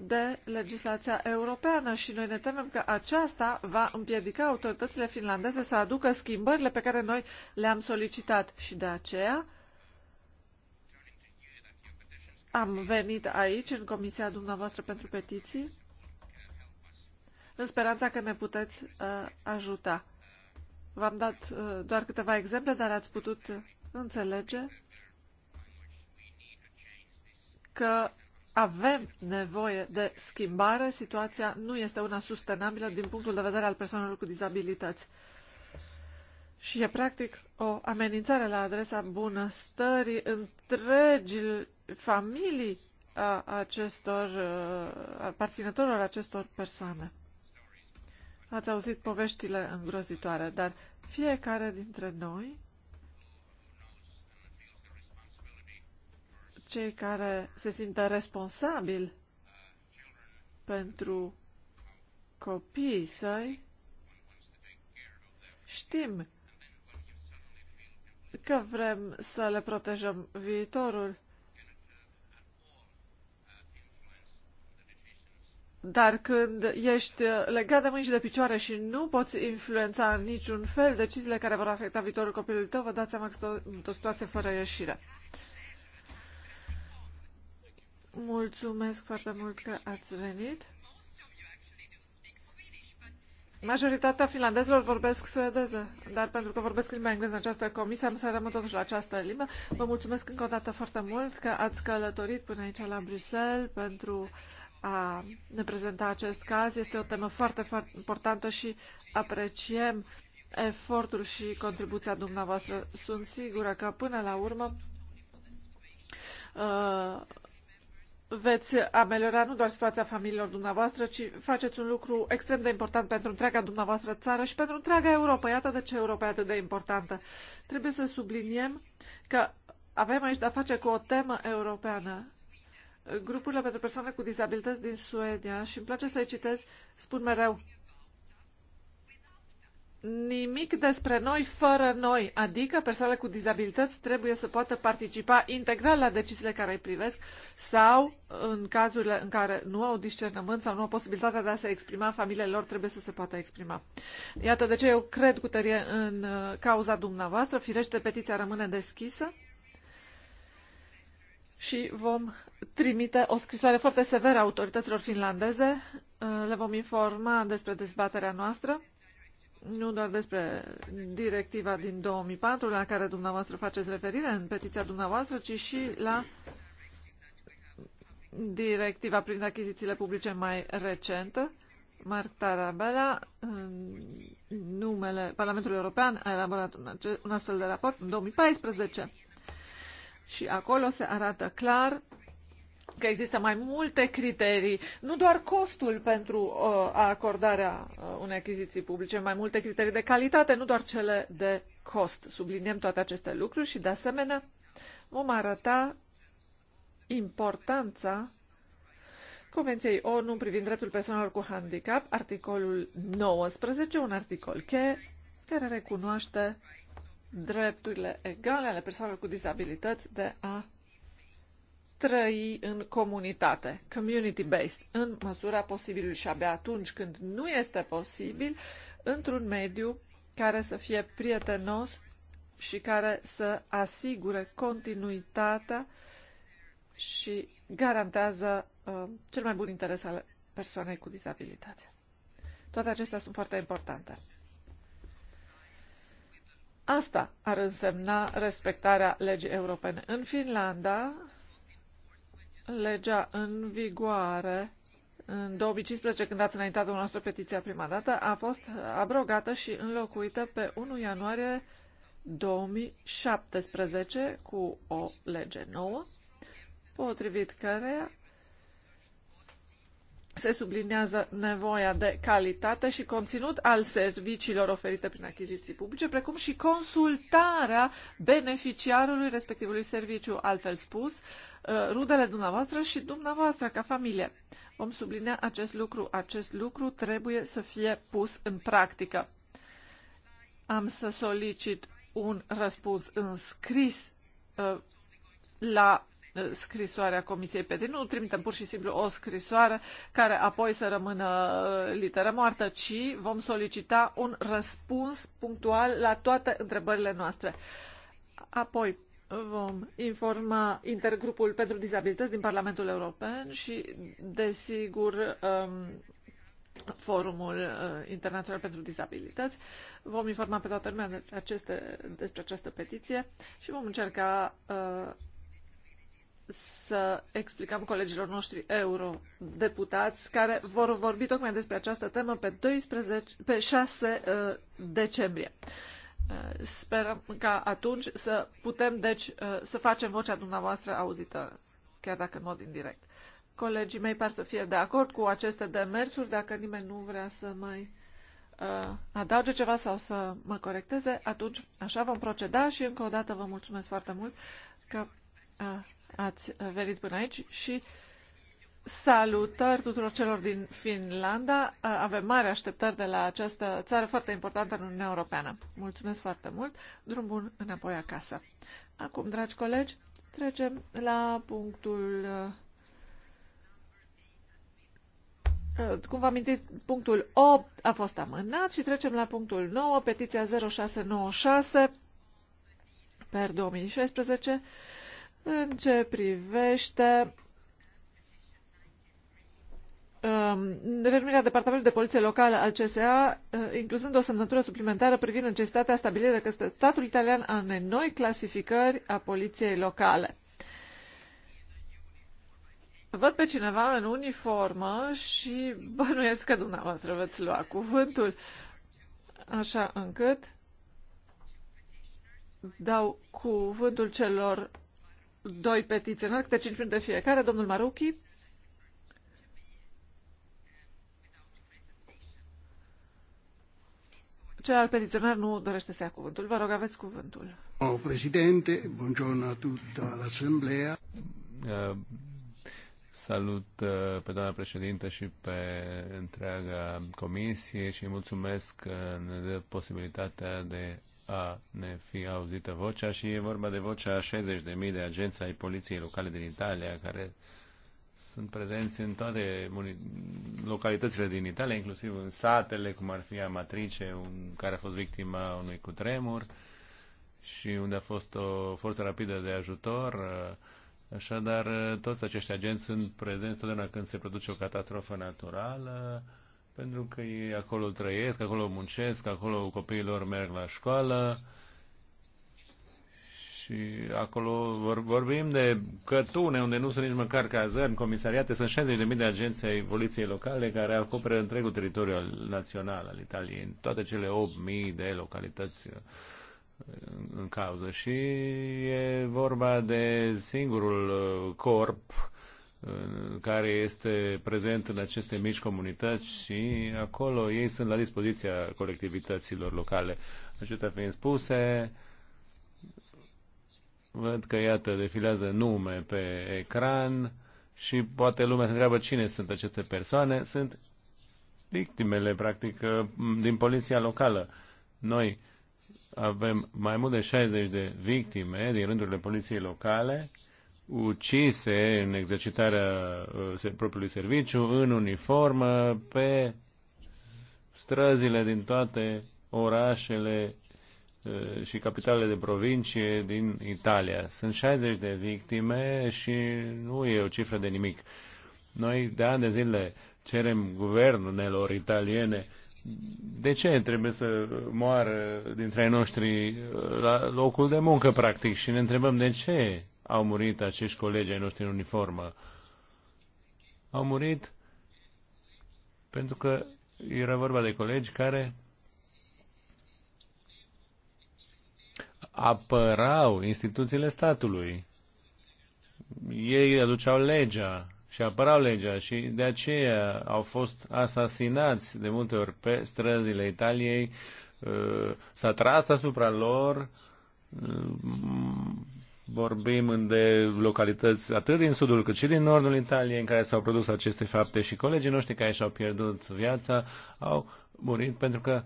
de legislația europeană și noi ne temem că aceasta va împiedica autoritățile finlandeze să aducă schimbările pe care noi le-am solicitat și de aceea am venit aici, în comisia dumneavoastră pentru petiții, în speranța că ne puteți uh, ajuta. V-am dat uh, doar câteva exemple, dar ați putut înțelege că avem nevoie de schimbare. Situația nu este una sustenabilă din punctul de vedere al persoanelor cu dizabilități. Și e practic o amenințare la adresa bunăstării întregii familii a acestor, aparținătorilor acestor persoane. Ați auzit poveștile îngrozitoare, dar fiecare dintre noi, cei care se simtă responsabili pentru copiii săi, știm că vrem să le protejăm viitorul Dar când ești legat de mâini și de picioare și nu poți influența în niciun fel deciziile care vor afecta viitorul copilului tău, vă dați seama că este o, o situație fără ieșire. Mulțumesc foarte mult că ați venit. Majoritatea finlandezilor vorbesc suedeză, dar pentru că vorbesc limba engleză în această comisie, am să rămân totuși la această limbă. Vă mulțumesc încă o dată foarte mult că ați călătorit până aici la Bruxelles pentru a ne prezenta acest caz. Este o temă foarte, foarte importantă și apreciem efortul și contribuția dumneavoastră. Sunt sigură că până la urmă uh, veți ameliora nu doar situația familiilor dumneavoastră, ci faceți un lucru extrem de important pentru întreaga dumneavoastră țară și pentru întreaga Europa. Iată de ce Europa e atât de importantă. Trebuie să subliniem că avem aici de-a face cu o temă europeană grupurile pentru persoane cu dizabilități din Suedia și îmi place să-i citez, spun mereu nimic despre noi fără noi, adică persoanele cu dizabilități trebuie să poată participa integral la deciziile care îi privesc sau în cazurile în care nu au discernământ sau nu au posibilitatea de a se exprima, familiile lor trebuie să se poată exprima. Iată de ce eu cred cu tărie în uh, cauza dumneavoastră, firește petiția rămâne deschisă și vom trimite o scrisoare foarte severă autorităților finlandeze. Le vom informa despre dezbaterea noastră, nu doar despre directiva din 2004 la care dumneavoastră faceți referire în petiția dumneavoastră, ci și la directiva privind achizițiile publice mai recentă. Marc Tarabella, în numele Parlamentului European, a elaborat un, un astfel de raport în 2014 și acolo se arată clar că există mai multe criterii, nu doar costul pentru uh, acordarea uh, unei achiziții publice, mai multe criterii de calitate, nu doar cele de cost. Subliniem toate aceste lucruri și, de asemenea, vom arăta importanța Convenției ONU privind dreptul persoanelor cu handicap, articolul 19, un articol cheie care recunoaște drepturile egale ale persoanelor cu dizabilități de a trăi în comunitate, community-based, în măsura posibilului și abia atunci când nu este posibil, într-un mediu care să fie prietenos și care să asigure continuitatea și garantează uh, cel mai bun interes al persoanei cu dizabilitate. Toate acestea sunt foarte importante. Asta ar însemna respectarea legii europene. În Finlanda, legea în vigoare în 2015, când ați înaintat dumneavoastră petiția prima dată, a fost abrogată și înlocuită pe 1 ianuarie 2017 cu o lege nouă, potrivit căreia se subliniază nevoia de calitate și conținut al serviciilor oferite prin achiziții publice, precum și consultarea beneficiarului respectivului serviciu, altfel spus, uh, rudele dumneavoastră și dumneavoastră ca familie. Vom sublinea acest lucru. Acest lucru trebuie să fie pus în practică. Am să solicit un răspuns înscris uh, la scrisoarea Comisiei Peti. Nu trimitem pur și simplu o scrisoare care apoi să rămână uh, literă moartă, ci vom solicita un răspuns punctual la toate întrebările noastre. Apoi, Vom informa intergrupul pentru dizabilități din Parlamentul European și, desigur, um, Forumul uh, Internațional pentru Dizabilități. Vom informa pe toată lumea de aceste, despre această petiție și vom încerca uh, să explicăm colegilor noștri eurodeputați care vor vorbi tocmai despre această temă pe, 12, pe 6 uh, decembrie. Uh, sperăm ca atunci să putem, deci, uh, să facem vocea dumneavoastră auzită, chiar dacă în mod indirect. Colegii mei par să fie de acord cu aceste demersuri, dacă nimeni nu vrea să mai uh, adauge ceva sau să mă corecteze, atunci așa vom proceda și încă o dată vă mulțumesc foarte mult că uh, ați venit până aici și salutări tuturor celor din Finlanda. Avem mari așteptări de la această țară foarte importantă în Uniunea Europeană. Mulțumesc foarte mult. Drum bun înapoi acasă. Acum, dragi colegi, trecem la punctul cum vă amintiți, punctul 8 a fost amânat și trecem la punctul 9, petiția 0696 per 2016 în ce privește um, renumirea Departamentului de Poliție Locală al CSA, uh, incluzând o semnătură suplimentară privind necesitatea stabilirii de către statul italian a unei noi clasificări a poliției locale. Văd pe cineva în uniformă și bănuiesc că dumneavoastră veți lua cuvântul, așa încât dau cuvântul celor doi petiționari, câte 5 minute fiecare, domnul Maruchi. Celălalt petiționar nu dorește să ia cuvântul. Vă rog, aveți cuvântul. Oh, președinte, buongiorno a tutta l'assemblea. Uh, salut uh, pe doamna președintă și pe întreaga comisie și mulțumesc că ne dă posibilitatea de a ne fi auzită vocea și e vorba de vocea a 60.000 de agenți ai poliției locale din Italia care sunt prezenți în toate localitățile din Italia, inclusiv în satele, cum ar fi Amatrice, un, care a fost victima unui cutremur și unde a fost o forță rapidă de ajutor. Așadar, toți acești agenți sunt prezenți totdeauna când se produce o catastrofă naturală. Uh, pentru că ei acolo trăiesc, acolo muncesc, acolo copiilor merg la școală și acolo vor, vorbim de cătune, unde nu sunt nici măcar cazări, comisariate, sunt 60.000 de agenții ai poliției locale care acoperă întregul teritoriu național al Italiei, în toate cele 8.000 de localități uh, în cauză și e vorba de singurul uh, corp care este prezent în aceste mici comunități și acolo ei sunt la dispoziția colectivităților locale. Acestea fiind spuse, văd că, iată, defilează nume pe ecran și poate lumea se întreabă cine sunt aceste persoane. Sunt victimele, practic, din poliția locală. Noi avem mai mult de 60 de victime din rândurile poliției locale ucise în exercitarea uh, propriului serviciu, în uniformă, pe străzile din toate orașele uh, și capitalele de provincie din Italia. Sunt 60 de victime și nu e o cifră de nimic. Noi de ani de zile cerem guvernelor italiene de ce trebuie să moară dintre ai noștri uh, la locul de muncă, practic, și ne întrebăm de ce au murit acești colegi ai noștri în uniformă. Au murit pentru că era vorba de colegi care apărau instituțiile statului. Ei aduceau legea și apărau legea și de aceea au fost asasinați de multe ori pe străzile Italiei, uh, s-a tras asupra lor uh, Vorbim de localități atât din sudul cât și din nordul Italiei în care s-au produs aceste fapte și colegii noștri care și-au pierdut viața au murit pentru că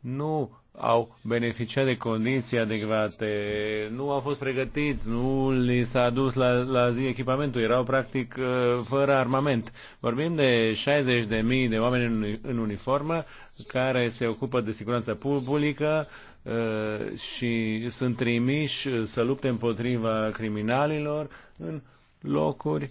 nu au beneficiat de condiții adecvate, nu au fost pregătiți, nu li s-a dus la, la zi echipamentul, erau practic uh, fără armament. Vorbim de 60.000 de oameni în, în uniformă care se ocupă de siguranța publică, Uh, și sunt trimiși să lupte împotriva criminalilor în locuri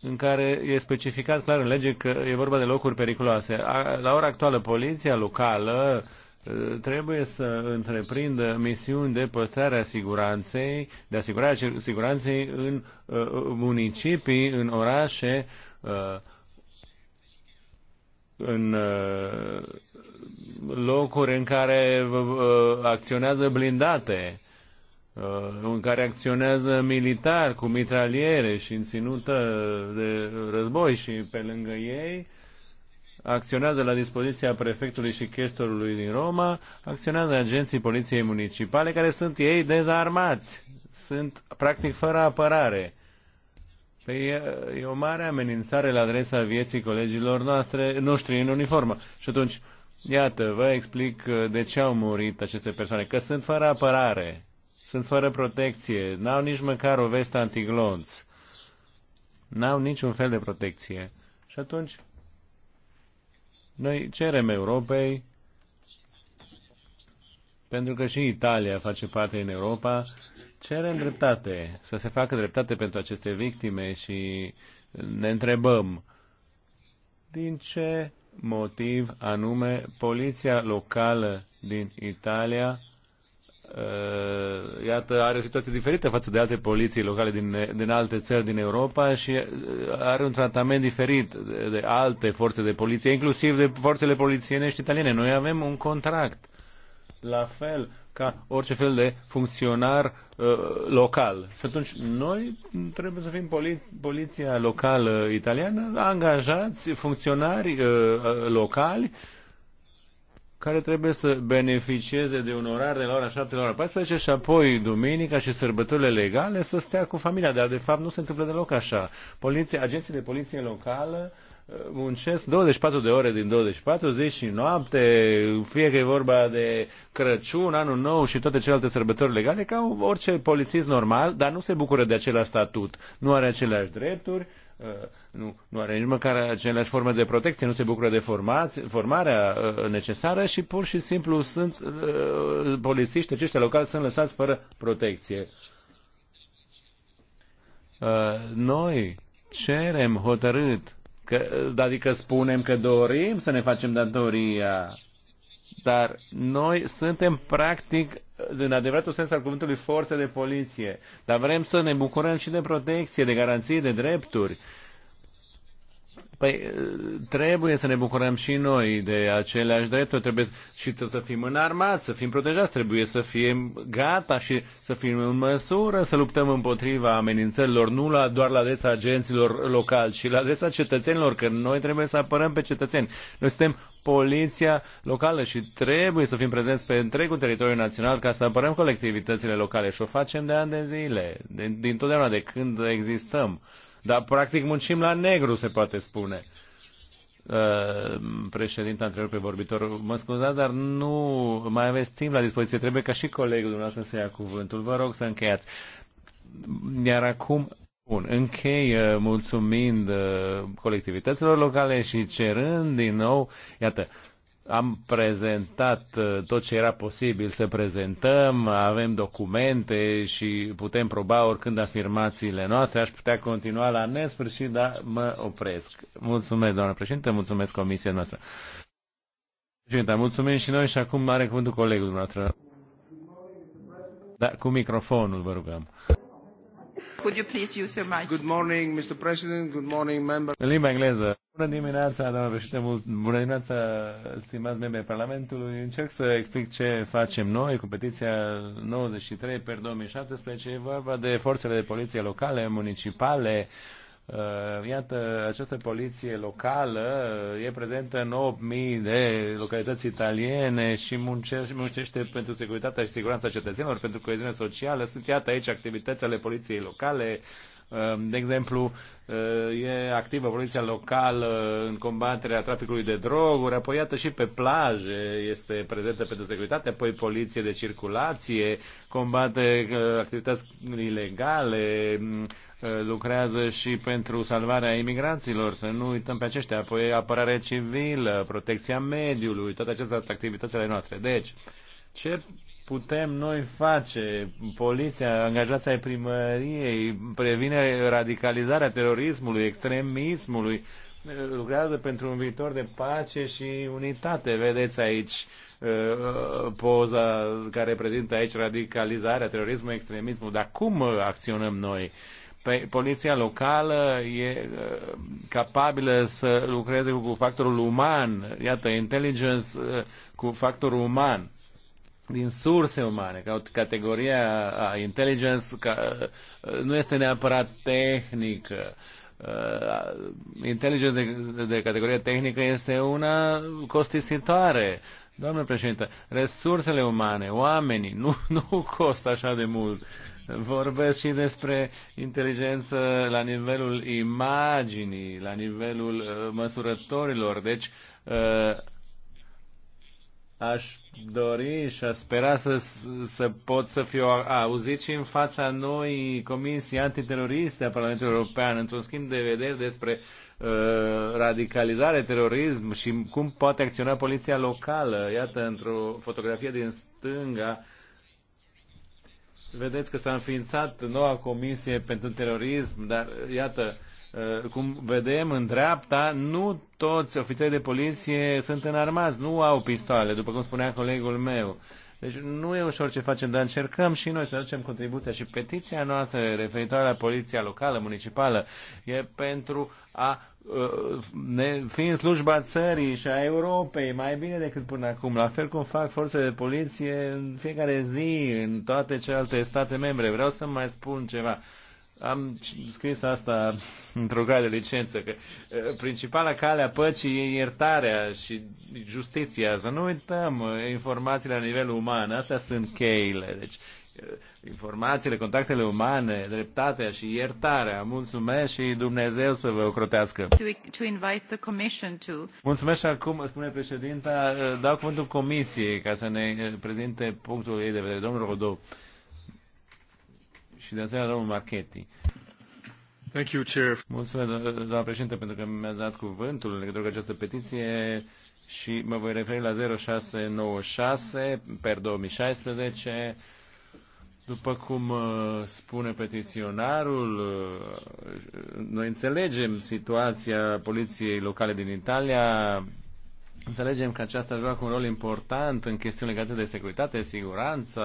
în care e specificat clar în lege că e vorba de locuri periculoase. La ora actuală, poliția locală uh, trebuie să întreprindă misiuni de păstrare a siguranței, de asigurarea siguranței în uh, municipii, în orașe, în locuri în care acționează blindate, uh, în care acționează militar cu mitraliere și în ținută de război și pe lângă ei acționează la dispoziția prefectului și chestorului din Roma, acționează agenții poliției municipale care sunt ei dezarmați, sunt practic fără apărare. Păi e, e o mare amenințare la adresa vieții colegilor noastre, noștri în uniformă. Și atunci, uh, Iată, vă explic uh, de ce au murit aceste persoane, că sunt fără apărare, sunt fără protecție, n-au nici măcar o vestă antiglonț, n-au niciun fel de protecție. Și atunci, noi cerem Europei, pentru că și Italia face parte din Europa, cerem dreptate, să se facă dreptate pentru aceste victime și ne întrebăm din ce motiv anume poliția locală din Italia uh, iată, are o situație diferită față de alte poliții locale din, din alte țări din Europa și uh, are un tratament diferit de alte forțe de poliție, inclusiv de forțele polițienești italiene. Noi avem un contract. La fel, ca orice fel de funcționar uh, local. Și atunci noi trebuie să fim poli- poliția locală italiană, angajați funcționari uh, uh locali care trebuie să beneficieze de un orar de la ora 7 la ora 14 și apoi duminica și sărbătorile legale să stea cu familia. Dar de fapt nu se întâmplă deloc așa. Poliția, agenții de poliție locală uh, muncesc 24 de ore din 24, zi și noapte, fie că e vorba de Crăciun, Anul Nou și toate celelalte sărbători legale, ca orice polițist normal, dar nu se bucură de același statut, nu are aceleași drepturi, uh, nu, nu are nici măcar aceleași forme de protecție, nu se bucură de formați, formarea uh, necesară și pur și simplu sunt uh, polițiști aceștia locali sunt lăsați fără protecție. Noi cerem hotărât Că, adică spunem că dorim să ne facem datoria, dar noi suntem practic în adevăratul sens al cuvântului forțe de poliție, dar vrem să ne bucurăm și de protecție, de garanții, de drepturi. Uh, Păi trebuie să ne bucurăm și noi de aceleași drepturi, trebuie și să fim înarmați, să fim protejați, trebuie să fim gata și să fim în măsură să luptăm împotriva amenințărilor, nu la, doar la adresa agenților locali, ci la adresa cetățenilor, că noi trebuie să apărăm pe cetățeni. Noi suntem poliția locală și trebuie să fim prezenți pe întregul teritoriu național ca să apărăm colectivitățile locale și o facem de ani de zile, de, din totdeauna, de când existăm. Dar, practic, muncim la negru, se poate spune. Uh, președinta întrerupe vorbitor. Mă scuzați, dar nu mai aveți timp la dispoziție. Trebuie ca și colegul dumneavoastră să ia cuvântul. Vă rog să încheiați. Iar acum, bun, închei uh, mulțumind uh, colectivităților locale și cerând din nou, iată, uh, am prezentat uh, tot ce era posibil să prezentăm, avem documente și putem proba oricând afirmațiile noastre. Aș putea continua la nesfârșit, dar mă opresc. Mulțumesc, doamnă președinte, mulțumesc comisia noastră. Președinte, mulțumim și noi și acum are cuvântul colegul dumneavoastră. Da, cu microfonul, vă rugăm. Could you please use your mic? Good morning, Mr. President. Good morning, member. În limba engleză. Bună dimineața, doamna președinte. Bună dimineața, stimați membri ai Parlamentului. Încerc să explic ce facem noi cu petiția 93 per 2017. E vorba de forțele de poliție locale, municipale, Uh, iată, această poliție locală uh, e prezentă în 8.000 de localități italiene și muncește, muncește pentru securitatea și siguranța cetățenilor, pentru coeziune socială. Sunt, iată, aici activități ale poliției locale, uh, de exemplu, e activă poliția locală în combaterea traficului de droguri, apoi iată și pe plaje este prezentă pentru securitate, apoi poliție de circulație, combate activități ilegale, Uh, lucrează și pentru salvarea imigranților, să nu uităm pe aceștia, apoi apărare civilă, protecția mediului, toate acestea activitățile noastre. Deci, ce putem noi face? Poliția, angajația ai primăriei, previne radicalizarea terorismului, extremismului, uh, lucrează pentru un viitor de pace și unitate. Vedeți aici uh, poza care prezintă aici radicalizarea, terorismul, extremismul, dar cum acționăm noi? Păi, poliția locală e uh, capabilă să lucreze cu factorul uman, iată, intelligence uh, cu factorul uman, din surse umane, ca categoria a intelligence ca, uh, nu este neapărat tehnică. Inteligența de, de categorie tehnică este una costisitoare. Doamne președinte, resursele umane, oamenii, nu, nu costă așa de mult. Uh, vorbesc și despre inteligență la nivelul imaginii, la nivelul uh, măsurătorilor. Deci, uh, aș dori și aș spera să, să pot să fiu auzit și în fața noi Comisii Antiteroriste a Parlamentului European într-un schimb de vedere despre uh, radicalizare, terorism și cum poate acționa poliția locală. Iată, într-o fotografie din stânga, vedeți că s-a înființat noua comisie pentru terorism, dar iată, uh, cum vedem în dreapta, nu toți ofițerii de poliție sunt înarmați, nu au pistoale, după cum spunea colegul meu. Deci nu e ușor ce facem, dar încercăm și noi să aducem contribuția și petiția noastră referitoare la poliția locală, municipală, e pentru a uh, ne, fi în slujba țării și a Europei mai bine decât până acum, la fel cum fac forțele de poliție în fiecare zi în toate celelalte state membre. Vreau să mai spun ceva am scris asta într-o cale de licență, că principala cale a păcii e iertarea și justiția. Să nu uităm informațiile la nivel uman, astea sunt cheile. Deci, informațiile, contactele umane, dreptatea și iertarea. Mulțumesc și Dumnezeu să vă ocrotească. To, invite the commission to... Mulțumesc și acum, spune președinta, dau cuvântul comisiei ca să ne prezinte punctul ei de vedere. Domnul Rodou și de asemenea domnul Marchetti. Thank you, Chair. Mulțumesc, doamna președinte, pentru că mi-ați dat cuvântul în legătură cu această petiție și mă voi referi la 0696 per 2016 după cum uh, spune petiționarul, uh, noi înțelegem situația poliției locale din Italia, Înțelegem că aceasta joacă un rol important în chestiuni legate de securitate, siguranță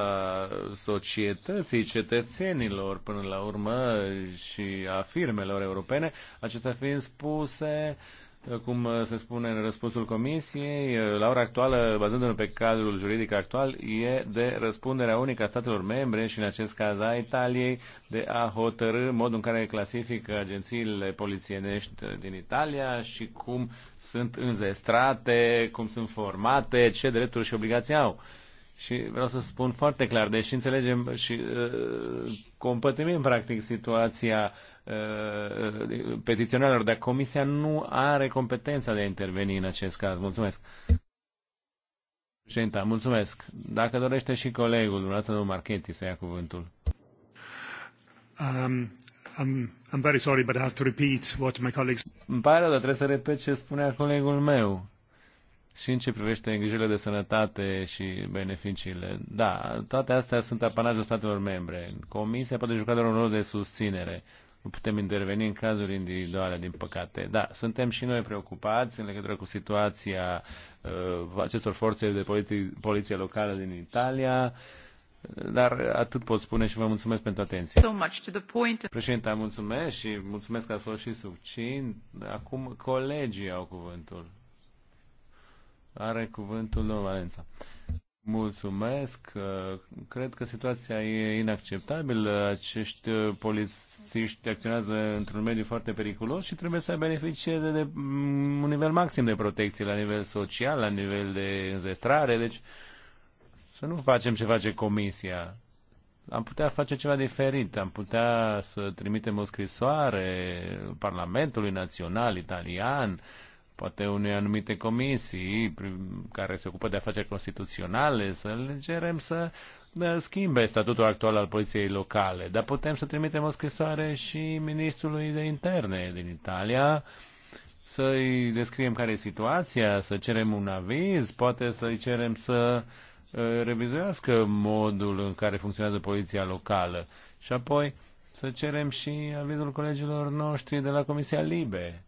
societății, cetățenilor, până la urmă, și a firmelor europene. Acestea fiind spuse, uh, cum uh, se spune în răspunsul Comisiei, uh, la ora actuală, bazându-ne pe cadrul juridic actual, e de răspunderea unică a statelor membre și, în acest caz, a Italiei, de a hotărâ modul în care clasifică agențiile polițienești uh, din Italia și cum sunt înzestrate, cum sunt formate, ce drepturi și obligații au. Și vreau să spun foarte clar, deși înțelegem și uh, compătimim practic situația uh, petiționarilor, dar Comisia nu are competența de a interveni în acest caz. Mulțumesc. Șenta, mulțumesc. Dacă dorește și colegul, dumneavoastră domnul Marchetti, să ia cuvântul. Um, I'm, I'm very sorry, but I have to repeat what my colleagues... Îmi pare, dar trebuie să repet ce spunea colegul meu și în ce privește îngrijirile de sănătate și beneficiile. Da, toate astea sunt apanajul statelor membre. Comisia poate juca doar un rol de susținere. Nu putem interveni în cazuri individuale, din păcate. Da, suntem și noi preocupați în legătură cu situația uh, acestor forțe de poliție, poliție locală din Italia. Dar atât pot spune și vă mulțumesc pentru atenție. So much to the point. Președinte, mulțumesc și mulțumesc că ați fost și succint. Acum colegii au cuvântul. Are cuvântul domnul Valența. Mulțumesc. Cred că situația e inacceptabilă. Acești polițiști acționează într-un mediu foarte periculos și trebuie să beneficieze de un nivel maxim de protecție la nivel social, la nivel de înzestrare. Deci să nu facem ce face comisia. Am putea face ceva diferit. Am putea să trimitem o scrisoare Parlamentului Național Italian poate unei anumite comisii care se ocupă de afaceri constituționale, să le cerem să da, schimbe statutul actual al poliției locale. Dar putem să trimitem o scrisoare și ministrului de interne din Italia, să-i descriem care e situația, să cerem un aviz, poate să-i cerem să revizuiască modul în care funcționează poliția locală și apoi să cerem și avizul colegilor noștri de la Comisia Libe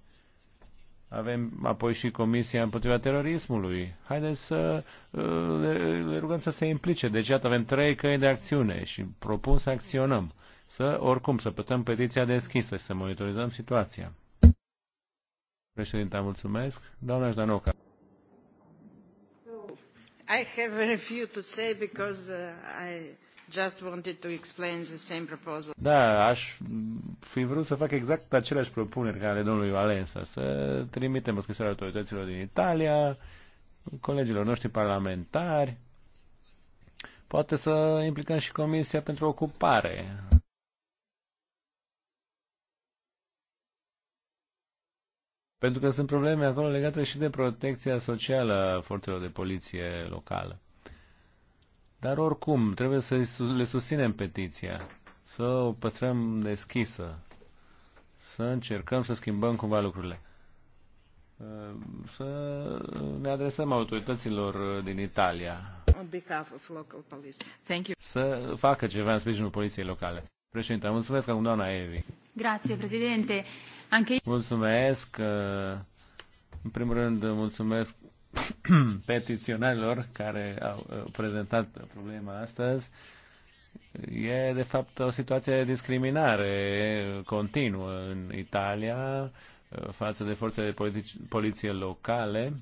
avem apoi și Comisia împotriva terorismului. Haideți să uh, le, rugăm să se implice. Deci, iată, avem trei căi de acțiune și propun să acționăm. Să, oricum, să putem petiția deschisă și să monitorizăm situația. Președinte, mulțumesc. Doamna Ștanoca. I have very few to say because uh, I Just wanted to explain the same proposal. Da, aș fi vrut să fac exact aceleași propuneri ca ale domnului Valensa, să trimitem o scrisoare autorităților din Italia, colegilor noștri parlamentari, poate să implicăm și Comisia pentru Ocupare. Pentru că sunt probleme acolo legate și de protecția socială a forțelor de poliție locală. Dar oricum, trebuie să le susținem petiția, să o păstrăm deschisă, să încercăm să schimbăm cumva lucrurile. Să ne adresăm autorităților din Italia. On behalf of local police. Thank you. Să facă ceva în sprijinul poliției locale. Președinte, mulțumesc acum doamna Evi. Grație, președinte. Anche... Mulțumesc. Uh, în primul rând, mulțumesc petiționarilor care au uh, prezentat problema astăzi e de fapt o situație de discriminare continuă în Italia uh, față de forțele de poliție locale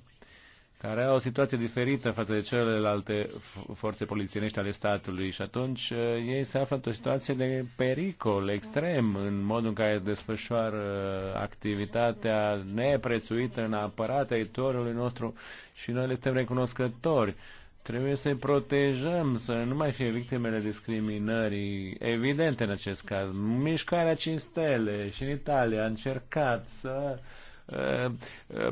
care au o situație diferită față de celelalte forțe polițienești ale statului și atunci uh, ei se află într-o situație de pericol extrem în modul în care desfășoară activitatea neprețuită în apărat teritoriului nostru și noi le suntem recunoscători. Trebuie să-i protejăm, să nu mai fie victimele discriminării evidente în acest caz. Mișcarea 5 stele și în Italia a încercat să uh, Uh,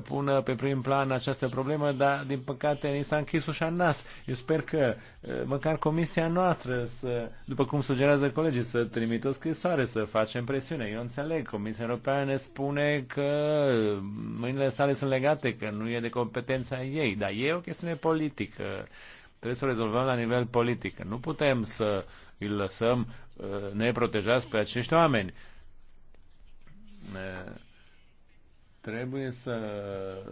pună pe prim plan această problemă, dar din păcate ni s-a închis ușa în nas. Eu sper că uh, măcar comisia noastră, să, după cum sugerează colegii, să trimită o scrisoare, să facem presiune. Eu înțeleg, Comisia Europeană ne spune că mâinile sale sunt legate, că nu e de competența ei, dar e o chestiune politică. Trebuie să o rezolvăm la nivel politic. Nu putem să îi lăsăm uh, neprotejați pe acești oameni trebuie să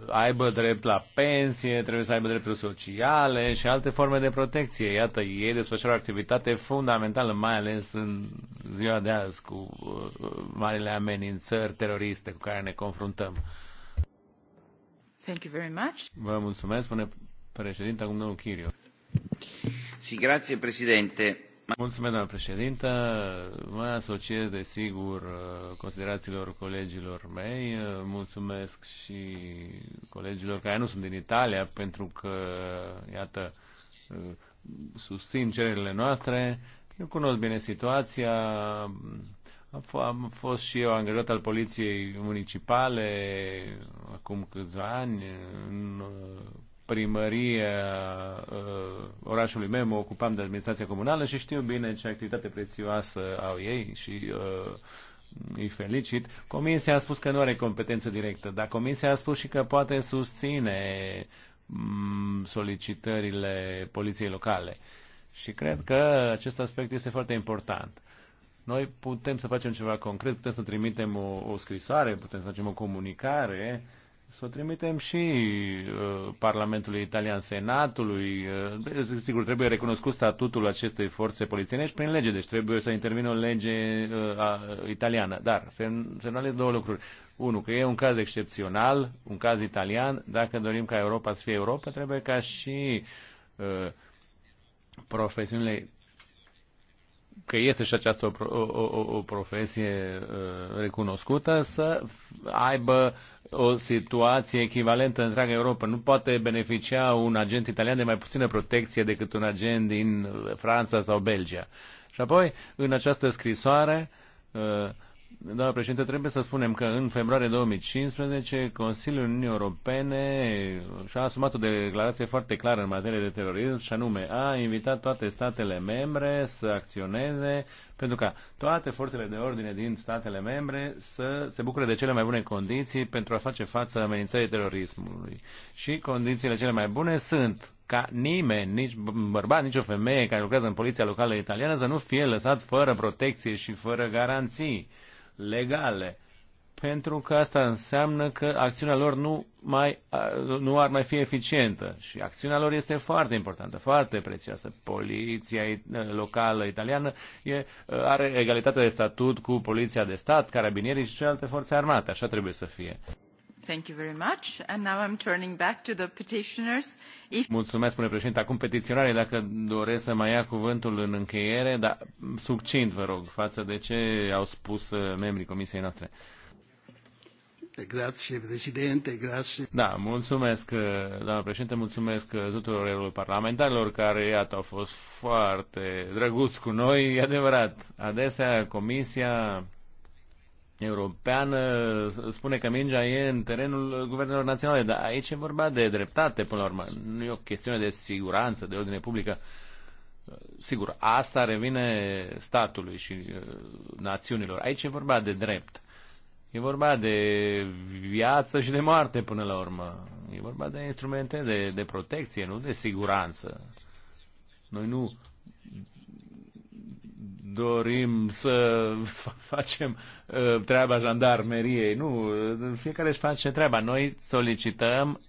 aibă drept la pensie, trebuie să aibă drepturi sociale și alte forme de protecție. Iată, ei desfășoară o activitate fundamentală, mai ales în ziua de azi, cu uh, marile amenințări teroriste cu care ne confruntăm. Thank you very much. Vă mulțumesc, spune președinte, acum domnul Chirio. Sì, grazie, Presidente. Mulțumesc, doamnă președintă. Mă asociez, desigur, considerațiilor colegilor mei. Mulțumesc și colegilor care nu sunt din Italia, pentru că, iată, susțin cererile noastre. Eu cunosc bine situația. Am fost și eu angajat al poliției municipale acum câțiva ani în primărie uh, orașului meu, mă ocupam de administrația comunală și știu bine ce activitate prețioasă au ei și uh, îi felicit. Comisia a spus că nu are competență directă, dar Comisia a spus și că poate susține um, solicitările poliției locale. Și cred că acest aspect este foarte important. Noi putem să facem ceva concret, putem să trimitem o, o scrisoare, putem să facem o comunicare, uh, să o trimitem și uh, Parlamentului Italian, Senatului. Uh, sigur, trebuie recunoscut statutul acestei forțe polițienești prin lege, deci trebuie să intervină o lege uh, a, italiană. Dar se semnale două lucruri. Unu, că e un caz excepțional, un caz italian. Dacă dorim ca Europa să fie Europa, trebuie ca și uh, profesiunile că este și această o, o, o profesie uh, recunoscută, să aibă o situație echivalentă în întreaga Europa. Nu poate beneficia un agent italian de mai puțină protecție decât un agent din Franța sau Belgia. Și apoi, în această scrisoare, uh, Doamna președinte, trebuie să spunem că în februarie 2015 Consiliul Uniunii Europene și-a asumat o declarație foarte clară în materie de terorism și anume a invitat toate statele membre să acționeze pentru ca toate forțele de ordine din statele membre să se bucure de cele mai bune condiții pentru a face față amenințării terorismului. Și condițiile cele mai bune sunt ca nimeni, nici bărbat, nici o femeie care lucrează în poliția locală italiană să nu fie lăsat fără protecție și fără garanții legale. Pentru că asta înseamnă că acțiunea lor nu, mai, nu ar mai fi eficientă. Și acțiunea lor este foarte importantă, foarte prețioasă. Poliția ă, locală italiană e, ă, are egalitate de statut cu poliția de stat, carabinierii și celelalte forțe armate. Așa trebuie să fie. Mulțumesc, domnule președinte. Acum petiționarii, dacă doresc să mai ia cuvântul în încheiere, dar succint, vă rog, față de ce au spus uh, membrii comisiei noastre. Grazie, grazie. Da, mulțumesc, uh, doamnă președinte, mulțumesc uh, tuturor parlamentarilor care, iată, au fost foarte drăguți cu noi. E adevărat, adesea comisia europeană spune că mingea e în terenul guvernelor naționale, dar aici e vorba de dreptate, până la urmă. Nu e o chestiune de siguranță, de ordine publică. Sigur, asta revine statului și uh, națiunilor. Aici e vorba de drept. E vorba de viață și de moarte până la urmă. E vorba de instrumente de, de protecție, nu de siguranță. Noi nu dorim să facem uh, treaba jandarmeriei. Nu, uh, fiecare își face treaba. Noi solicităm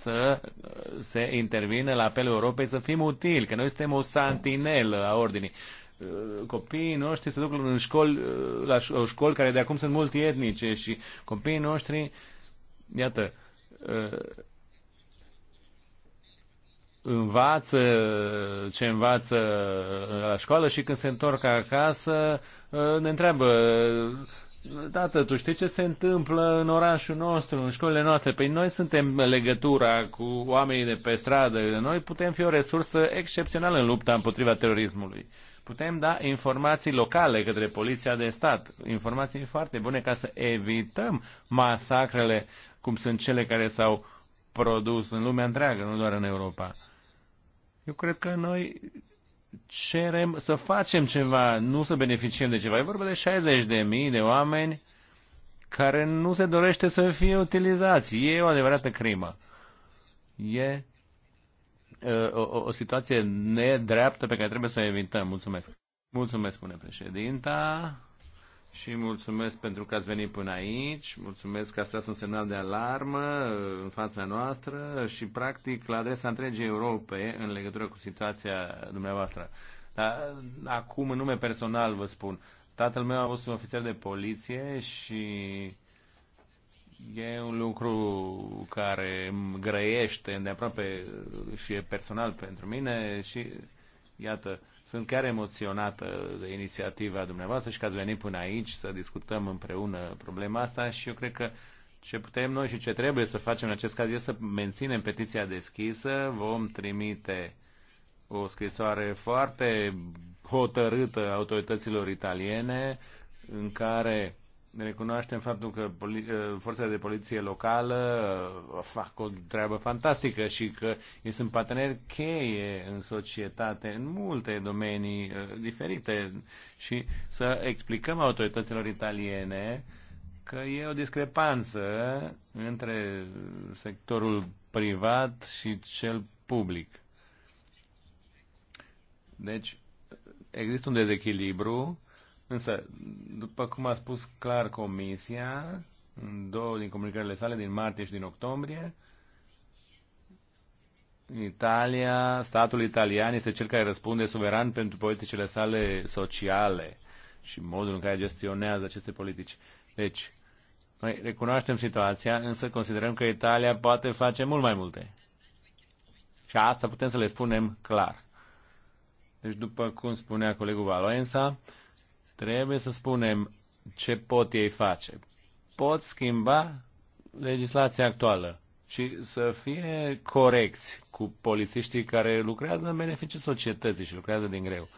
să uh, se intervine la apelul Europei să fim utili, că noi suntem o santinelă a ordinii. Copiii noștri se duc în școli, la școli care de acum sunt multietnice și copiii noștri, iată, învață ce învață la școală și când se întorc acasă ă, ne întreabă Tată, tu știi ce se întâmplă în orașul nostru, în școlile noastre? Păi noi suntem legătura cu oamenii de pe stradă. Noi putem fi o resursă excepțională în lupta împotriva terorismului. Putem da informații locale către poliția de stat, informații foarte bune ca să evităm masacrele cum sunt cele care s-au produs în lumea întreagă, nu doar în Europa. Eu cred că noi cerem să facem ceva, nu să beneficiem de ceva. E vorba de 60 de mii de oameni care nu se dorește să fie utilizați. E o adevărată crimă. E o, o, o situație nedreaptă pe care trebuie să o evităm. Mulțumesc. Mulțumesc, spune președinta și mulțumesc pentru că ați venit până aici, mulțumesc că ați tras un semnal de alarmă în fața noastră și, practic, la adresa întregii Europe în legătură cu situația dumneavoastră. Dar, acum, în nume personal, vă spun, tatăl meu a fost un ofițer de poliție și e un lucru care îmi grăiește îndeaproape și e personal pentru mine și, iată, sunt chiar emoționată de inițiativa dumneavoastră și că ați venit până aici să discutăm împreună problema asta și eu cred că ce putem noi și ce trebuie să facem în acest caz este să menținem petiția deschisă, vom trimite o scrisoare foarte hotărâtă autorităților italiene în care ne recunoaștem faptul că ă, forțele de poliție locală ă, fac o treabă fantastică și că ei sunt parteneri cheie în societate, în multe domenii ă, diferite și să explicăm autorităților italiene că e o discrepanță între sectorul privat și cel public. Deci, există un dezechilibru Însă, după cum a spus clar Comisia, în două din comunicările sale, din martie și din octombrie, Italia, statul italian este cel care răspunde suveran pentru politicile sale sociale și modul în care gestionează aceste politici. Deci, noi recunoaștem situația, însă considerăm că Italia poate face mult mai multe. Și asta putem să le spunem clar. Deci, după cum spunea colegul Valoensa, Trebuie să spunem ce pot ei face. Pot schimba legislația actuală și să fie corecți cu polițiștii care lucrează în beneficiul societății și lucrează din greu.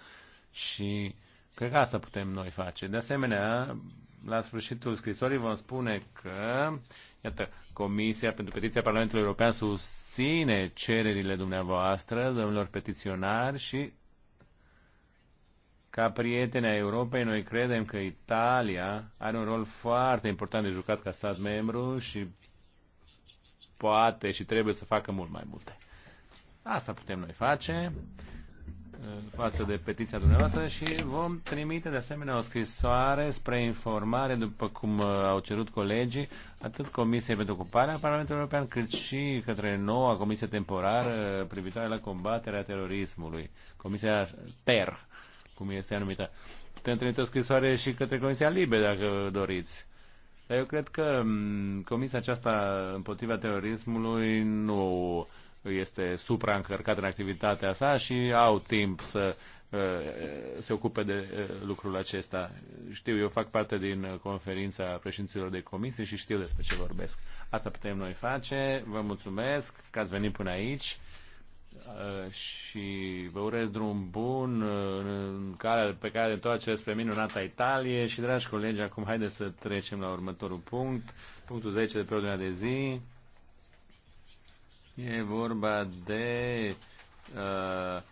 Și cred că asta putem noi face. De asemenea, la sfârșitul scrisorii vom spune că, iată, Comisia pentru Petiția Parlamentului European susține cererile dumneavoastră, domnilor petiționari, și ca prieteni a Europei, noi credem că Italia are un rol foarte important de jucat ca stat membru și poate și trebuie să facă mult mai multe. Asta putem noi face uh, față de petiția dumneavoastră și vom trimite de asemenea o scrisoare spre informare, după cum uh, au cerut colegii, atât Comisiei pentru Ocuparea Parlamentului European, cât și către noua Comisie Temporară privitoare la combaterea terorismului, Comisia TER cum este anumită. Putem trimite o scrisoare și către Comisia Libe, dacă doriți. Dar eu cred că mm, comisia aceasta împotriva terorismului nu este supraîncărcată în activitatea sa și au timp să uh, se ocupe de uh, lucrul acesta. Știu, eu fac parte din conferința președinților de comisie și știu despre ce vorbesc. Asta putem noi face. Vă mulțumesc că ați venit până aici. Uh, și vă urez drum bun uh, în care, pe care întoarceți spre minunata Italie și, dragi colegi, acum haideți să trecem la următorul punct, punctul 10 de pe ordinea de zi. E vorba de uh,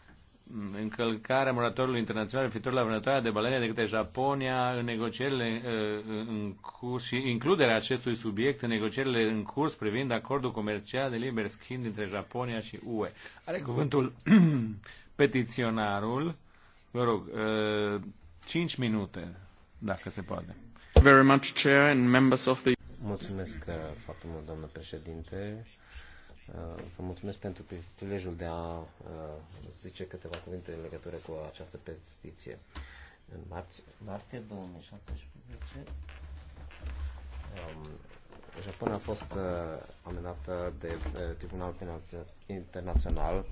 încălcarea moratoriului internațional referitor la vânătoarea de balene de către Japonia în negocierile uh, în curs și includerea acestui subiect în negocierile în curs privind acordul comercial de liber schimb dintre Japonia și UE. Are cuvântul petiționarul. Vă rog, 5 uh, minute, dacă se poate. Very much, Chair and members of the... Mulțumesc uh, foarte mult, doamnă președinte Uh, vă mulțumesc pentru privilegiul de a uh, zice câteva cuvinte în legătură cu această petiție. În marți, martie 2017, um, Japonia a fost uh, amenată de uh, Tribunal Penal Internațional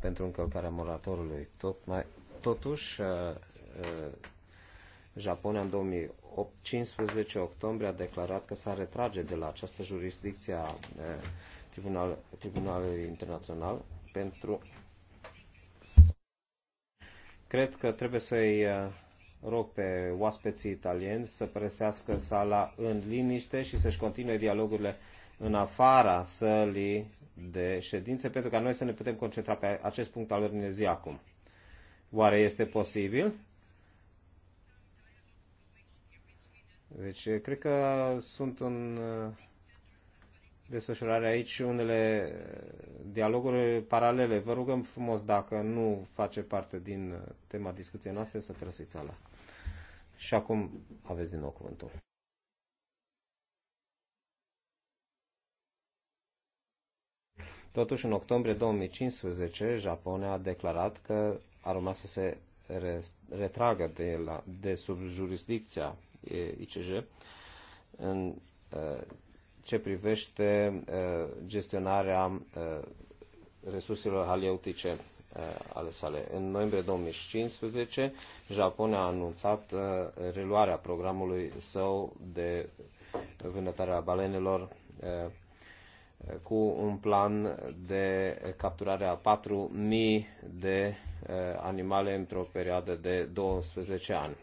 pentru încălcarea moratorului. Tot mai, totuși, uh, uh, Japonia în 2015 octombrie a declarat că s-a retrage de la această jurisdicție a uh, Tribunal, Tribunalului Internațional pentru cred că trebuie să-i uh, rog pe oaspeții italieni să presească sala în liniște și să-și continue dialogurile în afara sălii de ședințe, pentru ca noi să ne putem concentra pe acest punct al ordinei zi acum. Oare este posibil? Deci, cred că sunt în uh, desfășurare aici unele eh, dialoguri paralele. Vă rugăm frumos, dacă nu face parte din eh, tema discuției noastre, să trăsiți ala. Și acum aveți din nou cuvântul. Totuși, în octombrie 2015, Japonia a declarat că ar urma să se retragă de, la, de sub jurisdicția ICJ, în eh, ce privește uh, gestionarea uh, resurselor halieutice uh, ale sale. În noiembrie 2015, Japonia a anunțat reluarea programului său de vânătare a balenelor cu un plan de capturare a 4.000 de animale într-o perioadă de 12 ani.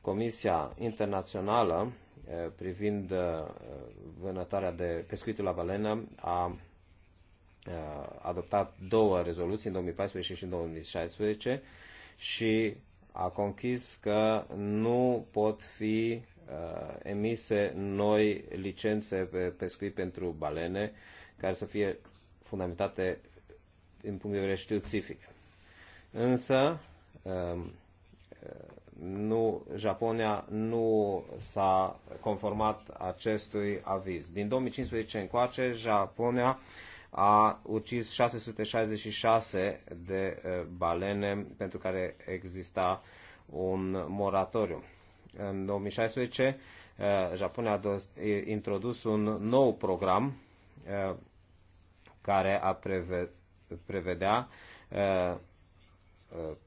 Comisia Internațională Eh, privind eh, vânătoarea de pescuitul la balenă a eh, adoptat două rezoluții în 2014 și în 2016 și a conchis că nu pot fi emise noi licențe pe pescuit pentru balene care să fie fundamentate din punct de vedere științific. Însă, nu, Japonia nu s-a conformat acestui aviz. Din 2015 încoace, Japonia a ucis 666 de balene pentru care exista un moratoriu. În 2016, Japonia a introdus un nou program care a prevedea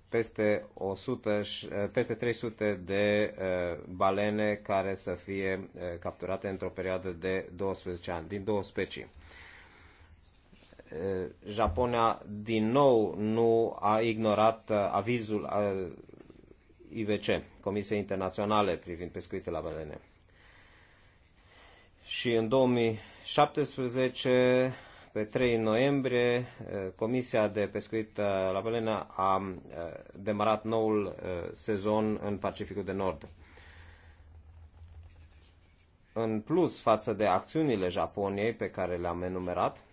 peste, 100, eh, peste 300 de eh, balene care să fie eh, capturate într-o perioadă de 12 ani, din două specii. Japonia din nou nu a ignorat avizul IVC, Comisiei Internaționale privind pescuitul la balene. Și în 2017 pe 3 noiembrie, eh, Comisia de Pescuit eh, la Balena a eh, demarat noul sezon în Pacificul de Nord. În plus față de acțiunile Japoniei pe care le-am enumerat,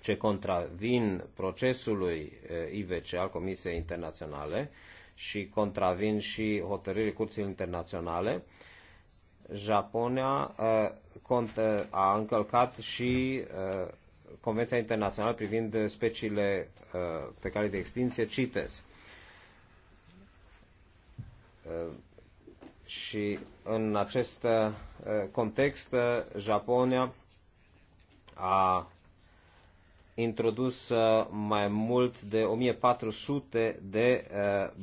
ce contravin procesului IVC al Comisiei Internaționale și contravin și hotărârii Curții Internaționale, Japonia uh, uh, a încălcat și uh, Convenția Internațională privind speciile pe care de extinție, CITES. Și în acest context, Japonia a introdus mai mult de 1400 de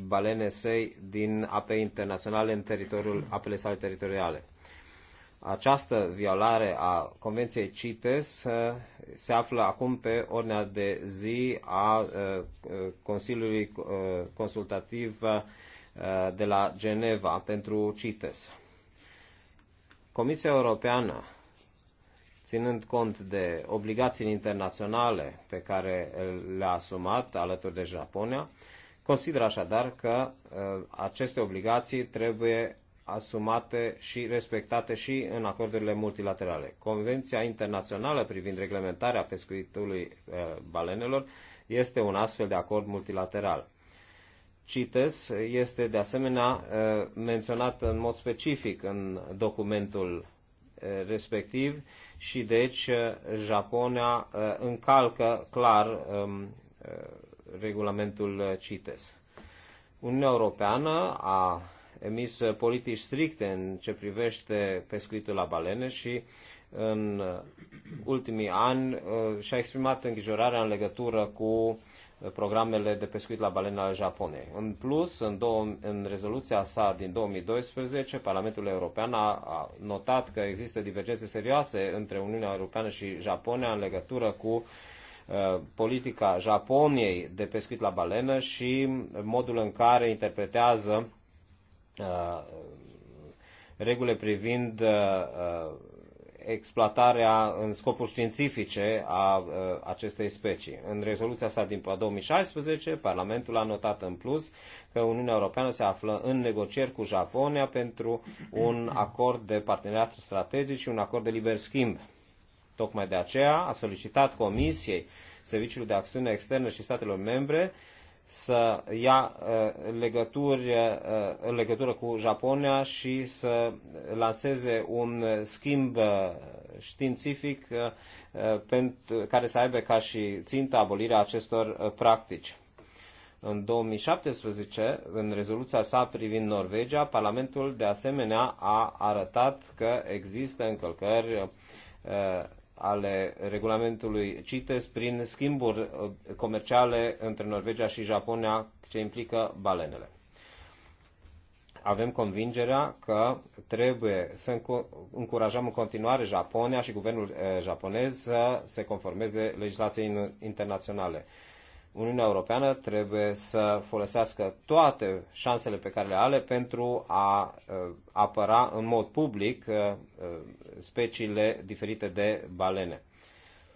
balene sei din ape internaționale în teritoriul, apele sale teritoriale. Această violare a Convenției CITES uh, se află acum pe ordinea de zi a uh, Consiliului uh, Consultativ de la Geneva pentru CITES. Comisia Europeană, ținând cont de obligațiile internaționale pe care le-a asumat alături de Japonia, consideră așadar că aceste obligații trebuie asumate și respectate și în acordurile multilaterale. Convenția internațională privind reglementarea pescuitului eh, balenelor este un astfel de acord multilateral. CITES este de asemenea eh, menționat în mod specific în documentul eh, respectiv și deci Japonia încalcă clar ehm, regulamentul CITES. Uniunea Europeană a emis uh, politici stricte în ce privește pescuitul la balene și în uh, ultimii ani uh, și-a exprimat îngrijorarea în legătură cu programele de pescuit la balene ale Japoniei. În plus, în, două, în rezoluția sa din 2012, Parlamentul European a, notat că există divergențe serioase între Uniunea Europeană și Japonia în legătură cu politica Japoniei de pescuit la balenă și modul în care interpretează Uh, regulile privind uh, uh, exploatarea în scopuri științifice a acestei specii. În rezoluția sa din 2016, Parlamentul a notat în plus că Uniunea Europeană se află în negocieri cu Japonia pentru un acord de parteneriat strategic și un acord de liber schimb. Tocmai de aceea a solicitat Comisiei Serviciului de Acțiune Externă și statelor membre să ia uh, legături, uh, în legătură cu Japonia și să lanseze un schimb uh, științific care să aibă ca și țintă abolirea acestor practici. În 2017, în rezoluția sa privind Norvegia, Parlamentul de asemenea a arătat că există încălcări ale regulamentului CITES prin schimburi uh, comerciale între Norvegia și Japonia ce implică balenele. Avem convingerea că trebuie să încurajăm în continuare Japonia și guvernul uh, japonez să se conformeze legislației internaționale. Uniunea Europeană trebuie să folosească toate șansele pe care le are pentru a uh, apăra în mod public uh, uh, speciile diferite de balene.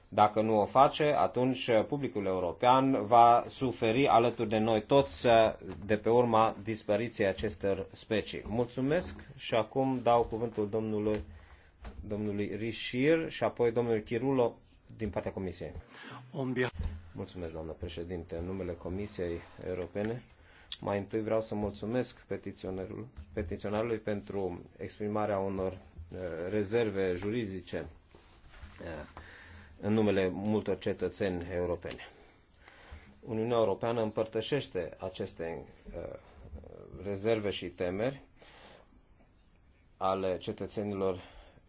Dacă nu o face, atunci publicul european va suferi alături de noi toți de pe urma dispariției acestor specii. Mulțumesc și acum dau cuvântul domnului, domnului Rișir și apoi domnului Chirulo din partea Comisiei. Mulțumesc, doamnă președinte. În numele Comisiei Europene, mai întâi vreau să mulțumesc petiționerul, petiționarului pentru exprimarea unor uh, rezerve juridice uh, în numele multor cetățeni europeni. Uniunea Europeană împărtășește aceste uh, rezerve și temeri ale cetățenilor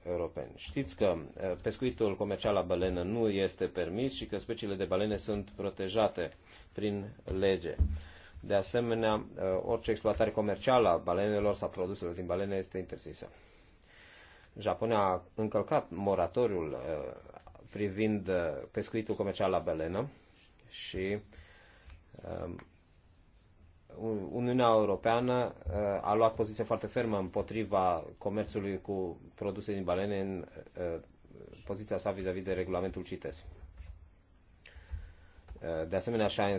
europeni. Știți că eh, pescuitul comercial la balenă nu este permis și că speciile de balene sunt protejate prin lege. De asemenea, eh, orice exploatare comercială a balenelor sau produselor din balene este interzisă. Japonia a încălcat moratoriul eh, privind pescuitul comercial la balenă și Uniunea Europeană uh, a luat poziție foarte fermă împotriva comerțului cu produse din balene în uh, poziția sa vis-a-vis -vis de regulamentul CITES. Uh, de asemenea, și-a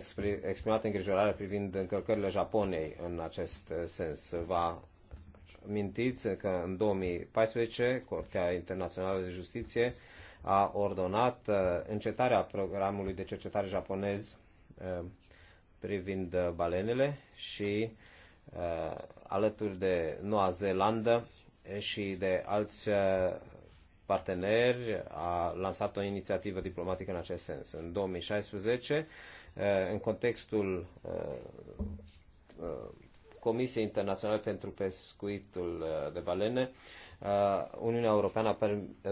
exprimat îngrijorare privind încălcările Japonei în acest sens. Va mintiți că în 2014 Curtea Internațională de Justiție a ordonat încetarea programului de cercetare japonez privind uh, balenele și uh, alături de Noua Zeelandă și de alți uh, parteneri a lansat o inițiativă diplomatică în acest sens. În 2016, în contextul Comisiei Internaționale pentru Pescuitul de Balene, Uniunea Europeană a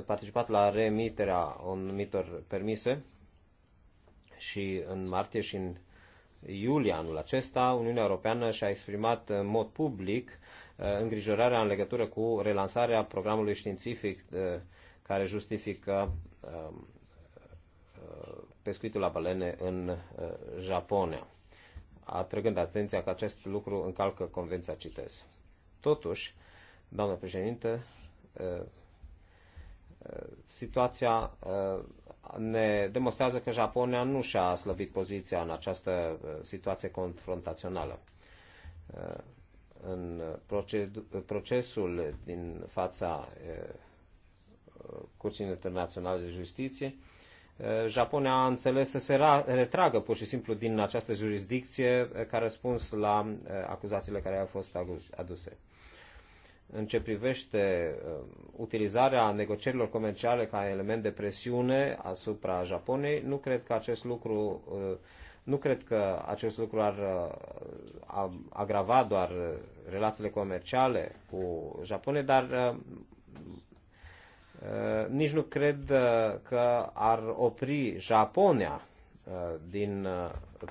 participat la remiterea anumitor permise și în martie și în iulie anul acesta, Uniunea Europeană și-a exprimat în mod public uh, îngrijorarea în legătură cu relansarea programului științific uh, care justifică um, uh, pescuitul la balene în Japonia, atrăgând atenția că acest lucru încalcă Convenția CITES. Totuși, doamnă președinte, situația ne demonstrează că Japonia nu și-a slăbit poziția în această uh, situație confrontațională. Uh, în procesul din fața uh, Curții Internaționale de Justiție, Japonia a înțeles să se retragă pur și simplu din această jurisdicție ca răspuns la acuzațiile care au fost aduse în ce privește uh, utilizarea negocierilor comerciale ca element de presiune asupra Japoniei, nu cred că acest lucru uh, nu cred că acest lucru ar uh, agrava doar relațiile comerciale cu Japonia, dar nici nu cred că ar opri Japonia din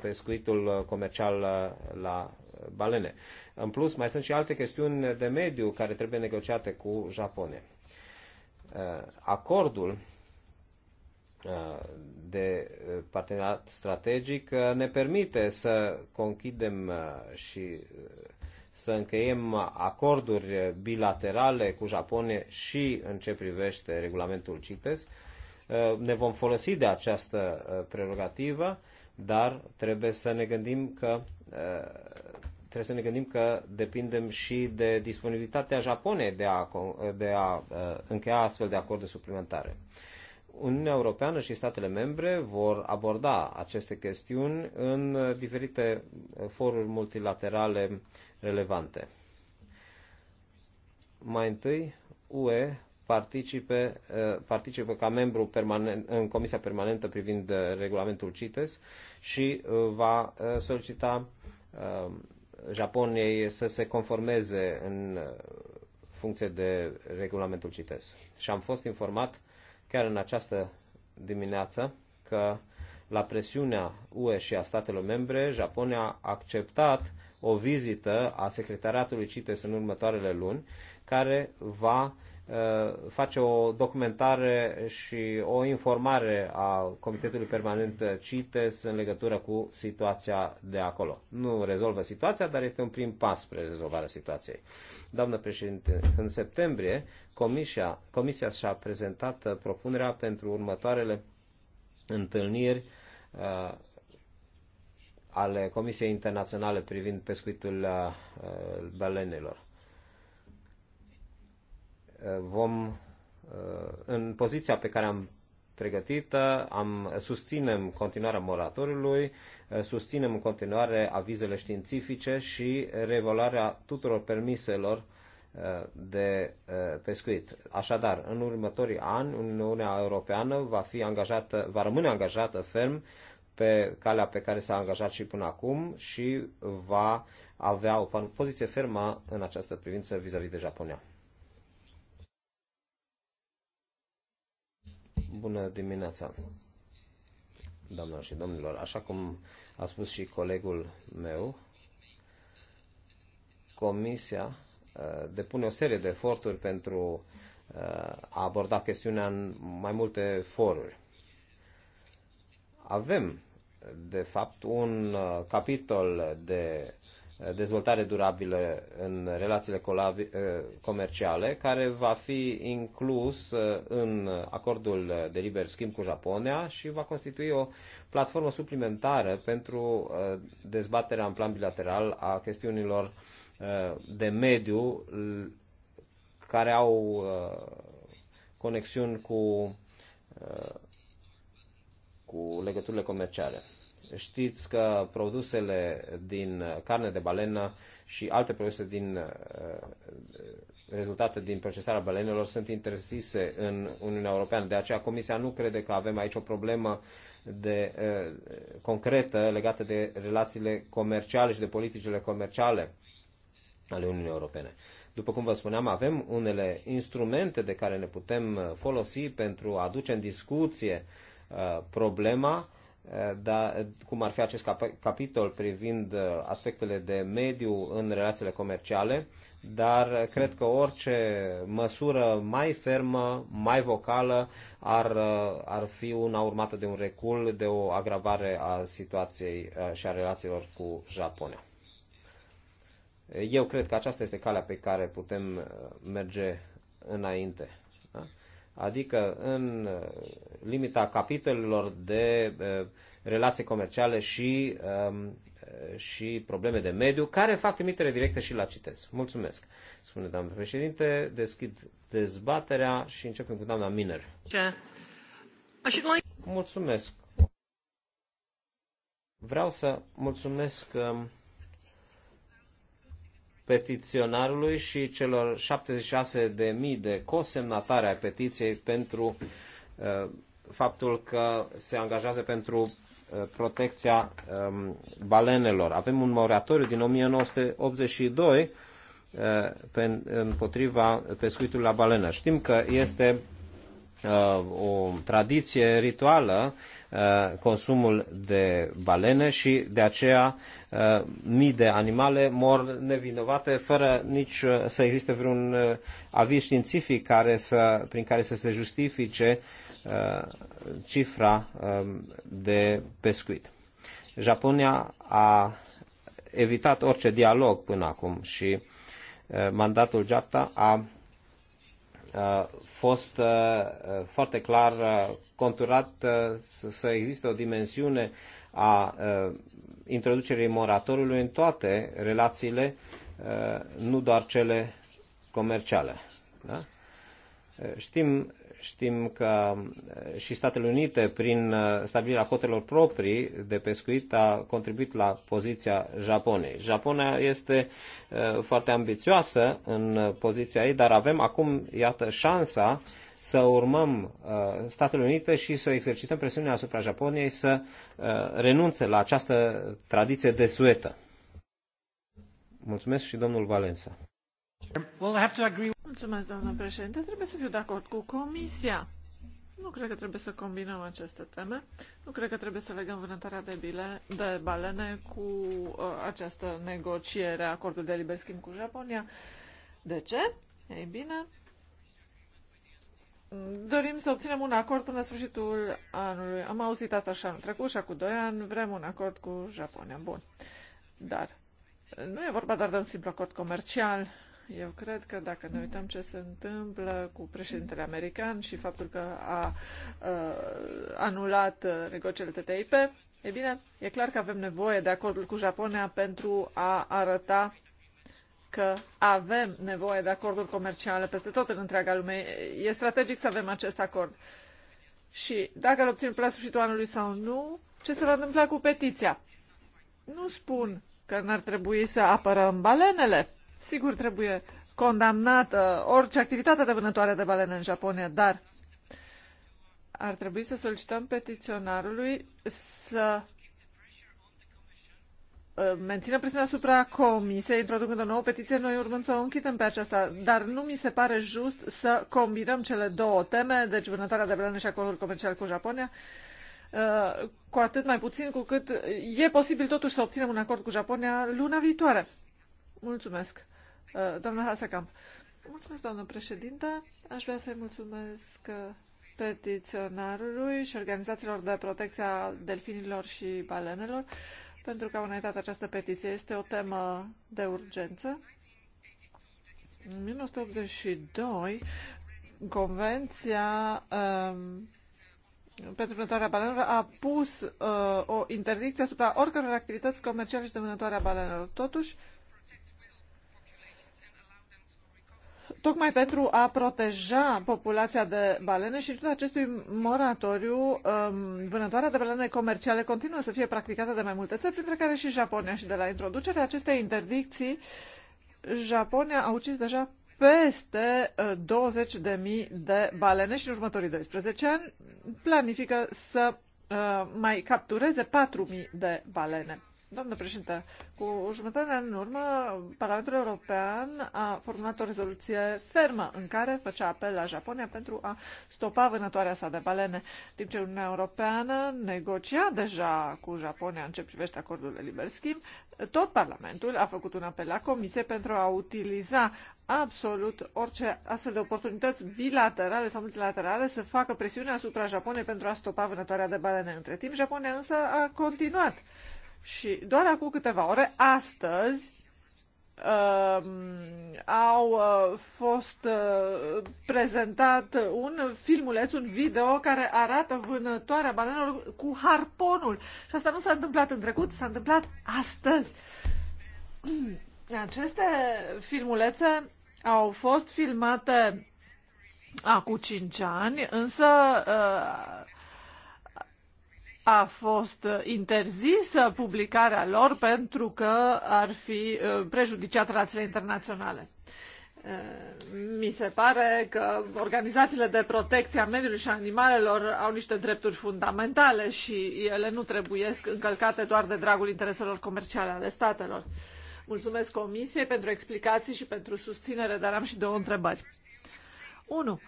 pescuitul comercial la balene. În plus, mai sunt și alte chestiuni de mediu care trebuie negociate cu Japonia. Uh, acordul uh, de parteneriat strategic uh, ne permite să conchidem și să încheiem acorduri bilaterale cu Japonia și în ce privește regulamentul CITES. Ne vom folosi de această prerogativă, dar trebuie să ne gândim că trebuie să ne gândim că depindem și de disponibilitatea Japonei de a, de a uh, încheia astfel de acorduri suplimentare. Uniunea Europeană și statele membre vor aborda aceste chestiuni în diferite uh, foruri multilaterale relevante. Mai întâi, UE participe, uh, participă ca membru permanent, în Comisia Permanentă privind regulamentul CITES și va solicita Japoniei să se conformeze în uh, funcție de regulamentul CITES. Și am fost informat chiar în această dimineață că la presiunea UE și a statelor membre, Japonia a acceptat o vizită a secretariatului CITES în următoarele luni, care va Uh, face o documentare și o informare a Comitetului Permanent CITES în legătură cu situația de acolo. Nu rezolvă situația, dar este un prim pas spre rezolvarea situației. Doamnă președinte, în septembrie Comisia, comisia și-a prezentat propunerea pentru următoarele întâlniri uh, ale Comisiei Internaționale privind pescuitul uh, balenelor vom, uh, în poziția pe care am pregătită, am, susținem continuarea moratoriului, uh, susținem în continuare avizele științifice și revolarea tuturor permiselor uh, de pescuit. Așadar, în următorii ani, Uniunea Europeană va fi angajată, va rămâne angajată ferm pe calea pe care s-a angajat și până acum și va avea o poziție fermă în această privință vis-a-vis -vis de Japonia. Bună dimineața, doamnelor și domnilor. Așa cum a spus și colegul meu, Comisia uh, depune o serie de eforturi pentru uh, a aborda chestiunea în mai multe foruri. Avem, de fapt, un uh, capitol de dezvoltare durabilă în relațiile eh, comerciale, care va fi inclus eh, în acordul de liber schimb cu Japonia și va constitui o platformă suplimentară pentru eh, dezbaterea în plan bilateral a chestiunilor de mediu care au conexiuni cu, cu legăturile comerciale. Știți că produsele din carne de balenă și alte produse din uh, rezultate din procesarea balenelor sunt interzise în Uniunea Europeană. De aceea Comisia nu crede că avem aici o problemă de, uh, concretă legată de relațiile comerciale și de politicile comerciale ale Uniunii Europene. După cum vă spuneam, avem unele instrumente de care ne putem folosi pentru a aduce în discuție uh, problema da, cum ar fi acest cap- capitol privind uh, aspectele de mediu în relațiile comerciale, dar cred că orice măsură mai fermă, mai vocală ar, uh, ar fi una urmată de un recul, de o agravare a situației uh, și a relațiilor cu Japonia. Eu cred că aceasta este calea pe care putem merge înainte adică în uh, limita capitolelor de uh, relații comerciale și, um, uh, și probleme de mediu, care fac trimitere directă și la CITES. Mulțumesc, spune doamna președinte. Deschid dezbaterea și începem cu doamna Miner. Ce? Mulțumesc. Vreau să mulțumesc um, petiționarului și celor 76.000 de cosemnatari ai petiției pentru uh, faptul că se angajează pentru uh, protecția um, balenelor. Avem un moratoriu din 1982 uh, împotriva pescuitului la balenă. Știm că este o tradiție rituală Uh, consumul de balene și de aceea uh, mii de animale mor nevinovate fără nici uh, să existe vreun aviz științific care să, prin care să se justifice cifra um, de pescuit. Japonia a evitat orice dialog până acum și mandatul JAFTA a Uh, fost uh, uh, foarte clar conturat să existe o dimensiune a introducerii moratoriului în toate relațiile, nu doar cele comerciale. Da? Știm Știm că eh, și Statele Unite, prin eh, stabilirea cotelor proprii de pescuit, a contribuit la poziția Japoniei. Japonia este eh, foarte ambițioasă în poziția ei, dar avem acum, iată, șansa să urmăm Statele Unite și să exercităm presiunea asupra Japoniei să renunțe la această tradiție desuetă. Mulțumesc și domnul Valença. Well, Mulțumesc, doamnă președinte. Trebuie să fiu de acord cu Comisia. Nu cred că trebuie să combinăm aceste teme. Nu cred că trebuie să legăm vânătarea de, bile, de balene cu uh, această negociere, acordul de liber schimb cu Japonia. De ce? Ei bine, dorim să obținem un acord până la sfârșitul anului. Am auzit asta și anul trecut și acum doi ani. Vrem un acord cu Japonia. Bun. Dar nu e vorba doar de un simplu acord comercial. Eu cred că dacă ne uităm ce se întâmplă cu președintele american și faptul că a, a uh, anulat uh, negocierile TTIP, e bine, e clar că avem nevoie de acordul cu Japonia pentru a arăta că avem nevoie de acorduri comerciale peste tot în întreaga lume. E strategic să avem acest acord. Și dacă îl obțin la sfârșitul anului sau nu, ce se va întâmpla cu petiția? Nu spun că n-ar trebui să apărăm balenele Sigur, trebuie condamnată orice activitate de vânătoare de balene în Japonia, dar ar trebui să solicităm petiționarului să uh, mențină presiunea asupra comisiei, introducând o nouă petiție, noi urmând să o închidem pe aceasta. Dar nu mi se pare just să combinăm cele două teme, deci vânătoarea de balene și acordul comercial cu Japonia, uh, cu atât mai puțin cu cât e posibil totuși să obținem un acord cu Japonia luna viitoare. Mulțumesc, uh, doamna Hasekamp. Mulțumesc, doamnă președinte. Aș vrea să-i mulțumesc uh, petiționarului și organizațiilor de protecție a delfinilor și balenelor pentru că au înaintat această petiție. Este o temă de urgență. În 1982, Convenția um, pentru vânătoarea balenelor a pus uh, o interdicție asupra oricăror activități comerciale și de vânătoarea balenelor. Totuși, uh, tocmai pentru a proteja populația de balene și tot acestui moratoriu, um, vânătoarea de balene comerciale continuă să fie practicată de mai multe țări, printre care și Japonia. Și de la introducerea acestei interdicții, Japonia a ucis deja peste 20.000 uh, de balene și în următorii 12 ani planifică să uh, mai captureze 4.000 de balene. Doamnă președinte, cu jumătate de an în urmă, Parlamentul European a formulat o rezoluție fermă în care făcea apel la Japonia pentru a stopa vânătoarea sa de balene, timp ce Uniunea Europeană negocia deja cu Japonia în ce privește acordul de liber schimb, tot Parlamentul a făcut un apel la Comisie pentru a utiliza absolut orice astfel de oportunități bilaterale sau multilaterale să facă presiune asupra Japoniei pentru a stopa vânătoarea de balene. Între timp, Japonia însă a continuat și doar acum câteva ore, astăzi, uh, au uh, fost uh, prezentat un filmuleț, un video care arată vânătoarea bananelor cu harponul. Și asta nu s-a întâmplat în trecut, s-a întâmplat astăzi. Aceste filmulețe au fost filmate acum 5 ani, însă uh, a fost uh, interzisă publicarea lor pentru că ar fi uh, prejudiciat relațiile internaționale. Uh, mi se pare că organizațiile de protecție a mediului și a animalelor au niște drepturi fundamentale și ele nu trebuie încălcate doar de dragul intereselor comerciale ale statelor. Mulțumesc Comisiei pentru explicații și pentru susținere, dar am și două întrebări. 1.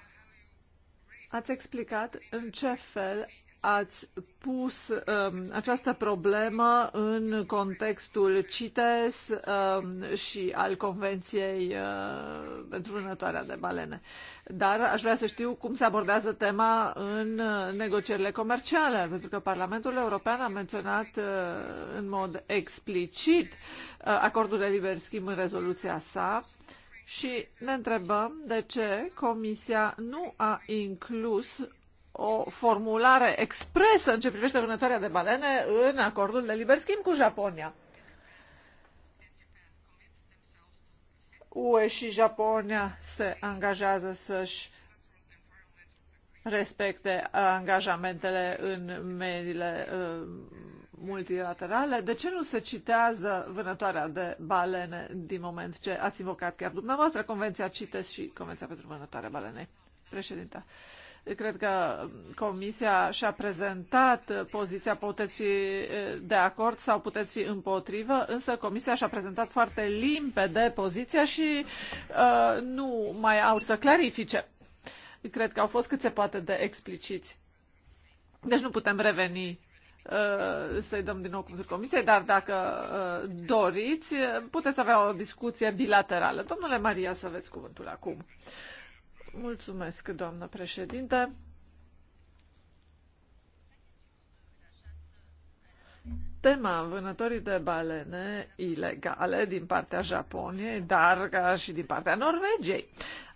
Ați explicat în ce fel ați pus um, această problemă în contextul CITES um, și al Convenției uh, pentru vânătoarea de balene. Dar aș vrea să știu cum se abordează tema în uh, negocierile comerciale, pentru că Parlamentul European a menționat uh, în mod explicit uh, acordul de liber schimb în rezoluția sa. Și ne întrebăm de ce Comisia nu a inclus o formulare expresă în ce privește vânătoarea de balene în acordul de liber schimb cu Japonia. UE și Japonia se angajează să-și respecte angajamentele în mediile uh, multilaterale. De ce nu se citează vânătoarea de balene din moment ce ați invocat chiar dumneavoastră Convenția CITES și Convenția pentru vânătoarea balenei? Președinte. Uh, Cred că Comisia și-a prezentat poziția, puteți fi de acord sau puteți fi împotrivă, însă Comisia și-a prezentat foarte limpede poziția și uh, nu mai au să clarifice. Cred că au fost cât se poate de expliciți. Deci nu putem reveni să-i dăm din nou cuvântul comisiei, dar dacă doriți, puteți avea o discuție bilaterală. Domnule Maria, să aveți cuvântul acum. Mulțumesc, doamnă președinte. Tema vânătorii de balene ilegale din partea Japoniei, dar și din partea Norvegiei,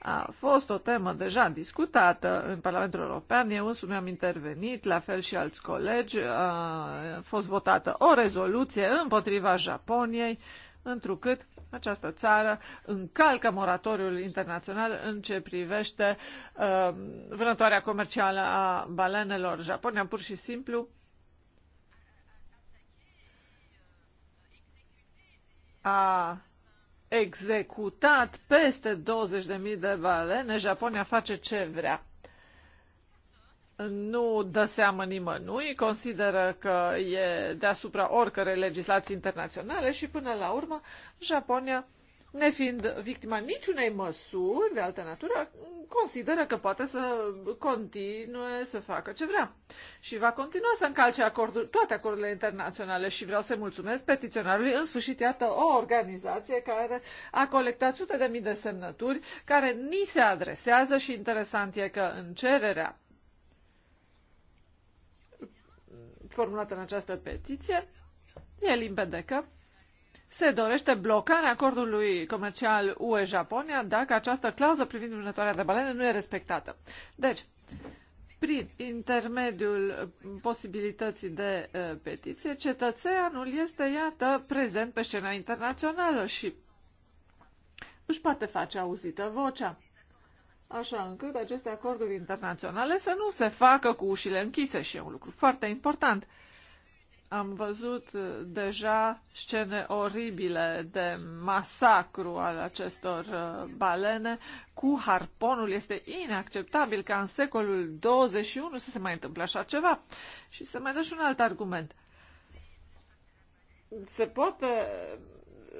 a fost o temă deja discutată în Parlamentul European. Eu însumi am intervenit, la fel și alți colegi. A fost votată o rezoluție împotriva Japoniei, întrucât această țară încalcă moratoriul internațional în ce privește uh, vânătoarea comercială a balenelor. Japonia pur și simplu a executat peste 20.000 de balene. Japonia face ce vrea nu dă seamă nimănui, consideră că e deasupra oricărei legislații internaționale și până la urmă Japonia, nefiind victima niciunei măsuri de altă natură, consideră că poate să continue să facă ce vrea. Și va continua să încalce acordul, toate acordurile internaționale și vreau să-i mulțumesc petiționarului. În sfârșit, iată o organizație care a colectat sute de mii de semnături, care ni se adresează și interesant e că în cererea formulată în această petiție, e limpede că se dorește blocarea acordului comercial UE-Japonia dacă această clauză privind vânătoarea de balene nu e respectată. Deci, prin intermediul posibilității de uh, petiție, cetățeanul este, iată, prezent pe scena internațională și își poate face auzită vocea așa încât aceste acorduri internaționale să nu se facă cu ușile închise și e un lucru foarte important. Am văzut uh, deja scene oribile de masacru al acestor uh, balene cu harponul. Este inacceptabil ca în secolul 21 să se mai întâmple așa ceva. Și să mai dă și un alt argument. Se poate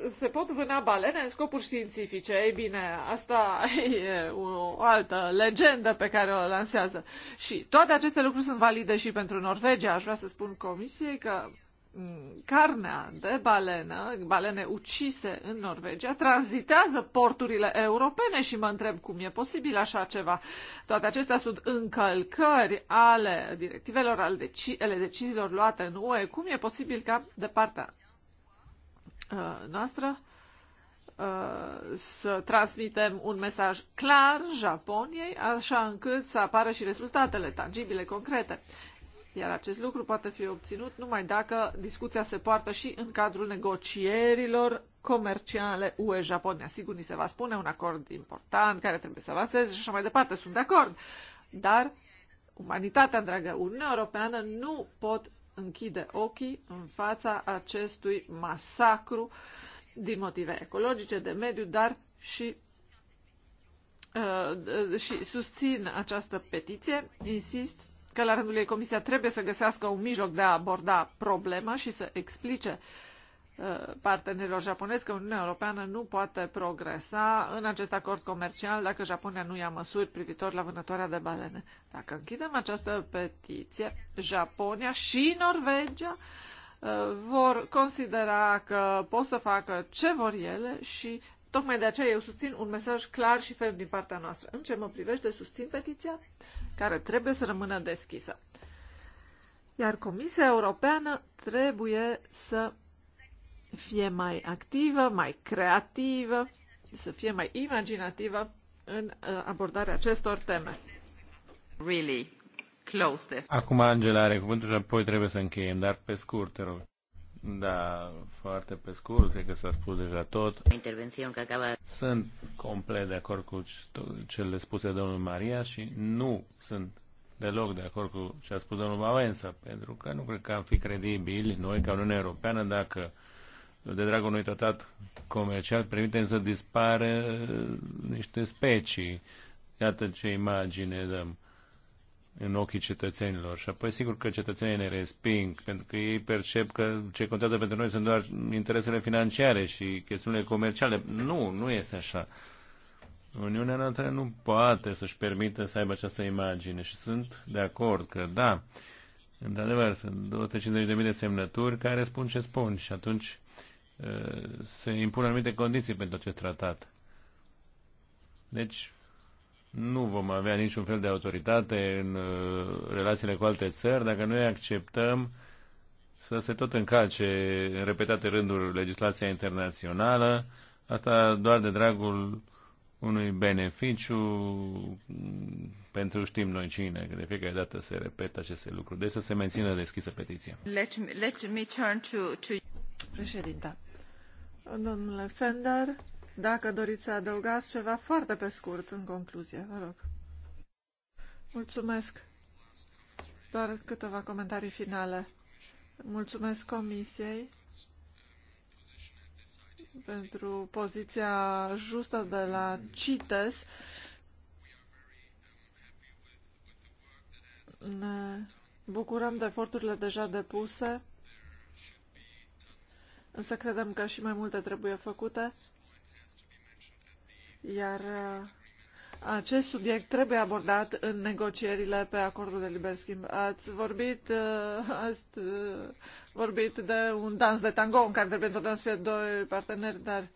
se pot vâna balene în scopuri științifice. Ei bine, asta e o altă legendă pe care o lansează. Și toate aceste lucruri sunt valide și pentru Norvegia. Aș vrea să spun comisiei că mm, carnea de balenă, balene ucise în Norvegia, tranzitează porturile europene și mă întreb cum e posibil așa ceva. Toate acestea sunt încălcări ale directivelor, ale, deci, ale deciziilor luate în UE. Cum e posibil ca de partea Uh, noastră uh, să transmitem un mesaj clar Japoniei, așa încât să apară și rezultatele tangibile, concrete. Iar acest lucru poate fi obținut numai dacă discuția se poartă și în cadrul negocierilor comerciale UE-Japonia. Sigur, ni se va spune un acord important care trebuie să avanseze și așa mai departe. Sunt de acord. Dar umanitatea, dragă, Uniunea Europeană nu pot închide ochii în fața acestui masacru din motive ecologice, de mediu, dar și uh, și susțin această petiție, insist că la rândul ei Comisia trebuie să găsească un mijloc de a aborda problema și să explice uh, Uh, partenerilor japonezi că Uniunea Europeană nu poate progresa în acest acord comercial dacă Japonia nu ia măsuri privitor la vânătoarea de balene. Dacă închidem această petiție, Japonia și Norvegia uh, vor considera că pot să facă ce vor ele și tocmai de aceea eu susțin un mesaj clar și ferm din partea noastră. În ce mă privește, susțin petiția care trebuie să rămână deschisă. Iar Comisia Europeană trebuie să fie mai activă, mai creativă, să fie mai imaginativă în uh, abordarea acestor teme. Really close this. Acum Angela are cuvântul și apoi trebuie să încheiem, dar pe scurt, te rog. Da, foarte pe scurt, cred că s-a spus deja tot. acaba... Sunt complet de acord cu le spuse domnul Maria și nu sunt deloc de acord cu ce a spus domnul Valensa, pentru că nu cred că am fi credibili noi ca Uniunea Europeană dacă uh, de dragul unui tratat comercial, permite să dispară uh, niște specii. Iată ce imagine dăm în ochii cetățenilor. Și apoi sigur că cetățenii ne resping, pentru că ei percep că ce contează pentru noi sunt doar interesele financiare și chestiunile comerciale. Nu, nu este așa. Uniunea noastră nu poate să-și permită să aibă această imagine și sunt de acord că da, într-adevăr sunt 250.000 de semnături care spun ce spun și atunci se impun anumite condiții pentru acest tratat. Deci, nu vom avea niciun fel de autoritate în uh, relațiile cu alte țări dacă noi acceptăm să se tot încalce în repetate rânduri legislația internațională, asta doar de dragul unui beneficiu mm, pentru știm noi cine, că de fiecare dată se repetă aceste lucruri. Deci să se mențină deschisă petiția. Let me, let me turn to, to... Domnule Fender, dacă doriți să adăugați ceva foarte pe scurt în concluzie, vă rog. Mulțumesc. Doar câteva comentarii finale. Mulțumesc Comisiei pentru poziția justă de la CITES. Ne bucurăm de eforturile deja depuse însă credem că și mai multe trebuie făcute, iar uh, acest subiect trebuie abordat în negocierile pe acordul de liber schimb. Ați vorbit, uh, ați uh, vorbit de un dans de tango în care trebuie întotdeauna să fie doi parteneri, dar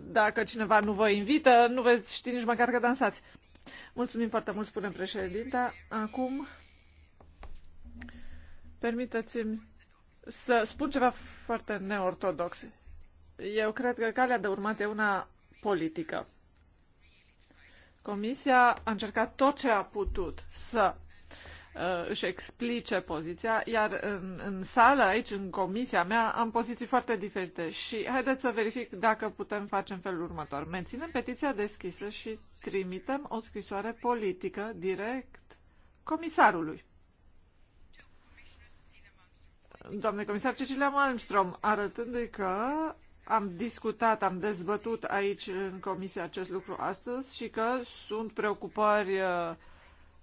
dacă cineva nu vă invită, nu veți ști nici măcar că dansați. Mulțumim foarte mult, spune președinta. Acum, permiteți-mi să spun ceva foarte neortodox. Eu cred că calea de urmat e una politică. Comisia a încercat tot ce a putut să uh, își explice poziția, iar în, în sală, aici, în comisia mea, am poziții foarte diferite și haideți să verific dacă putem face în felul următor. Menținem petiția deschisă și trimitem o scrisoare politică direct comisarului doamne comisar Cecilia Malmström, arătându-i că am discutat, am dezbătut aici în comisie acest lucru astăzi și că sunt preocupări uh,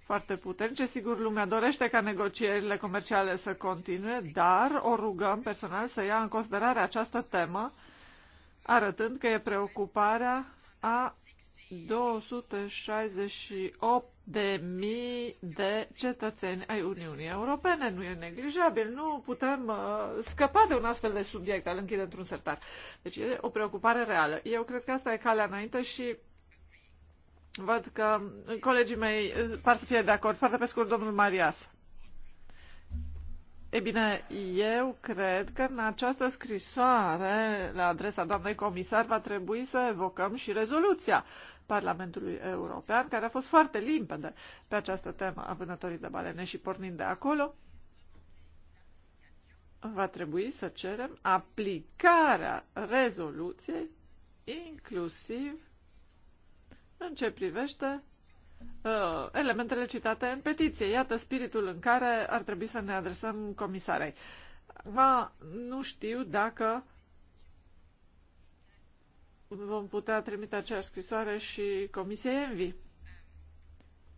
foarte puternice. Sigur, lumea dorește ca negocierile comerciale să continue, dar o rugăm personal să ia în considerare această temă, arătând că e preocuparea a 268 de mii de cetățeni ai Uniunii Europene. Nu e neglijabil, nu putem uh, scăpa de un astfel de subiect, al închide într-un sertar. Deci e o preocupare reală. Eu cred că asta e calea înainte și văd că colegii mei uh, par să fie de acord. Foarte pe scurt, domnul Marias. E bine, eu cred că în această scrisoare la adresa doamnei comisar va trebui să evocăm și rezoluția. Uh, Parlamentului European, care a fost foarte limpede pe această temă a vânătorii de balene și pornind de acolo, va trebui să cerem aplicarea rezoluției, inclusiv în ce privește uh, elementele citate în petiție. Iată spiritul în care ar trebui să ne adresăm comisarei. Acum, nu știu dacă vom putea trimite acea scrisoare și Comisiei Envi.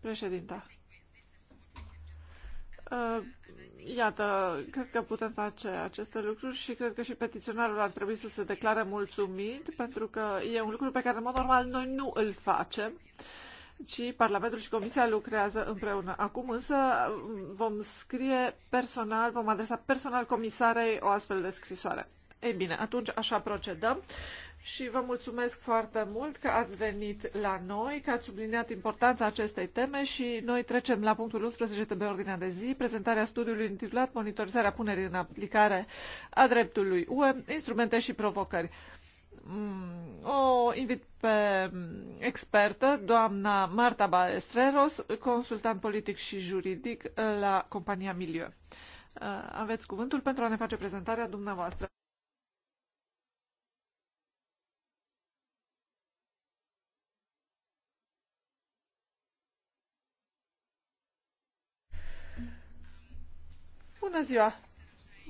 Președinta. Uh, iată, cred că putem face aceste lucruri și cred că și petiționarul ar trebui să se declare mulțumit, pentru că e un lucru pe care, în mod normal, noi nu îl facem, ci Parlamentul și Comisia lucrează împreună. Acum însă vom scrie personal, vom adresa personal comisarei o astfel de scrisoare. Ei bine, atunci așa procedăm și vă mulțumesc foarte mult că ați venit la noi, că ați subliniat importanța acestei teme și noi trecem la punctul 11 de pe ordinea de zi, prezentarea studiului intitulat Monitorizarea punerii în aplicare a dreptului UE, instrumente și provocări. Mm, o invit pe expertă, doamna Marta Balestreros, consultant politic și juridic la compania Milieu. Uh, aveți cuvântul pentru a ne face prezentarea dumneavoastră. Bună ziua!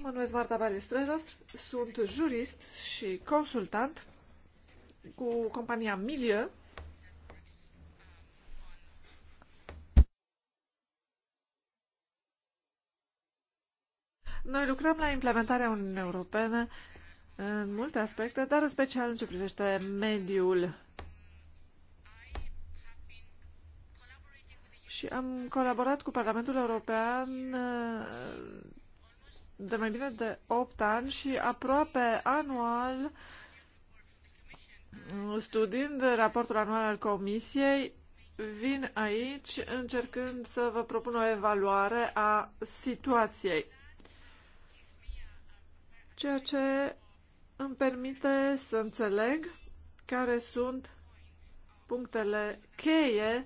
Mă numesc Marta Balestreros, sunt jurist și consultant cu compania Milieu, Noi lucrăm la implementarea Uniunii Europene în multe aspecte, dar în special în ce privește mediul și am colaborat cu Parlamentul European uh, de mai bine de 8 ani și aproape anual, studiind raportul anual al Comisiei, vin aici încercând să vă propun o evaluare a situației, ceea ce îmi permite să înțeleg care sunt punctele cheie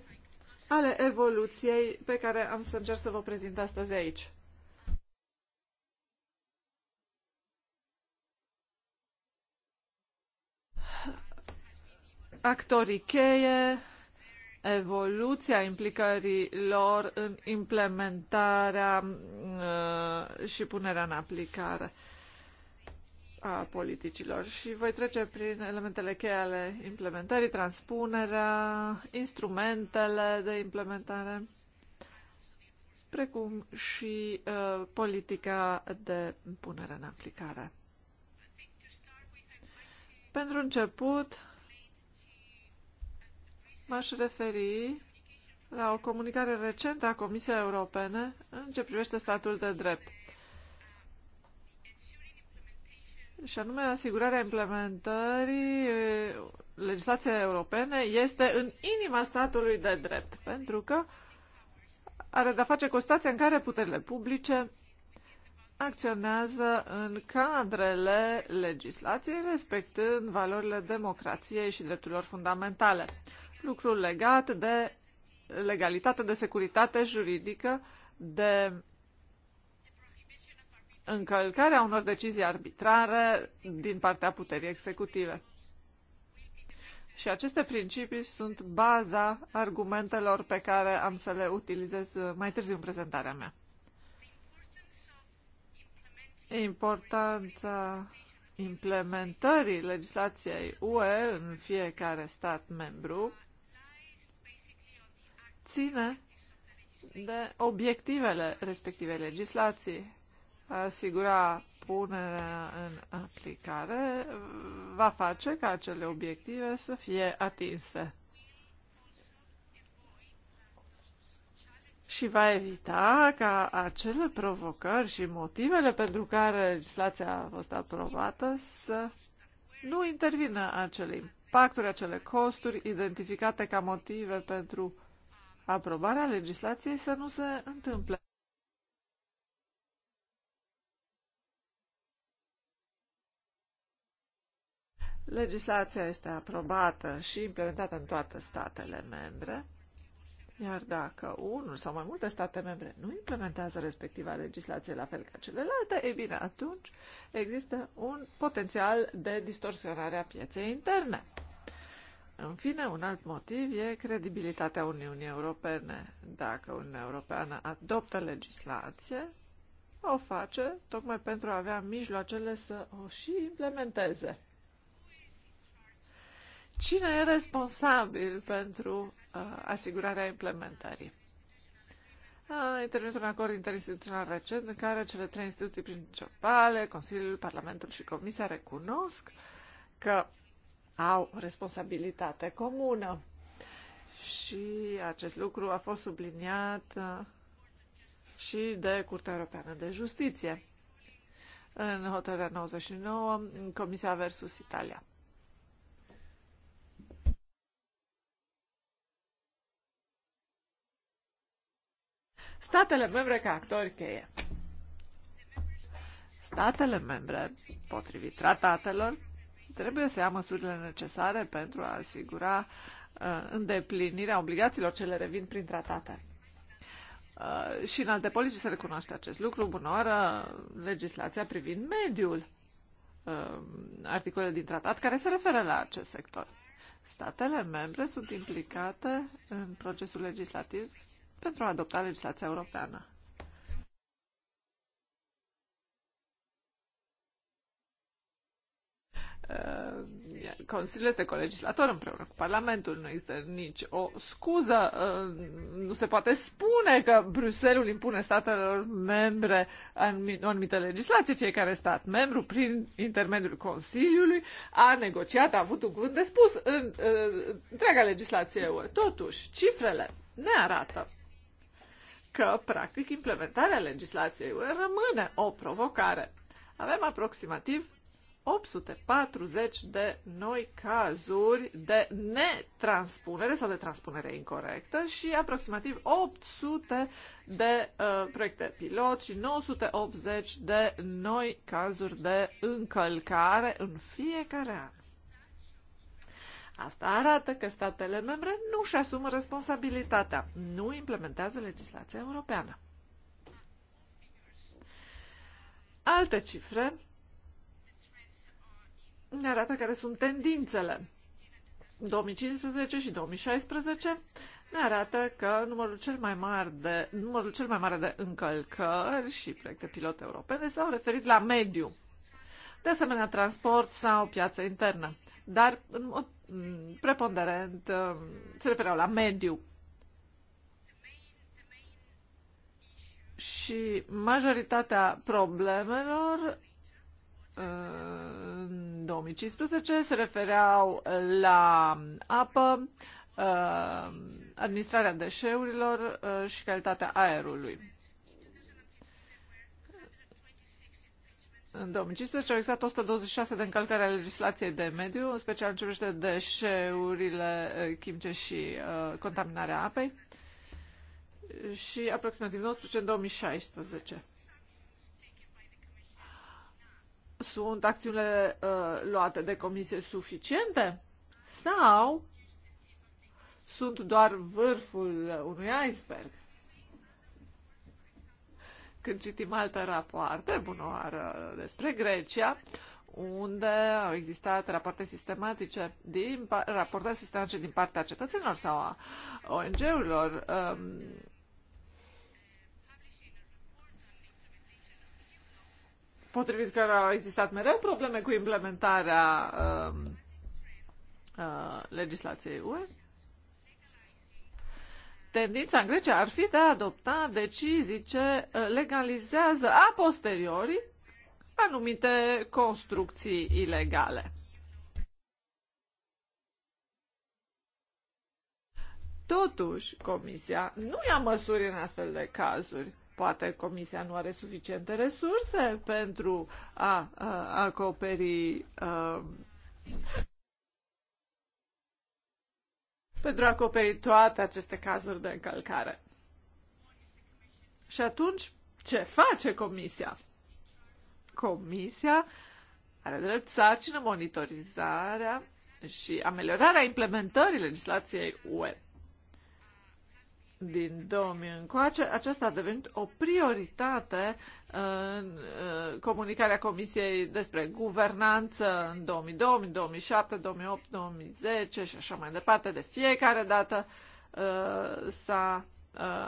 ale evoluției pe care am să încerc să vă prezint astăzi aici. Actorii cheie, evoluția implicării lor în implementarea uh, și punerea în aplicare a politicilor și voi trece prin elementele cheie ale implementării, transpunerea, instrumentele de implementare, precum și uh, politica de punere în aplicare. Pentru început, m-aș referi la o comunicare recentă a Comisiei Europene în ce privește statul de drept și anume asigurarea implementării eh, legislației europene este în inima statului de drept, pentru că are de-a face cu stație în care puterile publice acționează în cadrele legislației, respectând valorile democrației și drepturilor fundamentale. Lucrul legat de legalitate, de securitate juridică, de încălcarea unor decizii arbitrare din partea puterii executive. Și aceste principii sunt baza argumentelor pe care am să le utilizez mai târziu în prezentarea mea. Importanța implementării legislației UE în fiecare stat membru ține de obiectivele respectivei legislații, asigura punerea în aplicare va face ca acele obiective să fie atinse și va evita ca acele provocări și motivele pentru care legislația a fost aprobată să nu intervină acele impacturi, acele costuri identificate ca motive pentru aprobarea legislației să nu se întâmple. Legislația este aprobată și implementată în toate statele membre, iar dacă unul sau mai multe state membre nu implementează respectiva legislație la fel ca celelalte, e bine, atunci există un potențial de distorsionare a pieței interne. În fine, un alt motiv e credibilitatea Uniunii Europene. Dacă Uniunea Europeană adoptă legislație, o face tocmai pentru a avea mijloacele să o și implementeze. Cine e responsabil pentru uh, asigurarea implementării? A intervenit un acord interinstituțional recent în care cele trei instituții principale, Consiliul, Parlamentul și Comisia, recunosc că au responsabilitate comună. Și acest lucru a fost subliniat uh, și de Curtea Europeană de Justiție în hotărârea 99, Comisia versus Italia. statele membre ca actori cheie. Statele membre, potrivit tratatelor, trebuie să ia măsurile necesare pentru a asigura uh, îndeplinirea obligațiilor ce le revin prin tratate. Uh, și în alte politici se recunoaște acest lucru. Bună oară, legislația privind mediul, uh, articole din tratat care se referă la acest sector. Statele membre sunt implicate în procesul legislativ pentru a adopta legislația europeană. Uh, Consiliul este colegislator împreună cu Parlamentul, nu există nici o scuză, uh, nu se poate spune că Bruselul impune statelor membre o anumită legislație, fiecare stat membru, prin intermediul Consiliului, a negociat, a avut un cuvânt de spus în uh, întreaga legislație Totuși, cifrele ne arată că, practic, implementarea legislației rămâne o provocare. Avem aproximativ 840 de noi cazuri de netranspunere sau de transpunere incorrectă și aproximativ 800 de uh, proiecte pilot și 980 de noi cazuri de încălcare în fiecare an. Asta arată că statele membre nu își asumă responsabilitatea, nu implementează legislația europeană. Alte cifre ne arată care sunt tendințele. 2015 și 2016 ne arată că numărul cel mai mare de, numărul cel mai mare de încălcări și proiecte pilot europene s-au referit la mediu. De asemenea, transport sau piață internă dar în mod preponderent uh, se refereau la mediu. Și majoritatea problemelor uh, în 2015 se refereau la apă, uh, administrarea deșeurilor și calitatea aerului. În 2015 au existat 126 de încălcări ale legislației de mediu, în special în ce privește deșeurile eh, chimice și uh, contaminarea apei și aproximativ 19 în 2016. Sunt acțiunile uh, luate de comisie suficiente sau sunt doar vârful unui iceberg? Când citim alte rapoarte, bună oară, despre Grecia, unde au existat rapoarte sistematice din, rapoarte sistematice din partea cetățenilor sau a ONG-urilor, um, potrivit că au existat mereu probleme cu implementarea um, uh, legislației UE tendința în Grecia ar fi de a adopta decizii ce uh, legalizează a posteriori anumite construcții ilegale. Totuși, Comisia nu ia măsuri în astfel de cazuri. Poate Comisia nu are suficiente resurse pentru a, a uh, acoperi a, uh, pentru a acoperi toate aceste cazuri de încălcare. Și atunci, ce face Comisia? Comisia are drept sarcină monitorizarea și ameliorarea implementării legislației UE din 2000 încoace, aceasta a devenit o prioritate uh, în uh, comunicarea Comisiei despre guvernanță în 2002, 2007, 2008, 2010 și așa mai departe. De fiecare dată uh, s-a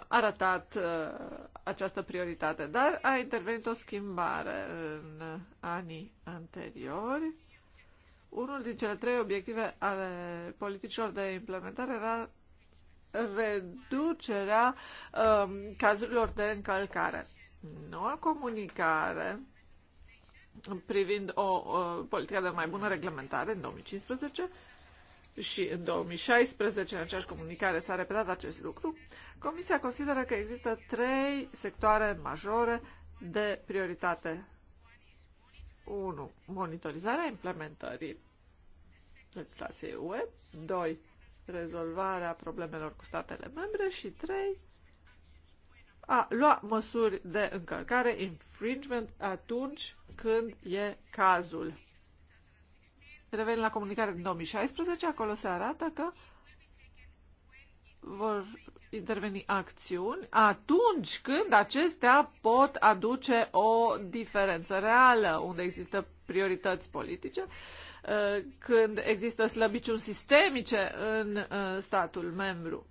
arătat această prioritate, dar a intervenit o schimbare în anii anteriori. Unul din cele trei obiective ale politicilor de implementare era reducerea um, cazurilor de încălcare. Noua comunicare privind o uh, politică de mai bună reglementare în 2015 și în 2016, în aceeași comunicare, s-a repetat acest lucru, Comisia consideră că există trei sectoare majore de prioritate. 1. Monitorizarea implementării legislației UE. 2 rezolvarea problemelor cu statele membre și 3. A lua măsuri de încălcare, infringement, atunci când e cazul. Revenim la comunicare din 2016, acolo se arată că vor interveni acțiuni atunci când acestea pot aduce o diferență reală, unde există priorități politice Uh, când există slăbiciuni sistemice în uh, statul membru.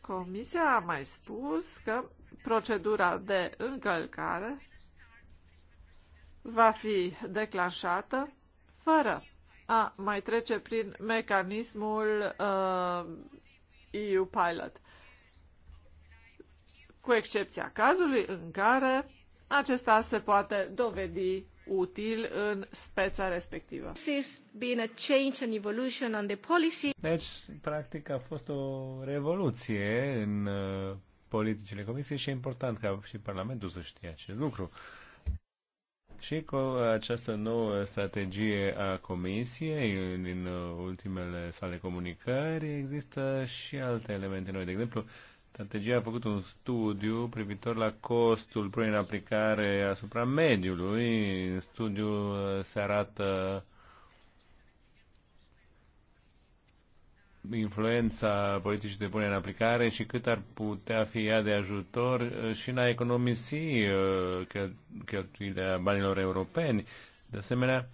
Comisia a mai spus că procedura de încălcare va fi declanșată fără a mai trece prin mecanismul uh, EU Pilot, cu excepția cazului în care acesta se poate dovedi util în speța respectivă. Deci, practic, a fost o revoluție în uh, politicile Comisiei și e important ca și Parlamentul să știe acest lucru. Și cu această nouă strategie a Comisiei, din uh, ultimele sale comunicări, există și alte elemente noi. De exemplu, Strategia a făcut un studiu privitor la costul punerii în aplicare asupra mediului. În studiu uh, se arată influența politicii de pune în aplicare și cât ar putea fi ea de ajutor uh, și în a economisi uh, cheltuirea banilor europeni. De asemenea,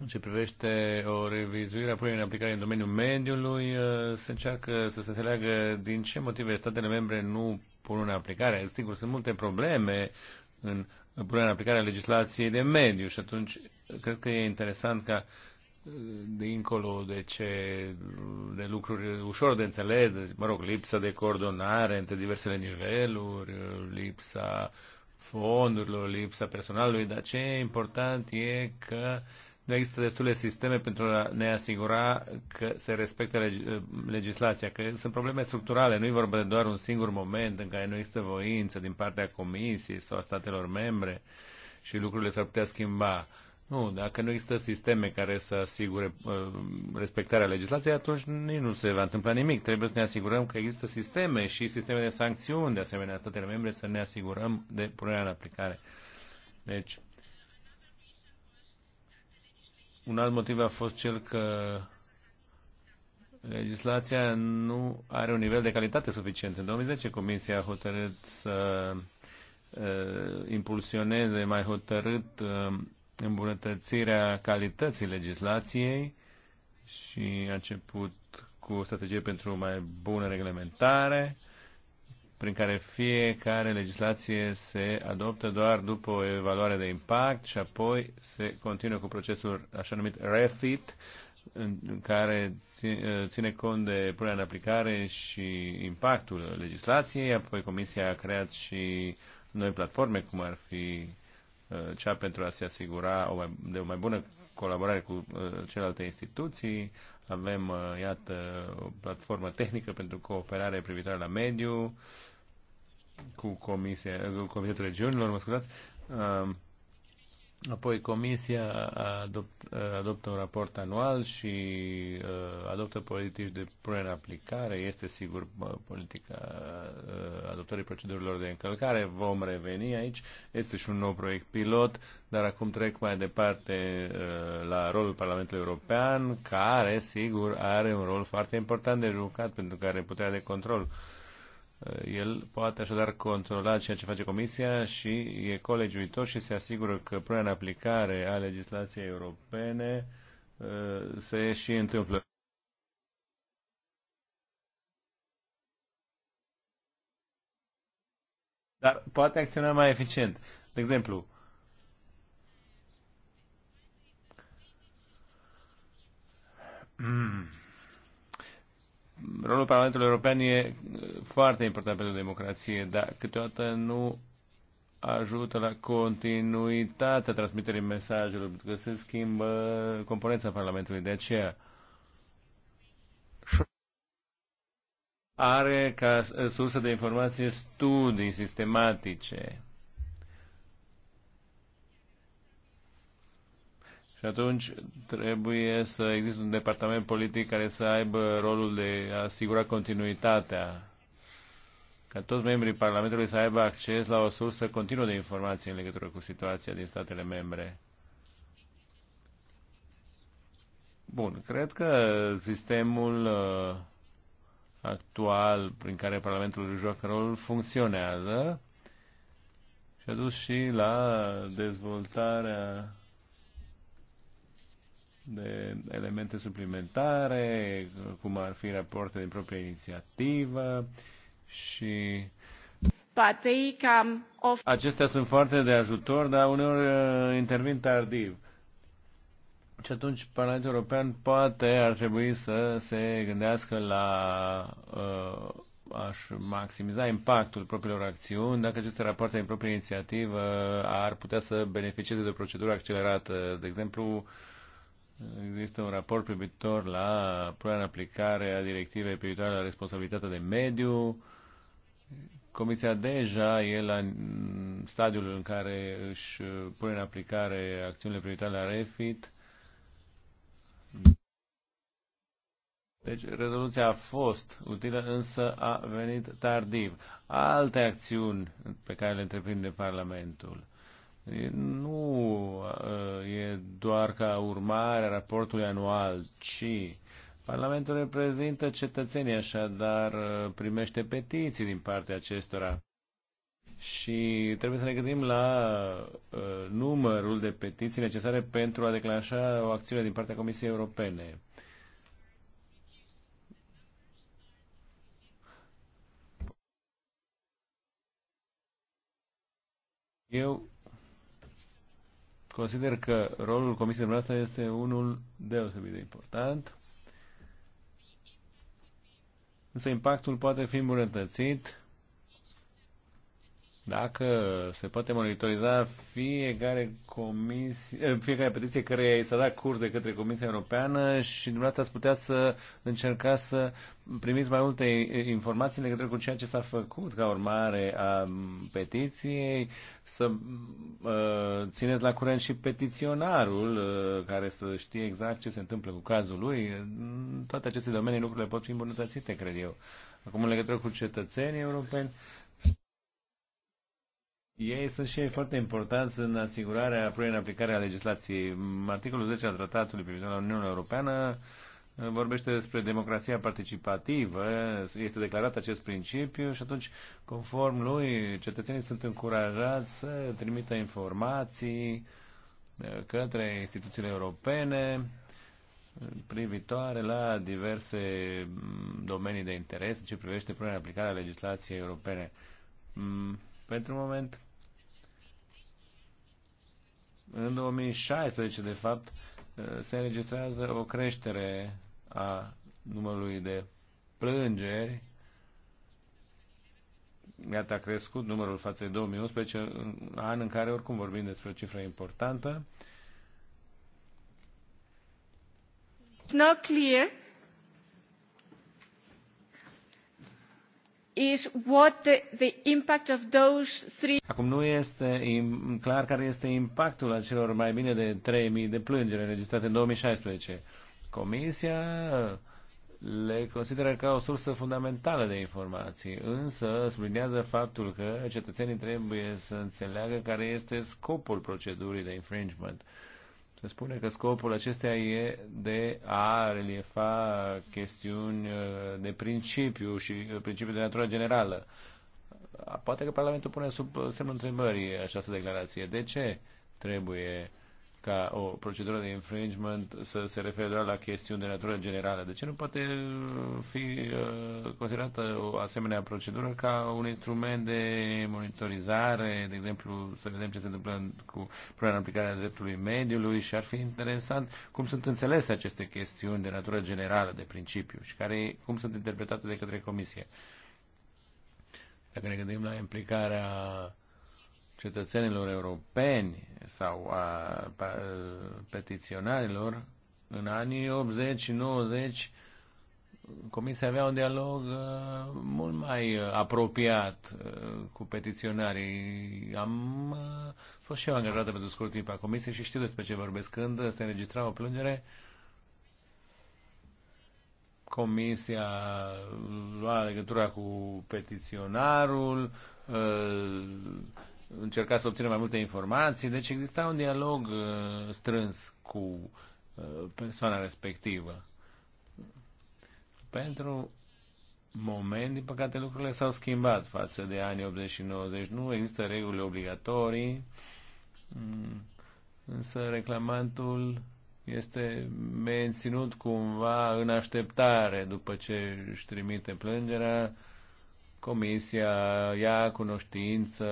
în ce privește o revizuire a punerii în aplicare în domeniul mediului, uh, se încearcă să se înțeleagă din ce motive statele membre nu pun în aplicare. Sigur, sunt multe probleme în punerea în aplicare a legislației de mediu și atunci uh, cred că e interesant ca uh, dincolo de ce de lucruri ușor de înțeles, mă rog, lipsa de coordonare între diversele niveluri, lipsa fondurilor, lipsa personalului, dar ce e important e că uh, nu există destule sisteme pentru a ne asigura că se respectă leg- legislația, că sunt probleme structurale, nu e vorba de doar un singur moment în care nu există voință din partea Comisiei sau a statelor membre și lucrurile s-ar putea schimba. Nu, dacă nu există sisteme care să asigure uh, respectarea legislației, atunci nici nu se va întâmpla nimic. Trebuie să ne asigurăm că există sisteme și sisteme de sancțiuni, de asemenea, statele membre, să ne asigurăm de punerea în aplicare. Deci, un alt motiv a fost cel că legislația nu are un nivel de calitate suficient. În 2010 Comisia a hotărât să uh, impulsioneze mai hotărât uh, îmbunătățirea calității legislației și a început cu o strategie pentru o mai bună reglementare. Uh, prin care fiecare legislație se adoptă doar după o evaluare de impact și apoi se continuă cu procesul așa numit refit, în care ă, ține cont de punerea în aplicare și impactul legislației, apoi Comisia a creat și noi platforme, cum ar fi ă, cea pentru a se asigura o mai, de o mai bună colaborare cu ă, celelalte instituții. Avem, iată, o platformă tehnică pentru cooperare privitoare la mediu, cu comisia, cu Comitetul Regiunilor, mă scuzați, um, Apoi Comisia adopt, adoptă un raport anual și uh, adoptă politici de punere în aplicare. Este sigur politica uh, adoptării procedurilor de încălcare. Vom reveni aici. Este și un nou proiect pilot, dar acum trec mai departe uh, la rolul Parlamentului European, care sigur are un rol foarte important de jucat pentru că are puterea de control Eh, el poate așadar controla ceea ce face Comisia și e colegiuitor și se asigură că până în aplicare a legislației europene eh, se și întâmplă. Dar poate acționa mai eficient. De exemplu, mm. rolul Parlamentului European e foarte important pentru democrație, dar câteodată nu ajută la continuitatea transmiterii mesajelor, pentru că se schimbă componența Parlamentului. De aceea are ca sursă de informație studii sistematice Și atunci trebuie să existe un departament politic care să aibă rolul de a asigura continuitatea, ca toți membrii Parlamentului să aibă acces la o sursă continuă de informații în legătură cu situația din statele membre. Bun, cred că sistemul uh, actual prin care Parlamentul joacă rol funcționează și a dus și la dezvoltarea de elemente suplimentare, cum ar fi rapoarte din proprie inițiativă și Acestea sunt foarte de ajutor, dar uneori uh, intervin tardiv. Și atunci Parlamentul European poate ar trebui să se gândească la uh, aș maximiza impactul propriilor acțiuni, dacă aceste rapoarte din proprie inițiativă ar putea să beneficieze de o procedură accelerată, de exemplu, uh, Există un raport privitor la prea în aplicare a directivei privitoare la responsabilitatea de mediu. Comisia deja e la stadiul în care își pune în aplicare acțiunile privitoare la REFIT. Deci rezoluția a fost utilă, însă a venit tardiv. Alte acțiuni pe care le întreprinde Parlamentul nu e doar ca urmare a raportului anual, ci Parlamentul reprezintă cetățenii, așadar primește petiții din partea acestora. Și trebuie să ne gândim la uh, numărul de petiții necesare pentru a declanșa o acțiune din partea Comisiei Europene. Eu Consider că rolul Comisiei dumneavoastră este unul deosebit de important. Însă impactul poate fi îmbunătățit dacă se poate monitoriza fiecare, comisie, eh, fiecare petiție care i s-a dat curs de către Comisia Europeană și dumneavoastră ați putea să încercați să primiți mai multe informații legătură cu ceea ce s-a făcut ca urmare a petiției, să uh, țineți la curent și petiționarul uh, care să știe exact ce se întâmplă cu cazul lui. În toate aceste domenii lucrurile pot fi îmbunătățite, cred eu. Acum, în legătură cu cetățenii europeni, uh, ei sunt și ei foarte importanți în asigurarea în aplicare a legislației. Articolul 10 al Tratatului privind la Uniunea Europeană uh, vorbește despre democrația participativă, este declarat acest principiu și atunci, conform lui, cetățenii sunt încurajați să trimită informații uh, către instituțiile europene uh, privitoare la diverse mm, domenii de interes ce privește punerea în aplicare a legislației europene. Mm, pentru moment, în 2016, de fapt, eh, se înregistrează o creștere a numărului de plângeri. Iată, a crescut numărul față de 2011, an în care oricum vorbim despre o cifră importantă. It's not clear is what the, the impact of those three... Acum nu este clar care este impactul acelor mai bine de 3.000 de plângeri înregistrate în 2016. Comisia uh, le consideră ca o sursă fundamentală de informații, însă sublinează faptul că cetățenii trebuie să înțeleagă care este scopul procedurii de infringement se spune că scopul acesteia e de a reliefa chestiuni uh, de principiu și uh, principiul de natură generală. Poate că Parlamentul pune sub semnul întrebării această declarație. De ce trebuie ca o procedură de infringement să se refere doar la chestiuni de natură generală. De deci ce nu poate fi uh, considerată o asemenea procedură ca un instrument de monitorizare, de exemplu, să vedem ce se întâmplă cu problema în dreptului mediului și ar fi interesant cum sunt înțelese aceste chestiuni de natură generală, de principiu și care, cum sunt interpretate de către Comisie. Dacă ne gândim la implicarea cetățenilor europeni sau a petiționarilor, în anii 80 și 90, Comisia avea un dialog mult mai apropiat cu petiționarii. Am fost și eu angajată pentru scurt timp a Comisiei și știu despre ce vorbesc. Când se înregistra o plângere, comisia lua legătura cu petiționarul, încerca să obțină mai multe informații, deci exista un dialog uh, strâns cu uh, persoana respectivă. Pentru moment, din păcate, lucrurile s-au schimbat față de anii 80 și 90. Nu există reguli obligatorii, mm, însă reclamantul este menținut cumva în așteptare după ce își trimite plângerea Comisia ia cunoștință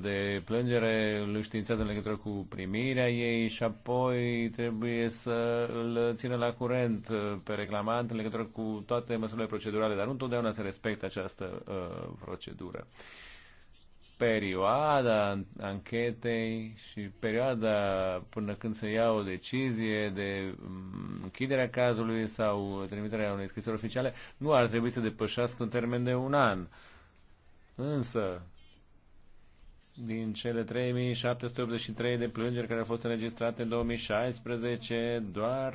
de plângere, îl științează în legătură cu primirea ei și apoi trebuie să îl țină la curent pe reclamant în legătură cu toate măsurile procedurale, dar nu întotdeauna se respectă această uh, procedură. Uh, perioada anchetei și perioada până când se ia o decizie de mm, închiderea cazului sau trimiterea unei scrisori oficiale nu ar trebui să depășească un termen de un an. Însă, din cele 3783 de plângeri care au fost înregistrate în 2016, doar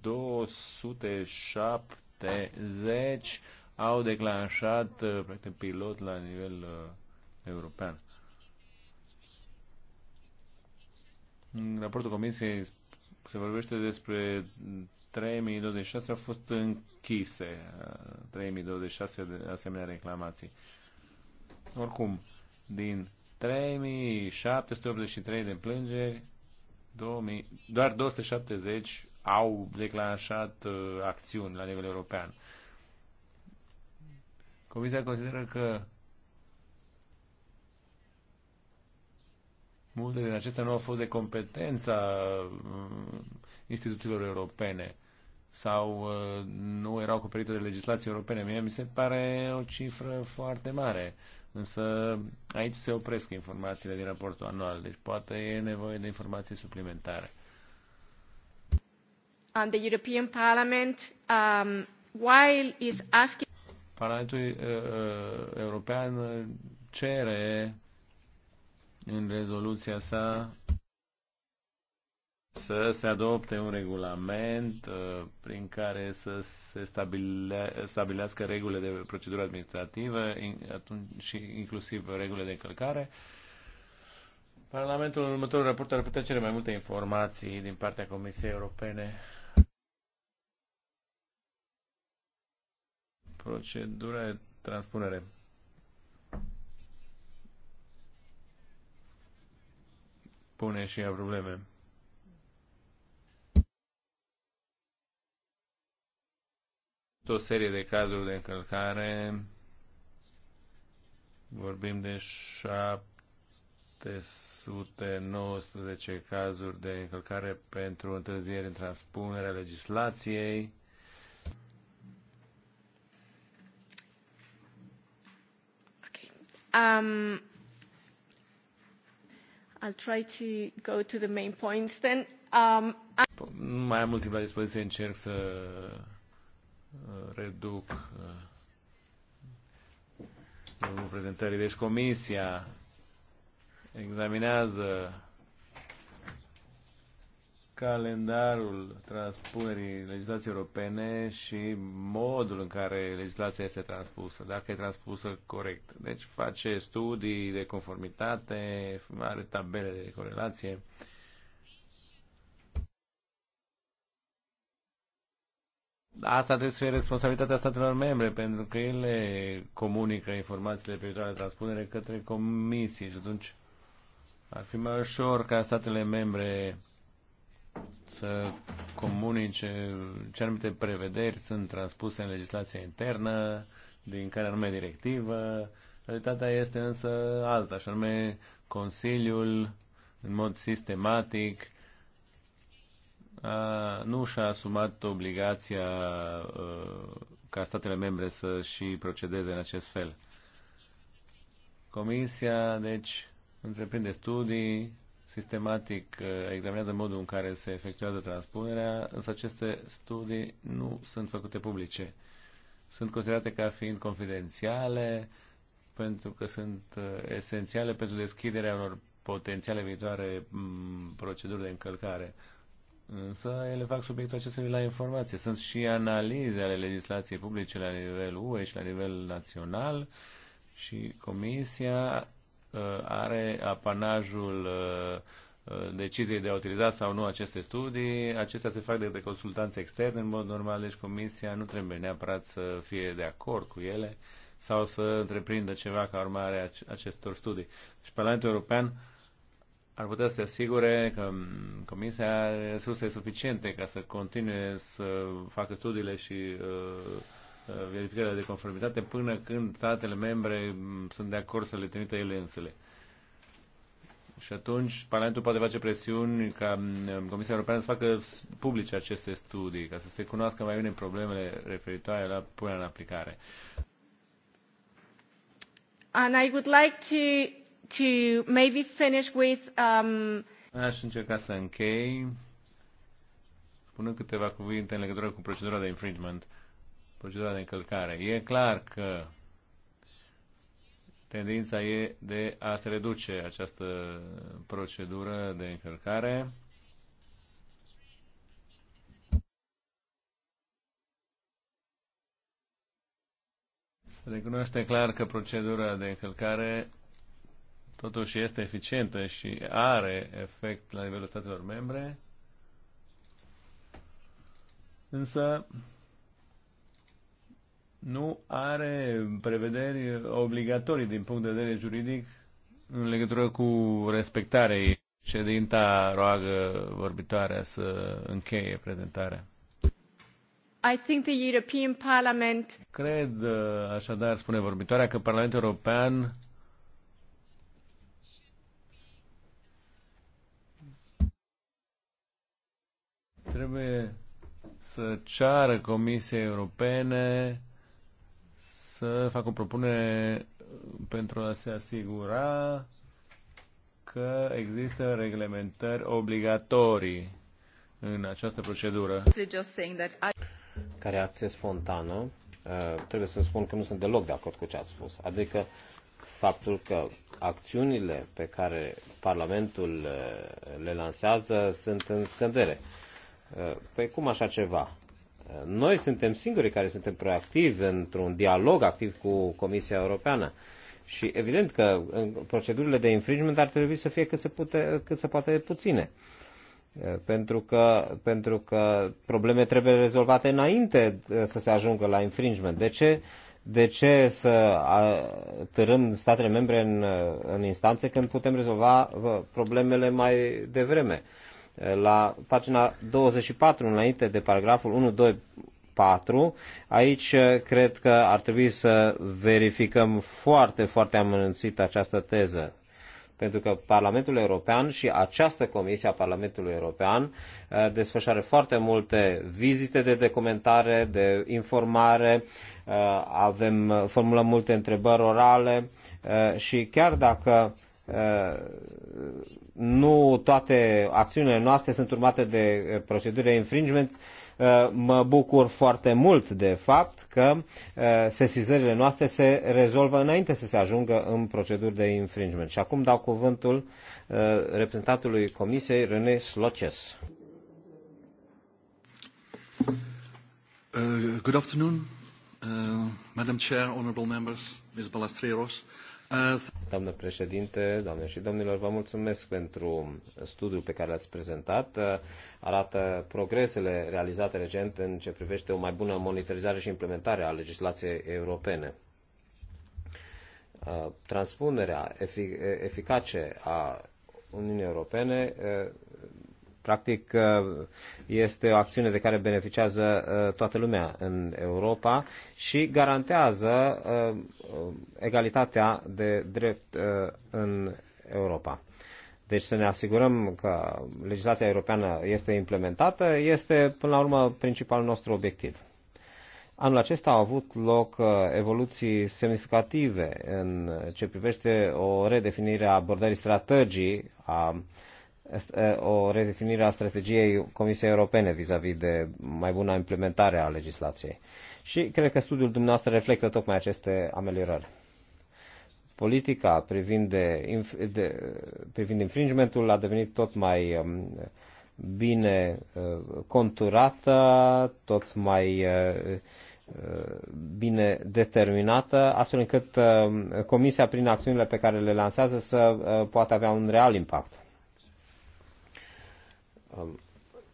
270 au declanșat uh, practic, pilot la nivel uh, european. În raportul Comisiei se vorbește despre 3026 au fost închise, 3026 de asemenea reclamații. Oricum, din 3783 de plângeri, 2000, doar 270 au declanșat uh, acțiuni la nivel european. Comisia consideră că Multe din acestea nu au fost de competența mm, instituțiilor europene sau uh, nu erau acoperite de legislație europene. Mie mi se pare o cifră foarte mare. Însă aici se opresc informațiile din raportul anual, deci poate e nevoie de informații suplimentare. And the European Parliament, um, while is asking... Parlamentul uh, uh European uh, cere în rezoluția sa să se adopte un regulament uh, prin care să se stabile, stabilească regulile de procedură administrativă in, și inclusiv regulile de încălcare. Parlamentul în următorul raport ar putea cere mai multe informații din partea Comisiei Europene. Procedura de transpunere. pune și ea probleme. o serie de cazuri de încălcare. Vorbim de 719 cazuri de încălcare pentru întârziere în transpunerea legislației. Okay. Um, I'll try to go to the main points then. Um, nu mai am mult timp la dispoziție, încerc să uh, reduc uh, prezentării. Deci comisia examinează calendarul transpunerii legislației europene și modul în care legislația este transpusă, dacă e transpusă corect. Deci face studii de conformitate, are tabele de corelație. Asta trebuie să fie responsabilitatea statelor membre, pentru că ele comunică informațiile pe viitoare transpunere către comisii și atunci ar fi mai ușor ca statele membre să comunice ce anumite prevederi sunt transpuse în legislația internă, din care anume directivă. Realitatea este însă alta, și anume Consiliul, în mod sistematic, a, nu și-a asumat obligația a, ca statele membre să și procedeze în acest fel. Comisia, deci, întreprinde studii sistematic în uh, modul în care se efectuează transpunerea, însă aceste studii nu sunt făcute publice. Sunt considerate ca fiind confidențiale, pentru că sunt uh, esențiale pentru deschiderea unor potențiale viitoare mm, proceduri de încălcare. Însă ele fac subiectul acestui la informație. Sunt și analize ale legislației publice la nivel UE și la nivel național și Comisia Uh, are apanajul uh, uh, deciziei de a utiliza sau nu aceste studii. Acestea se fac de, de consultanțe externe în mod normal, deci Comisia nu trebuie neapărat să fie de acord cu ele sau să întreprindă ceva ca urmare a acestor studii. Deci Parlamentul European ar putea să se asigure că mm, Comisia are resurse suficiente ca să continue să facă studiile și uh, Uh, verificarea de conformitate până când statele membre mm, sunt de acord să le trimită ele însele. Și atunci Parlamentul poate face presiuni ca mm, Comisia Europeană să facă publice aceste studii, ca să se cunoască mai bine problemele referitoare la punerea în aplicare. And I would like to, to maybe finish with... Um... Aș încerca să închei spunând câteva cuvinte în legătură cu procedura de infringement. Uh, procedura de încălcare. E clar că tendința e de a se reduce această procedură de încălcare. Se recunoaște clar că procedura de încălcare totuși este eficientă și are efect la nivelul statelor membre, însă nu are prevederi obligatorii din punct de vedere juridic în legătură cu respectarea ei. Ședinta roagă vorbitoarea să încheie prezentarea. I think the European Parliament... Cred, uh, așadar, spune vorbitoarea, că Parlamentul European trebuie să ceară Comisiei Europene să fac o propunere pentru a se asigura că există reglementări obligatorii în această procedură. Care reacție spontană, uh, trebuie să spun că nu sunt deloc de acord cu ce ați spus. Adică faptul că acțiunile pe care Parlamentul uh, le lansează sunt în scădere. Păi cum așa ceva? Noi suntem singurii care suntem proactivi într-un dialog activ cu Comisia Europeană. Și evident că procedurile de infringement ar trebui să fie cât se, pute, cât se poate puține. Pentru că, pentru că probleme trebuie rezolvate înainte să se ajungă la infringement. De ce, de ce să târâm statele membre în, în instanțe când putem rezolva problemele mai devreme? la pagina 24, înainte de paragraful 1, 2, 4. Aici uh, cred că ar trebui să verificăm foarte, foarte amănânțit această teză. Pentru că Parlamentul European și această comisie a Parlamentului European uh, desfășoară foarte multe vizite de documentare, de informare, uh, avem, formulăm multe întrebări orale și chiar dacă nu toate acțiunile noastre sunt urmate de eh, proceduri de infringement. Eh, mă bucur foarte mult de fapt că eh, sesizările noastre se rezolvă înainte să se ajungă în proceduri de infringement. Și acum dau cuvântul reprezentantului Comisiei, René Sloces. Uh, good afternoon, uh, Madam Chair, honourable members, Ms. Balastreros. Uh, Doamnă președinte, doamne și domnilor, vă mulțumesc pentru studiul pe care l-ați prezentat. Arată progresele realizate recent în ce privește o mai bună monitorizare și implementare a legislației europene. Transpunerea efic eficace a Uniunii Europene Practic, uh, este o acțiune de care beneficiază uh, toată lumea în Europa și garantează uh, egalitatea de drept în Europa. Deci să ne asigurăm că legislația europeană este implementată este, până la urmă, principalul nostru obiectiv. Anul acesta au avut loc evoluții semnificative în ce privește o redefinire a abordării strategii a o redefinire a strategiei Comisiei Europene vis-a-vis -vis de mai bună implementare a legislației. Și cred că studiul dumneavoastră reflectă tocmai aceste ameliorări. Politica privind, de, de, privind infringementul a devenit tot mai um, bine uh, conturată, tot mai uh, uh, bine determinată, astfel încât um, Comisia, prin acțiunile pe care le lansează, să poată avea un real impact. Um,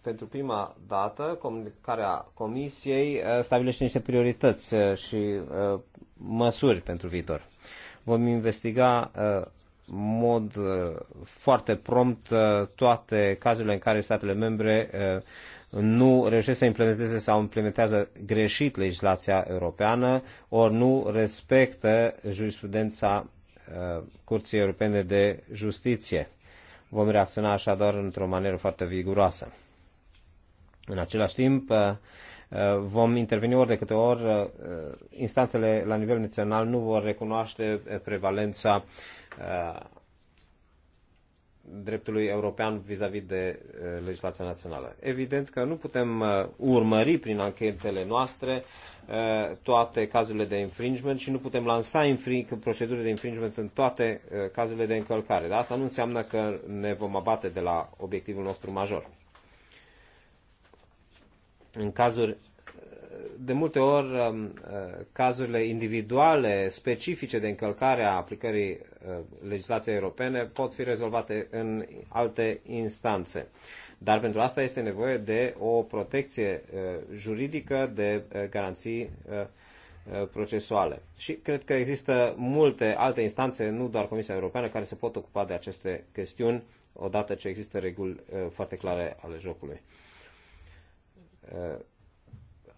pentru prima dată, comunicarea Comisiei uh, stabilește niște priorități uh, și uh, măsuri pentru viitor. Vom investiga mod foarte prompt toate cazurile în care statele membre nu reușesc să implementeze sau implementează greșit legislația europeană, ori nu respectă jurisprudența Curții Europene de Justiție Vom reacționa așadar într-o manieră foarte viguroasă. În același timp, uh, uh, vom interveni ori de câte ori uh, instanțele la nivel național nu vor recunoaște prevalența dreptului european vis-a-vis -vis de eh, legislația națională. Evident că nu putem eh, urmări prin anchetele noastre eh, toate cazurile de infringement și nu putem lansa proceduri de infringement în toate cazurile de încălcare. Dar asta nu înseamnă că ne vom abate de la obiectivul nostru major. În cazuri de multe ori um, uh, cazurile individuale, specifice de încălcare a aplicării uh, legislației europene pot fi rezolvate în alte instanțe. Dar pentru asta este nevoie de o protecție uh, juridică, de garanții procesuale. Și cred că există multe alte instanțe, nu doar Comisia Europeană, care se pot ocupa de aceste chestiuni odată ce există reguli foarte clare ale jocului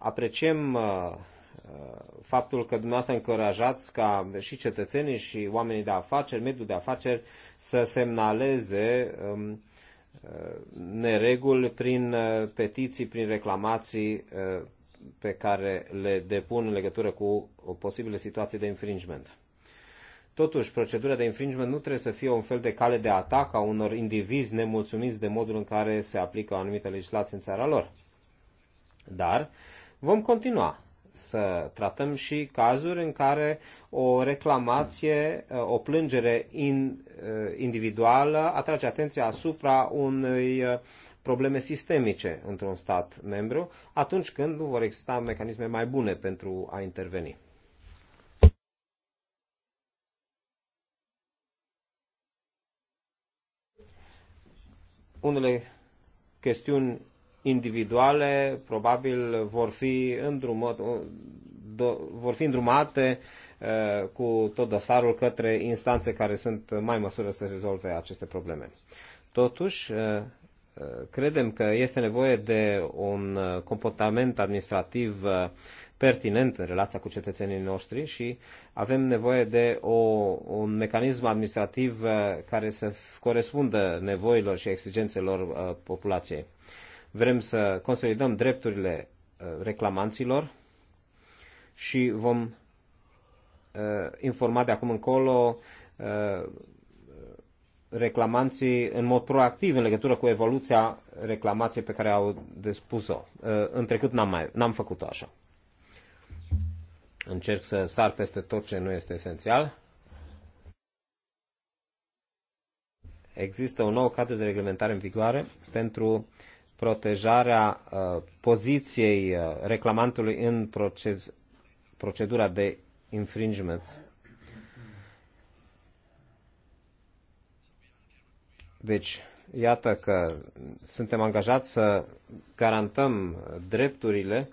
Apreciem uh, uh, faptul că dumneavoastră încurajați ca și cetățenii și oamenii de afaceri, mediul de afaceri, să semnaleze um, uh, nereguli prin petiții, prin reclamații pe care le depun în legătură cu posibilă situație de infringement. Totuși, procedura de infringement nu trebuie să fie un fel de cale de atac a unor indivizi nemulțumiți de modul în care se aplică o anumită legislație în țara lor. Dar Vom continua să tratăm și cazuri în care o reclamație, o plângere in, eh, individuală atrage atenția asupra unei eh, probleme sistemice într-un stat membru, atunci când nu vor exista mecanisme mai bune pentru a interveni. Unele chestiuni individuale probabil vor fi, îndrumat, vor fi îndrumate uh, cu tot dosarul către instanțe care sunt mai măsură să rezolve aceste probleme. Totuși, uh, uh, credem că este nevoie de un comportament administrativ pertinent în relația cu cetățenii noștri și avem nevoie de o, un mecanism administrativ care să corespundă nevoilor și exigențelor populației. Vrem să consolidăm drepturile uh, reclamanților și vom uh, informa de acum încolo uh, reclamanții în mod proactiv în legătură cu evoluția reclamației pe care au despus-o. În trecut n-am, mai, n-am făcut-o așa. Încerc să sar peste tot ce nu este esențial. Există un nou cadru de reglementare în vigoare pentru protejarea uh, poziției uh, reclamantului în proces, procedura de infringement. Deci, iată că suntem angajați să garantăm drepturile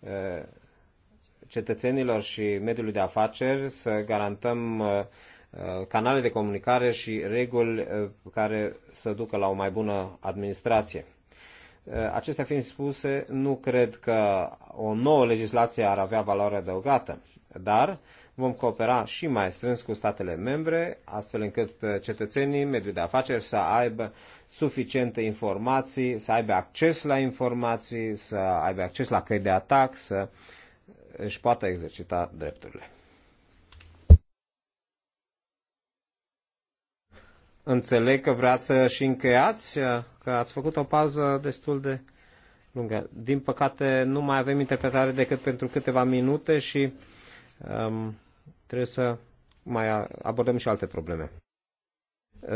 uh, cetățenilor și mediului de afaceri, să garantăm canale de comunicare și reguli care să ducă la o mai bună administrație. Eh, acestea fiind spuse, nu cred că o nouă legislație ar avea valoare adăugată, dar vom coopera și mai strâns cu statele membre, astfel încât eh, cetățenii, mediul de afaceri să aibă suficiente informații, să aibă acces la informații, să aibă acces la căi de atac, să își poată exercita drepturile. Înțeleg că vreați să și încheiați, că ați făcut o pauză destul de lungă. Din păcate, nu mai avem interpretare decât pentru câteva minute și um, trebuie să mai abordăm și alte probleme.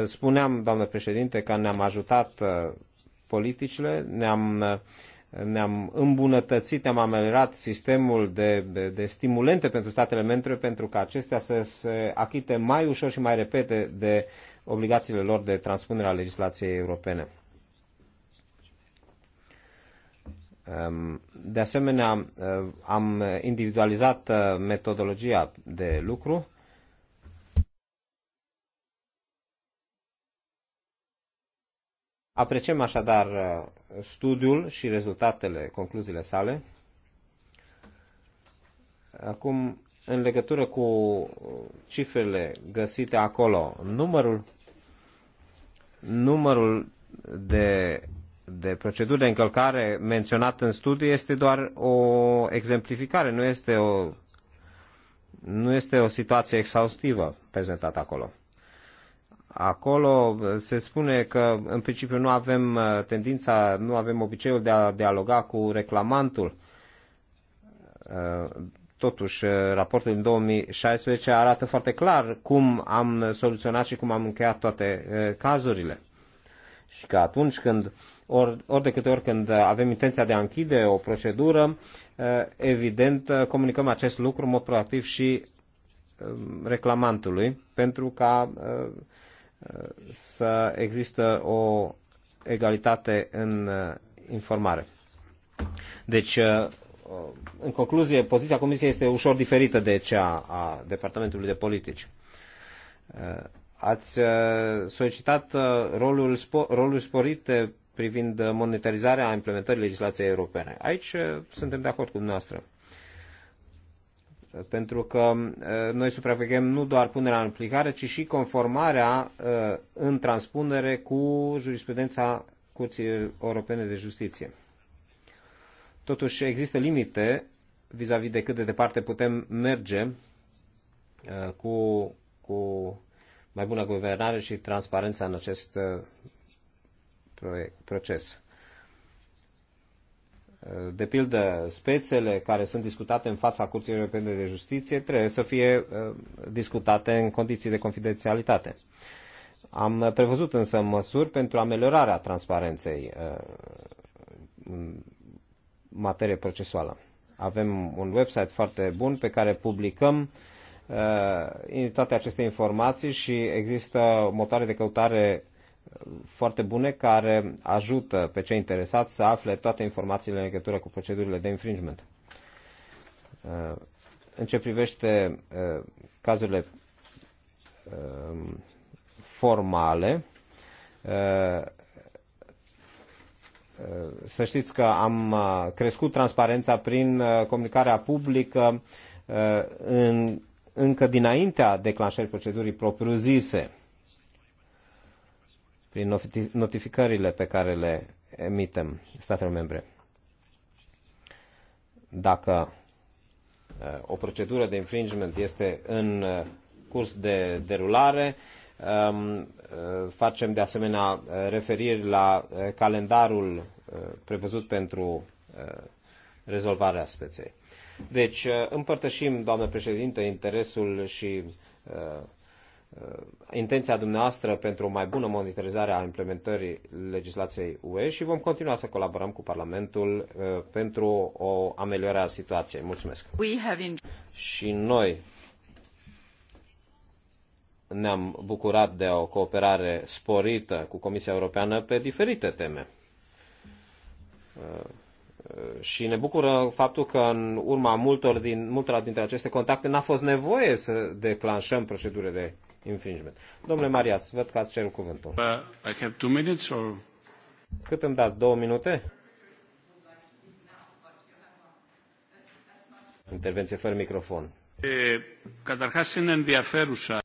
Spuneam, doamnă președinte, că ne-am ajutat uh, politicile, ne-am, uh, ne-am îmbunătățit, ne-am ameliorat sistemul de, de, de stimulente pentru statele membre pentru ca acestea să se achite mai ușor și mai repede de obligațiile lor de transpunere a legislației europene. Ehm, de asemenea, ehm, am individualizat ehm, metodologia de lucru. Apreciem așadar studiul și rezultatele, concluziile sale. Acum, în legătură cu cifrele găsite acolo, numărul numărul de, de proceduri de încălcare menționat în studiu este doar o exemplificare, nu este o, nu este o situație exhaustivă prezentată acolo. Acolo se spune că în principiu nu avem uh, tendința, nu avem obiceiul de a dialoga cu reclamantul uh, Totuși, eh, raportul din 2016 arată foarte clar cum am soluționat și cum am încheiat toate eh, cazurile. Și că atunci când, ori, ori de câte ori când avem intenția de a închide o procedură, eh, evident comunicăm acest lucru în mod proactiv și reclamantului pentru ca să există o egalitate în informare. Deci în concluzie, poziția Comisiei este ușor diferită de cea a Departamentului de Politici. Uh, ați uh, solicitat uh, rolul, spo- rolul sporit privind monetarizarea implementării legislației europene. Aici suntem de acord cu dumneavoastră. Pentru că noi supraveghem nu doar punerea în aplicare, ci și conformarea în transpunere cu jurisprudența Curții Europene de Justiție. Totuși există limite vis-a-vis -vis de cât de departe putem merge uh, cu, cu mai bună guvernare și transparența în acest uh, proiect, proces. Uh, de pildă, spețele care sunt discutate în fața Curții Europene de Justiție trebuie să fie discutate în condiții de confidențialitate. Am prevăzut însă măsuri pentru ameliorarea transparenței materie procesuală. Avem un website foarte bun pe care publicăm uh, toate aceste informații și există motoare de căutare uh, foarte bune care ajută pe cei interesați să afle toate informațiile în legătură cu procedurile de infringement. Uh, în ce privește uh, cazurile uh, formale, uh, să știți că am uh, crescut transparența prin uh, comunicarea publică uh, în, încă dinaintea declanșării procedurii propriu-zise, prin notificările pe care le emitem statelor membre. Dacă o procedură de infringement este în curs de derulare, um, facem de asemenea referiri la calendarul prevăzut pentru uh, rezolvarea speței. Deci uh, împărtășim, doamnă președinte, interesul și uh, intenția dumneavoastră pentru o mai bună monitorizare a implementării legislației UE și vom continua să colaborăm cu Parlamentul pentru o ameliorare a situației. Mulțumesc! We have și noi ne-am bucurat de o cooperare sporită cu Comisia Europeană pe diferite teme. Uh, și ne bucură faptul că în urma multor din, multora dintre aceste contacte n-a fost nevoie să declanșăm proceduri de infringement. Domnule Marias, văd că ați cerut cuvântul. Uh, I have two minutes or... Cât îmi dați? Două minute? Intervenție fără microfon. καταρχάς είναι ενδιαφέρουσα.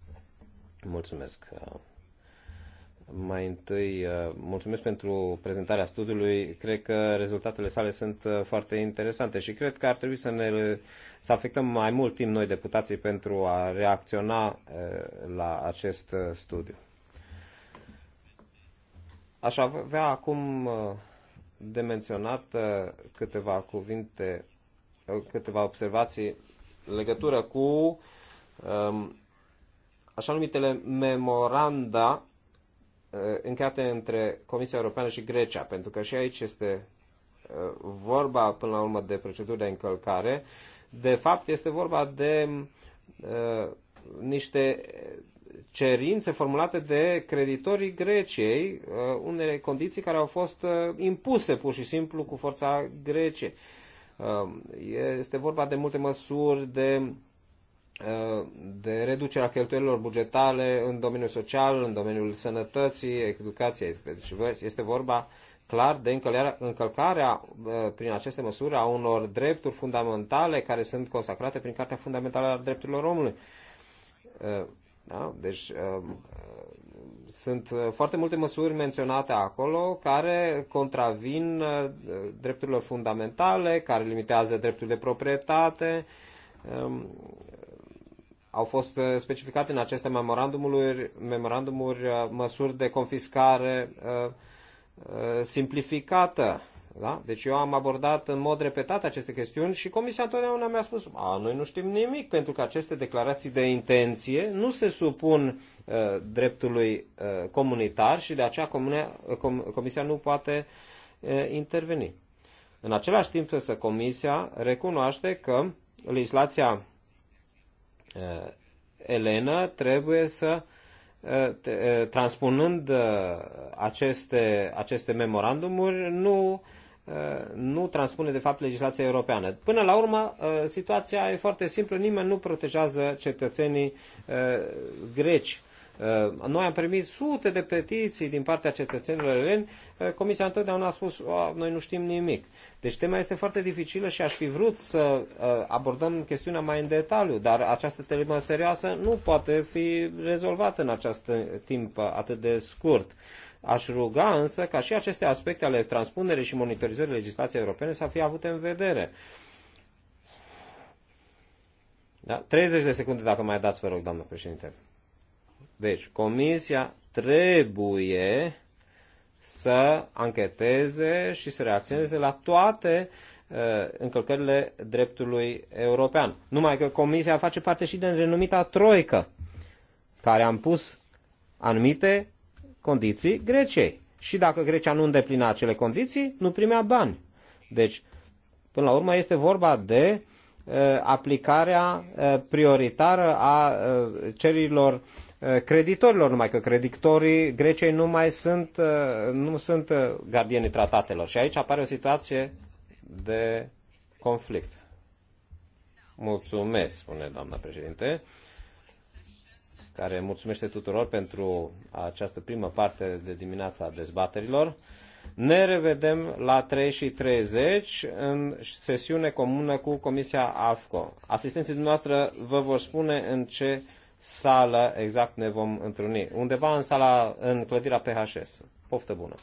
Mulțumesc. Mai întâi, uh, mulțumesc pentru prezentarea studiului. Cred că rezultatele sale sunt uh, foarte interesante și cred că ar trebui să ne să afectăm mai mult timp noi deputații pentru a reacționa uh, la acest studiu. Aș avea acum de menționat câteva cuvinte, câteva observații legătură cu um, așa numitele memoranda Uh, încheiate între Comisia Europeană și Grecia, pentru că și aici este uh, vorba până la urmă de proceduri de încălcare. De fapt, este vorba de uh, niște cerințe formulate de creditorii Greciei, unele condiții care au fost impuse pur și simplu cu forța Greciei. Este vorba de multe măsuri, de de reducerea cheltuielilor bugetale în domeniul social, în domeniul sănătății, educației. Deci este vorba clar de încălcarea prin aceste măsuri a unor drepturi fundamentale care sunt consacrate prin Cartea Fundamentală a Drepturilor Omului. Da? Deci sunt foarte multe măsuri menționate acolo care contravin drepturilor fundamentale, care limitează dreptul de proprietate, au fost uh, specificate în aceste memorandumuri, memorandumuri uh, măsuri de confiscare uh, simplificată. Da? Deci eu am abordat în mod repetat aceste chestiuni și Comisia întotdeauna mi-a spus, a, noi nu știm nimic pentru că aceste declarații de intenție nu se supun uh, dreptului uh, comunitar și de aceea comunia, com, Comisia nu poate uh, interveni. În același timp, însă, Comisia recunoaște că legislația Eh, Elena trebuie să eh, eh, transpunând aceste, aceste memorandumuri, nu, nu transpune de fapt legislația europeană. Până la urmă, situația e foarte simplă, nimeni nu protejează cetățenii greci Uh, noi am primit sute de petiții din partea cetățenilor eleni, uh, Comisia întotdeauna a spus, noi nu știm nimic. Deci tema este foarte dificilă și aș fi vrut să uh, abordăm chestiunea mai în detaliu, dar această temă serioasă nu poate fi rezolvată în acest timp atât de scurt. Aș ruga însă ca și aceste aspecte ale transpunerii și monitorizării legislației europene să fie avute în vedere. Da? 30 de secunde dacă mai dați, vă rog, doamnă președinte. Deci, comisia trebuie să ancheteze și să reacționeze la toate uh, încălcările dreptului european. Numai că comisia face parte și din renumita troică, care a pus anumite condiții Greciei. Și dacă Grecia nu îndeplina acele condiții, nu primea bani. Deci, până la urmă, este vorba de uh, aplicarea uh, prioritară a uh, cerilor uh, Eh, creditorilor, numai că creditorii Greciei nu mai sunt, eh, nu sunt eh, gardienii tratatelor. Și aici apare o situație de conflict. Mulțumesc, spune doamna președinte, care mulțumește tuturor pentru această primă parte de dimineața a dezbaterilor. Ne revedem la 3 și 30 în sesiune comună cu Comisia AFCO. Asistenții dumneavoastră vă vor spune în ce sală exact ne vom întâlni. Undeva în sala, în clădirea PHS. Poftă bună!